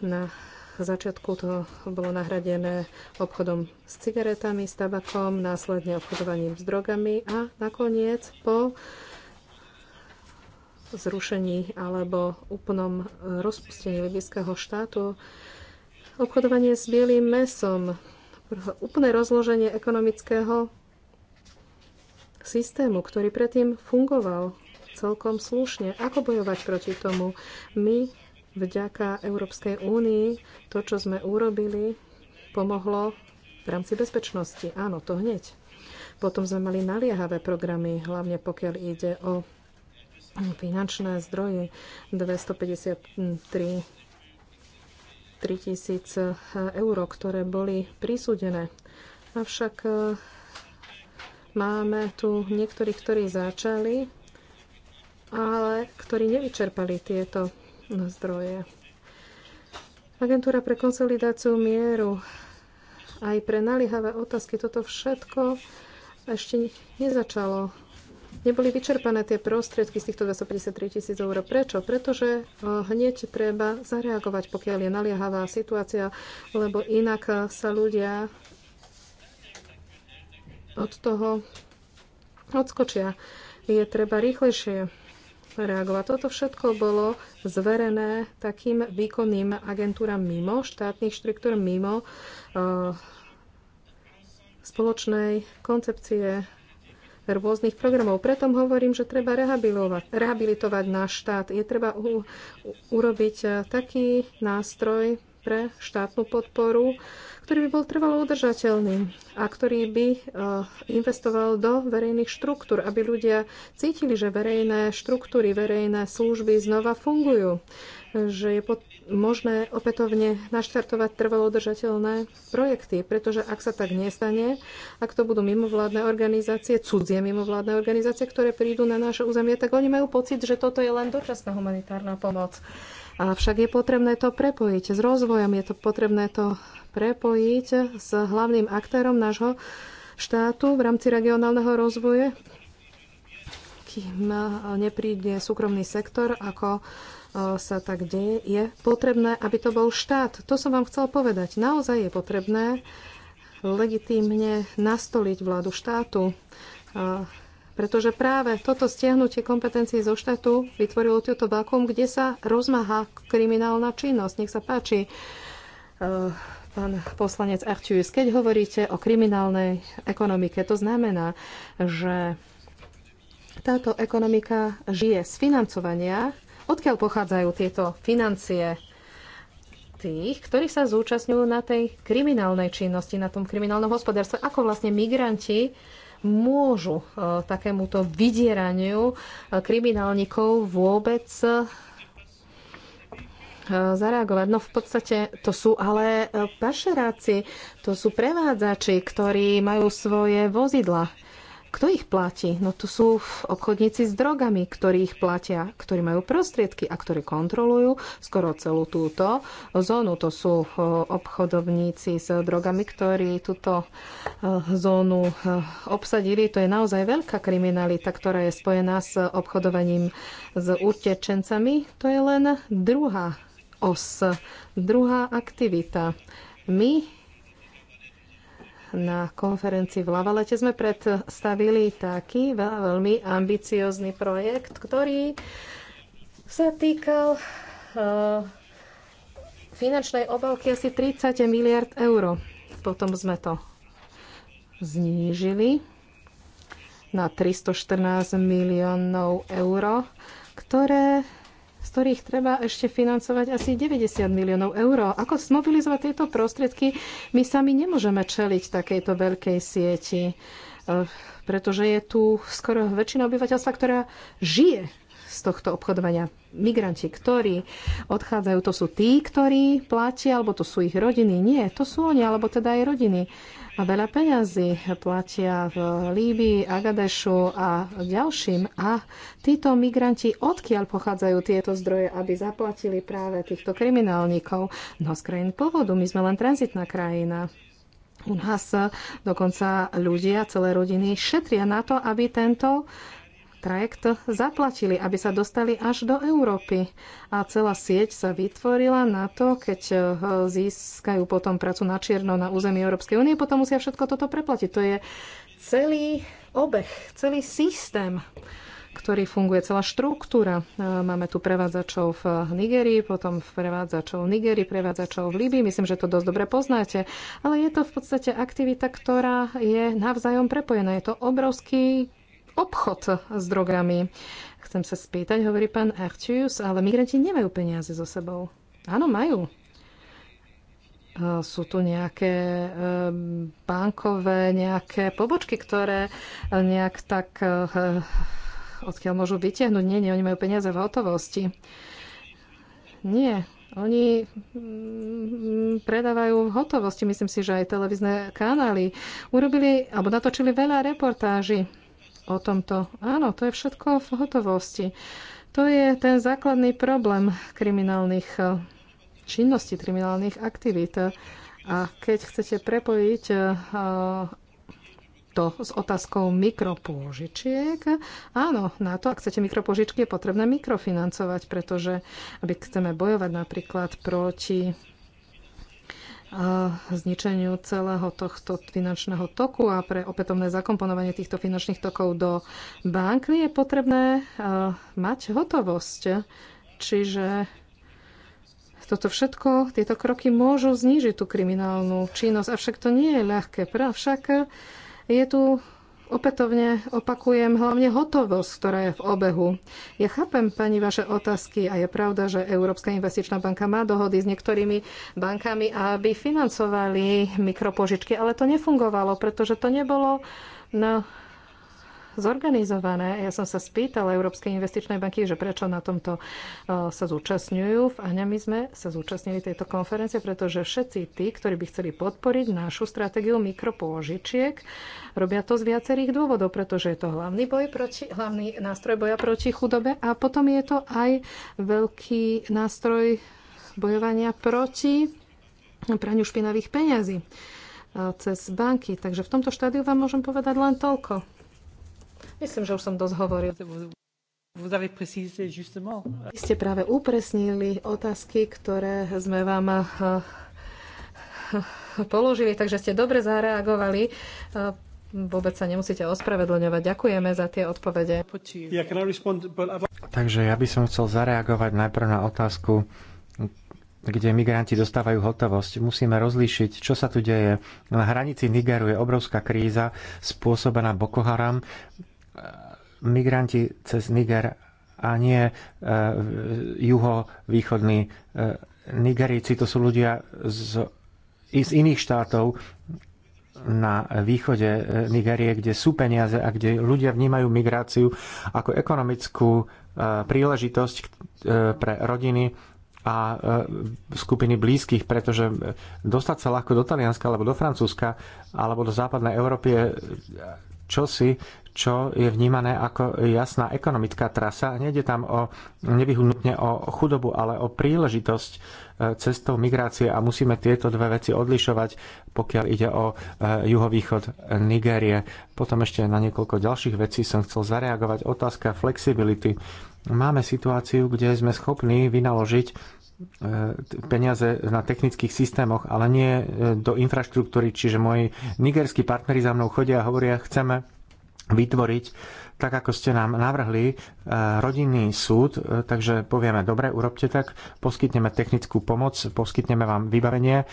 Na začiatku to bolo nahradené obchodom s cigaretami, s tabakom, následne obchodovaním s drogami a nakoniec po zrušení alebo úplnom rozpustení libyského štátu obchodovanie s bielým mesom, úplné rozloženie ekonomického systému, ktorý predtým fungoval celkom slušne. Ako bojovať proti tomu? My vďaka Európskej únii to, čo sme urobili, pomohlo v rámci bezpečnosti. Áno, to hneď. Potom sme mali naliehavé programy, hlavne pokiaľ ide o finančné zdroje 253 3000 eur, ktoré boli prisúdené. Avšak e, máme tu niektorých, ktorí začali, ale ktorí nevyčerpali tieto zdroje. Agentúra pre konsolidáciu mieru, aj pre naliehavé otázky, toto všetko ešte nezačalo. Neboli vyčerpané tie prostriedky z týchto 253 tisíc eur. Prečo? Pretože eh, hneď treba zareagovať, pokiaľ je naliehavá situácia, lebo inak sa ľudia od toho odskočia. Je treba rýchlejšie reagovať. Toto všetko bolo zverené takým výkonným agentúram mimo štátnych štruktúr, mimo uh, spoločnej koncepcie rôznych programov. Preto hovorím, že treba rehabilitovať náš štát. Je treba u, u, urobiť e, taký nástroj, pre štátnu podporu, ktorý by bol trvalo udržateľný a ktorý by eh, investoval do verejných štruktúr, aby ľudia cítili, že verejné štruktúry, verejné služby znova fungujú, že je možné opätovne naštartovať trvalo udržateľné projekty, pretože ak sa tak nestane, ak to budú mimovládne organizácie, cudzie mimovládne organizácie, ktoré prídu na naše územie, tak oni majú pocit, že toto je len dočasná humanitárna pomoc Avšak je potrebné to prepojiť s rozvojom, je to potrebné to prepojiť s hlavným aktérom nášho štátu v rámci regionálneho rozvoje, kým nepríde súkromný sektor, ako e, sa tak deje, je potrebné, aby to bol štát. To som vám chcel povedať. Naozaj je potrebné legitímne nastoliť vládu štátu e, pretože práve toto stiahnutie kompetencií zo štátu vytvorilo tieto vakuum, kde sa rozmáha kriminálna činnosť. Nech sa páči, e, pán poslanec Artius, keď hovoríte o kriminálnej ekonomike, to znamená, že táto ekonomika žije z financovania. Odkiaľ pochádzajú tieto financie? tých, ktorí sa zúčastňujú na tej kriminálnej činnosti, na tom kriminálnom hospodárstve, ako vlastne migranti môžu e, takémuto vydieraniu e, kriminálnikov vôbec e, zareagovať. No v podstate to sú ale pašeráci, to sú prevádzači, ktorí majú svoje vozidla. Kto ich platí? No to sú obchodníci s drogami, ktorí ich platia, ktorí majú prostriedky a ktorí kontrolujú skoro celú túto zónu. To sú eh, obchodovníci s drogami, ktorí túto eh, zónu eh, obsadili. To je naozaj veľká kriminalita, ktorá je spojená s obchodovaním s utečencami. To je len druhá os, druhá aktivita. My na konferencii v Lavalete sme predstavili taký veľmi ambiciózny projekt, ktorý sa týkal uh, finančnej obálky asi 30 miliard eur. Potom sme to znížili na 314 miliónov eur, ktoré z ktorých treba ešte financovať asi 90 miliónov eur. Ako zmobilizovať tieto prostriedky? My sami nemôžeme čeliť takejto veľkej sieti, eh, pretože je tu skoro väčšina obyvateľstva, ktorá žije tohto obchodovania. Migranti, ktorí odchádzajú, to sú tí, ktorí platia, alebo to sú ich rodiny. Nie, to sú oni, alebo teda aj rodiny. A veľa peňazí platia v Líbii, Agadešu a ďalším. A títo migranti, odkiaľ pochádzajú tieto zdroje, aby zaplatili práve týchto kriminálnikov? No z krajín pôvodu, my sme len tranzitná krajina. U nás dokonca ľudia, celé rodiny šetria na to, aby tento trajekt zaplatili, aby sa dostali až do Európy. A celá sieť sa vytvorila na to, keď e, získajú potom prácu na čierno na území Európskej únie, potom musia všetko toto preplatiť. To je celý obeh, celý systém ktorý funguje, celá štruktúra. E, máme tu prevádzačov v Nigerii, potom prevádzačov v Nigerii, prevádzačov v Libii. Myslím, že to dosť dobre poznáte. Ale je to v podstate aktivita, ktorá je navzájom prepojená. Je to obrovský obchod s drogami. Chcem sa spýtať, hovorí pán Artius, ale migranti nemajú peniaze so sebou. Áno, majú. E, sú tu nejaké e, bankové, nejaké pobočky, ktoré nejak tak e, odkiaľ môžu vytiahnuť. Nie, nie, oni majú peniaze v hotovosti. Nie, oni mm, predávajú v hotovosti. Myslím si, že aj televízne kanály urobili alebo natočili veľa reportáží o tomto. Áno, to je všetko v hotovosti. To je ten základný problém kriminálnych eh, činností, kriminálnych aktivít. A keď chcete prepojiť eh, to s otázkou mikropôžičiek. Áno, na to, ak chcete mikropôžičky, je potrebné mikrofinancovať, pretože aby chceme bojovať napríklad proti zničeniu celého tohto finančného toku a pre opätovné zakomponovanie týchto finančných tokov do bank je potrebné e, mať hotovosť. Čiže toto všetko, tieto kroky môžu znížiť tú kriminálnu činnosť, avšak to nie je ľahké. Avšak je tu Opätovne opakujem hlavne hotovosť, ktorá je v obehu. Ja chápem, pani, vaše otázky a je pravda, že Európska investičná banka má dohody s niektorými bankami, aby financovali mikropožičky, ale to nefungovalo, pretože to nebolo na no, zorganizované. Ja som sa spýtala Európskej investičnej banky, že prečo na tomto e, sa zúčastňujú. V Aňami sme sa zúčastnili tejto konferencie, pretože všetci tí, ktorí by chceli podporiť našu stratégiu mikropôžičiek, robia to z viacerých dôvodov, pretože je to hlavný, boj proti, hlavný nástroj boja proti chudobe a potom je to aj veľký nástroj bojovania proti praniu špinavých peňazí e, cez banky. Takže v tomto štádiu vám môžem povedať len toľko. Myslím, že už som dosť hovoril. Vy ste práve upresnili otázky, ktoré sme vám eh, eh, položili, takže ste dobre zareagovali. Eh, vôbec sa nemusíte ospravedlňovať. Ďakujeme za tie odpovede. Takže ja by som chcel zareagovať najprv na otázku, kde migranti dostávajú hotovosť. Musíme rozlíšiť, čo sa tu deje. Na hranici Nigeru je obrovská kríza spôsobená Boko Haram migranti cez Niger a nie e, juho-východní e, Nigerici. To sú ľudia z, z iných štátov na východe e, Nigerie, kde sú peniaze a kde ľudia vnímajú migráciu ako ekonomickú príležitosť pre rodiny a skupiny blízkych, pretože dostať sa ľahko do Talianska alebo do Francúzska alebo do západnej Európy je čosi, čo je vnímané ako jasná ekonomická trasa. Nejde tam o, nevyhnutne o chudobu, ale o príležitosť e, cestou migrácie a musíme tieto dve veci odlišovať, pokiaľ ide o e, juhovýchod Nigérie. Potom ešte na niekoľko ďalších vecí som chcel zareagovať. Otázka flexibility. Máme situáciu, kde sme schopní vynaložiť Eh, peniaze na technických systémoch, ale nie eh, do infraštruktúry. Čiže moji nigerskí partneri za mnou chodia a hovoria, chceme vytvoriť, tak ako ste nám navrhli, eh, rodinný súd, takže povieme, dobre, urobte tak, poskytneme technickú pomoc, poskytneme vám vybavenie,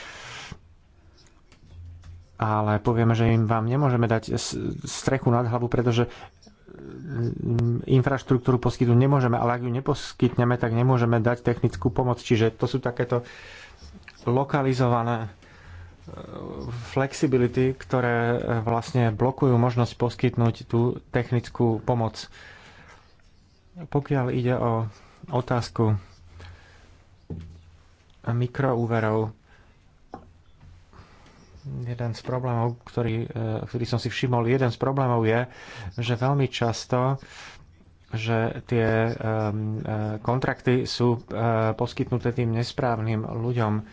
ale povieme, že im vám nemôžeme dať strechu nad hlavu, pretože E, infraštruktúru poskytnúť nemôžeme, ale ak ju neposkytneme, tak nemôžeme dať technickú pomoc. Čiže to sú takéto lokalizované e, flexibility, ktoré e, vlastne blokujú možnosť poskytnúť tú technickú pomoc. Pokiaľ ide o otázku mikroúverov, jeden z problémov, ktorý, e, ktorý som si všimol, jeden z problémov je, že veľmi často že tie e, e, kontrakty sú poskytnuté tým nesprávnym ľuďom.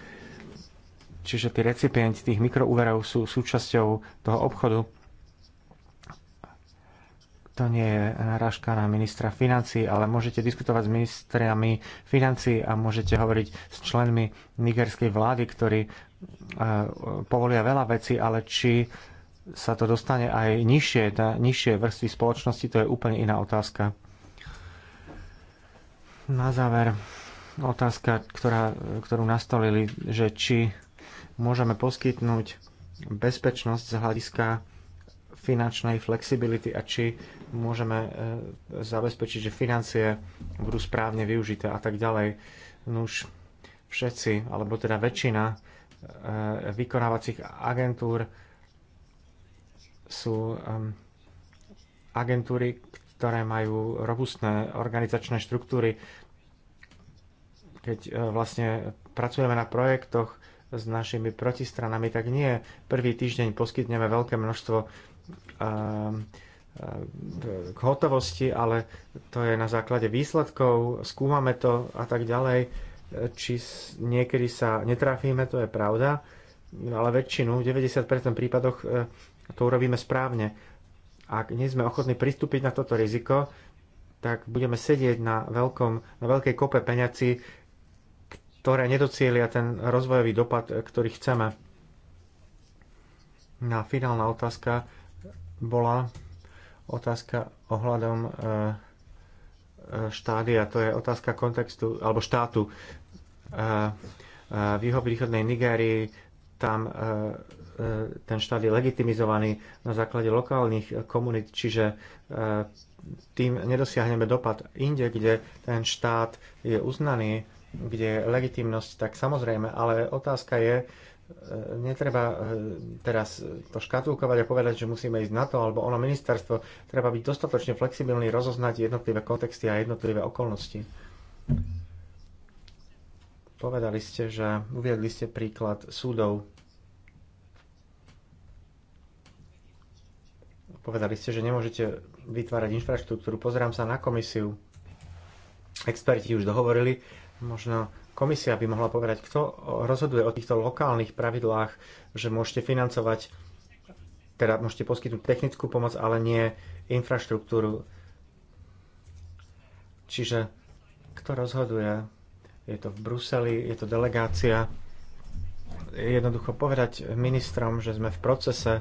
Čiže tí recipienti tých mikroúverov sú súčasťou toho obchodu. To nie je narážka na ministra financí, ale môžete diskutovať s ministriami financí a môžete hovoriť s členmi nigerskej vlády, ktorí E, povolia veľa vecí, ale či sa to dostane aj nižšie, na nižšie vrstvy spoločnosti, to je úplne iná otázka. Na záver otázka, ktorá, ktorú nastolili, že či môžeme poskytnúť bezpečnosť z hľadiska finančnej flexibility a či môžeme e, zabezpečiť, že financie budú správne využité a tak ďalej. No už všetci, alebo teda väčšina Eh, vykonávacích agentúr sú agentúry, ktoré majú robustné organizačné štruktúry. Keď eh, vlastne pracujeme na projektoch s našimi protistranami, tak nie prvý týždeň poskytneme veľké množstvo eh, k hotovosti, ale to je na základe výsledkov, skúmame to a tak ďalej či niekedy sa netrafíme, to je pravda, ale väčšinu, v 90% prípadoch e, to urobíme správne. Ak nie sme ochotní pristúpiť na toto riziko, tak budeme sedieť na, veľkom, na veľkej kope peňací, ktoré nedocielia ten rozvojový dopad, e, ktorý chceme. Na finálna otázka bola otázka ohľadom e, štádia, to je otázka kontextu alebo štátu. E, e, v juhovýchodnej Nigérii tam e, ten štát je legitimizovaný na základe lokálnych komunít, čiže tým nedosiahneme dopad inde, kde ten štát je uznaný, kde je legitimnosť, tak samozrejme, ale otázka je, E, netreba e, teraz to škatulkovať a povedať, že musíme ísť na to alebo ono ministerstvo. Treba byť dostatočne flexibilný, rozoznať jednotlivé kontexty a jednotlivé okolnosti. Povedali ste, že uviedli ste príklad súdov. Povedali ste, že nemôžete vytvárať infraštruktúru. Pozerám sa na komisiu. Experti už dohovorili. Možno Komisia by mohla povedať, kto rozhoduje o týchto lokálnych pravidlách, že môžete financovať, teda môžete poskytnúť technickú pomoc, ale nie infraštruktúru. Čiže kto rozhoduje? Je to v Bruseli, je to delegácia. Jednoducho povedať ministrom, že sme v procese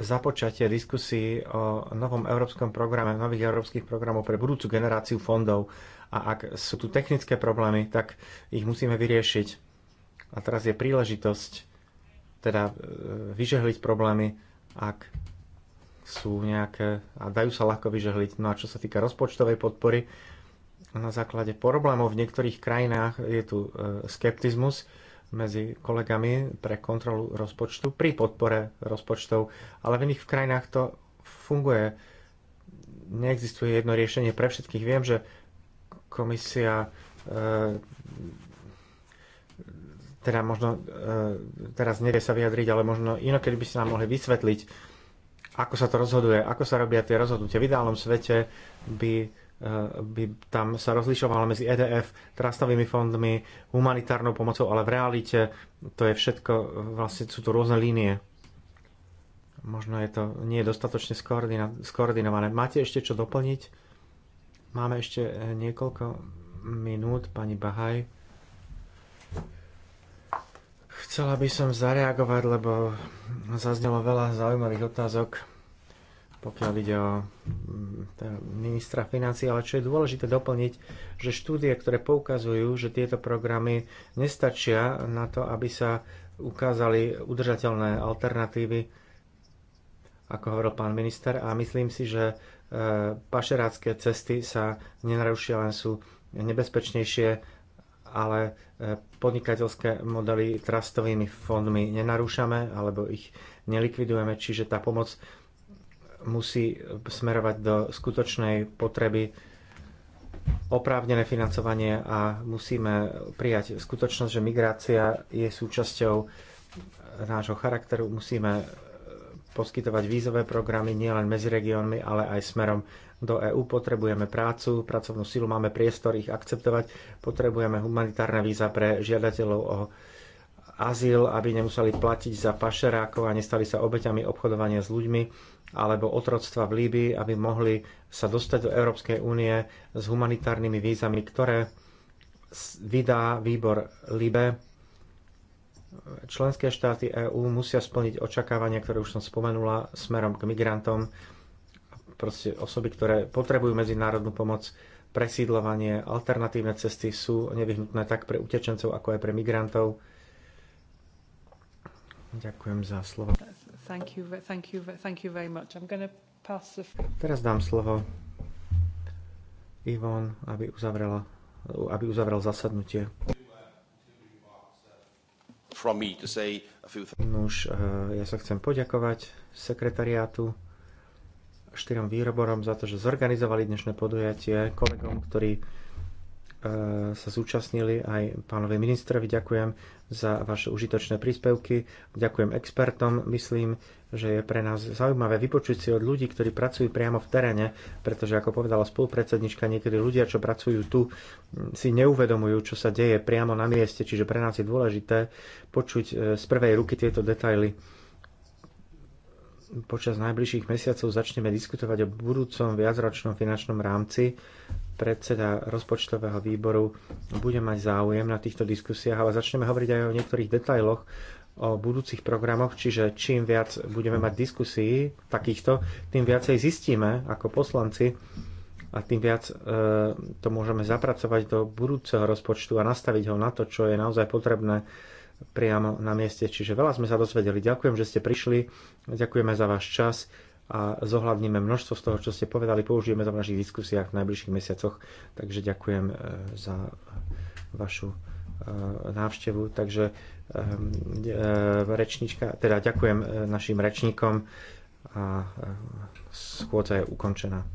započatie diskusí o novom európskom programe, nových európskych programov pre budúcu generáciu fondov. A ak sú tu technické problémy, tak ich musíme vyriešiť. A teraz je príležitosť teda e, vyžehliť problémy, ak sú nejaké a dajú sa ľahko vyžehliť. No a čo sa týka rozpočtovej podpory, na základe problémov v niektorých krajinách je tu e, skeptizmus, medzi kolegami pre kontrolu rozpočtu pri podpore rozpočtov, ale v iných krajinách to funguje. Neexistuje jedno riešenie pre všetkých. Viem, že komisia e, teda možno e, teraz nevie sa vyjadriť, ale možno inokedy by ste nám mohli vysvetliť, ako sa to rozhoduje, ako sa robia tie rozhodnutia. V ideálnom svete by Eh, by tam sa rozlišovalo medzi EDF, trastovými fondmi, humanitárnou pomocou, ale v realite to je všetko, vlastne sú to rôzne línie. Možno je to nie je dostatočne skoordinované. Máte ešte čo doplniť? Máme ešte eh, niekoľko minút, pani Bahaj. Chcela by som zareagovať, lebo zaznelo veľa zaujímavých otázok pokiaľ ide o mm, teda ministra financií, ale čo je dôležité doplniť, že štúdie, ktoré poukazujú, že tieto programy nestačia na to, aby sa ukázali udržateľné alternatívy, ako hovoril pán minister, a myslím si, že e, pašerácké cesty sa nenarušia, len sú nebezpečnejšie, ale e, podnikateľské modely trastovými fondmi nenarúšame alebo ich nelikvidujeme, čiže tá pomoc musí smerovať do skutočnej potreby oprávnené financovanie a musíme prijať skutočnosť, že migrácia je súčasťou nášho charakteru. Musíme e, poskytovať vízové programy nielen medzi regiónmi, ale aj smerom do EÚ. Potrebujeme prácu, pracovnú silu, máme priestor ich akceptovať. Potrebujeme humanitárne víza pre žiadateľov o azyl, aby nemuseli platiť za pašerákov a nestali sa obeťami obchodovania s ľuďmi alebo otroctva v Líbii, aby mohli sa dostať do Európskej únie s humanitárnymi vízami, ktoré vydá výbor LIBE. Členské štáty EÚ musia splniť očakávania, ktoré už som spomenula, smerom k migrantom, proste osoby, ktoré potrebujú medzinárodnú pomoc, presídlovanie, alternatívne cesty sú nevyhnutné tak pre utečencov, ako aj pre migrantov. Ďakujem za slovo. Thank you, thank you, thank you very much. I'm gonna pass the... Teraz dám slovo Ivon, aby, uzavrela, aby uzavrel zasadnutie. Nuž, eh, ja sa chcem poďakovať sekretariátu, štyrom výroborom za to, že zorganizovali dnešné podujatie, kolegom, ktorí E, sa zúčastnili aj pánovi ministrovi. Ďakujem za vaše užitočné príspevky. Ďakujem expertom. Myslím, že je pre nás zaujímavé vypočuť si od ľudí, ktorí pracujú priamo v teréne, pretože ako povedala spolupredsednička, niekedy ľudia, čo pracujú tu, si neuvedomujú, čo sa deje priamo na mieste, čiže pre nás je dôležité počuť e, z prvej ruky tieto detaily počas najbližších mesiacov začneme diskutovať o budúcom viacročnom finančnom rámci predseda rozpočtového výboru bude mať záujem na týchto diskusiách, ale začneme hovoriť aj o niektorých detailoch o budúcich programoch, čiže čím viac budeme mať diskusí takýchto, tým viacej zistíme ako poslanci a tým viac e, to môžeme zapracovať do budúceho rozpočtu a nastaviť ho na to, čo je naozaj potrebné priamo na mieste. Čiže veľa sme sa dozvedeli. Ďakujem, že ste prišli, ďakujeme za váš čas a zohľadníme množstvo z toho, čo ste povedali, použijeme to v našich diskusiách v najbližších mesiacoch. Takže ďakujem e, za e, vašu e, návštevu. Takže rečnička, teda ďakujem našim rečníkom a schôdza je ukončená.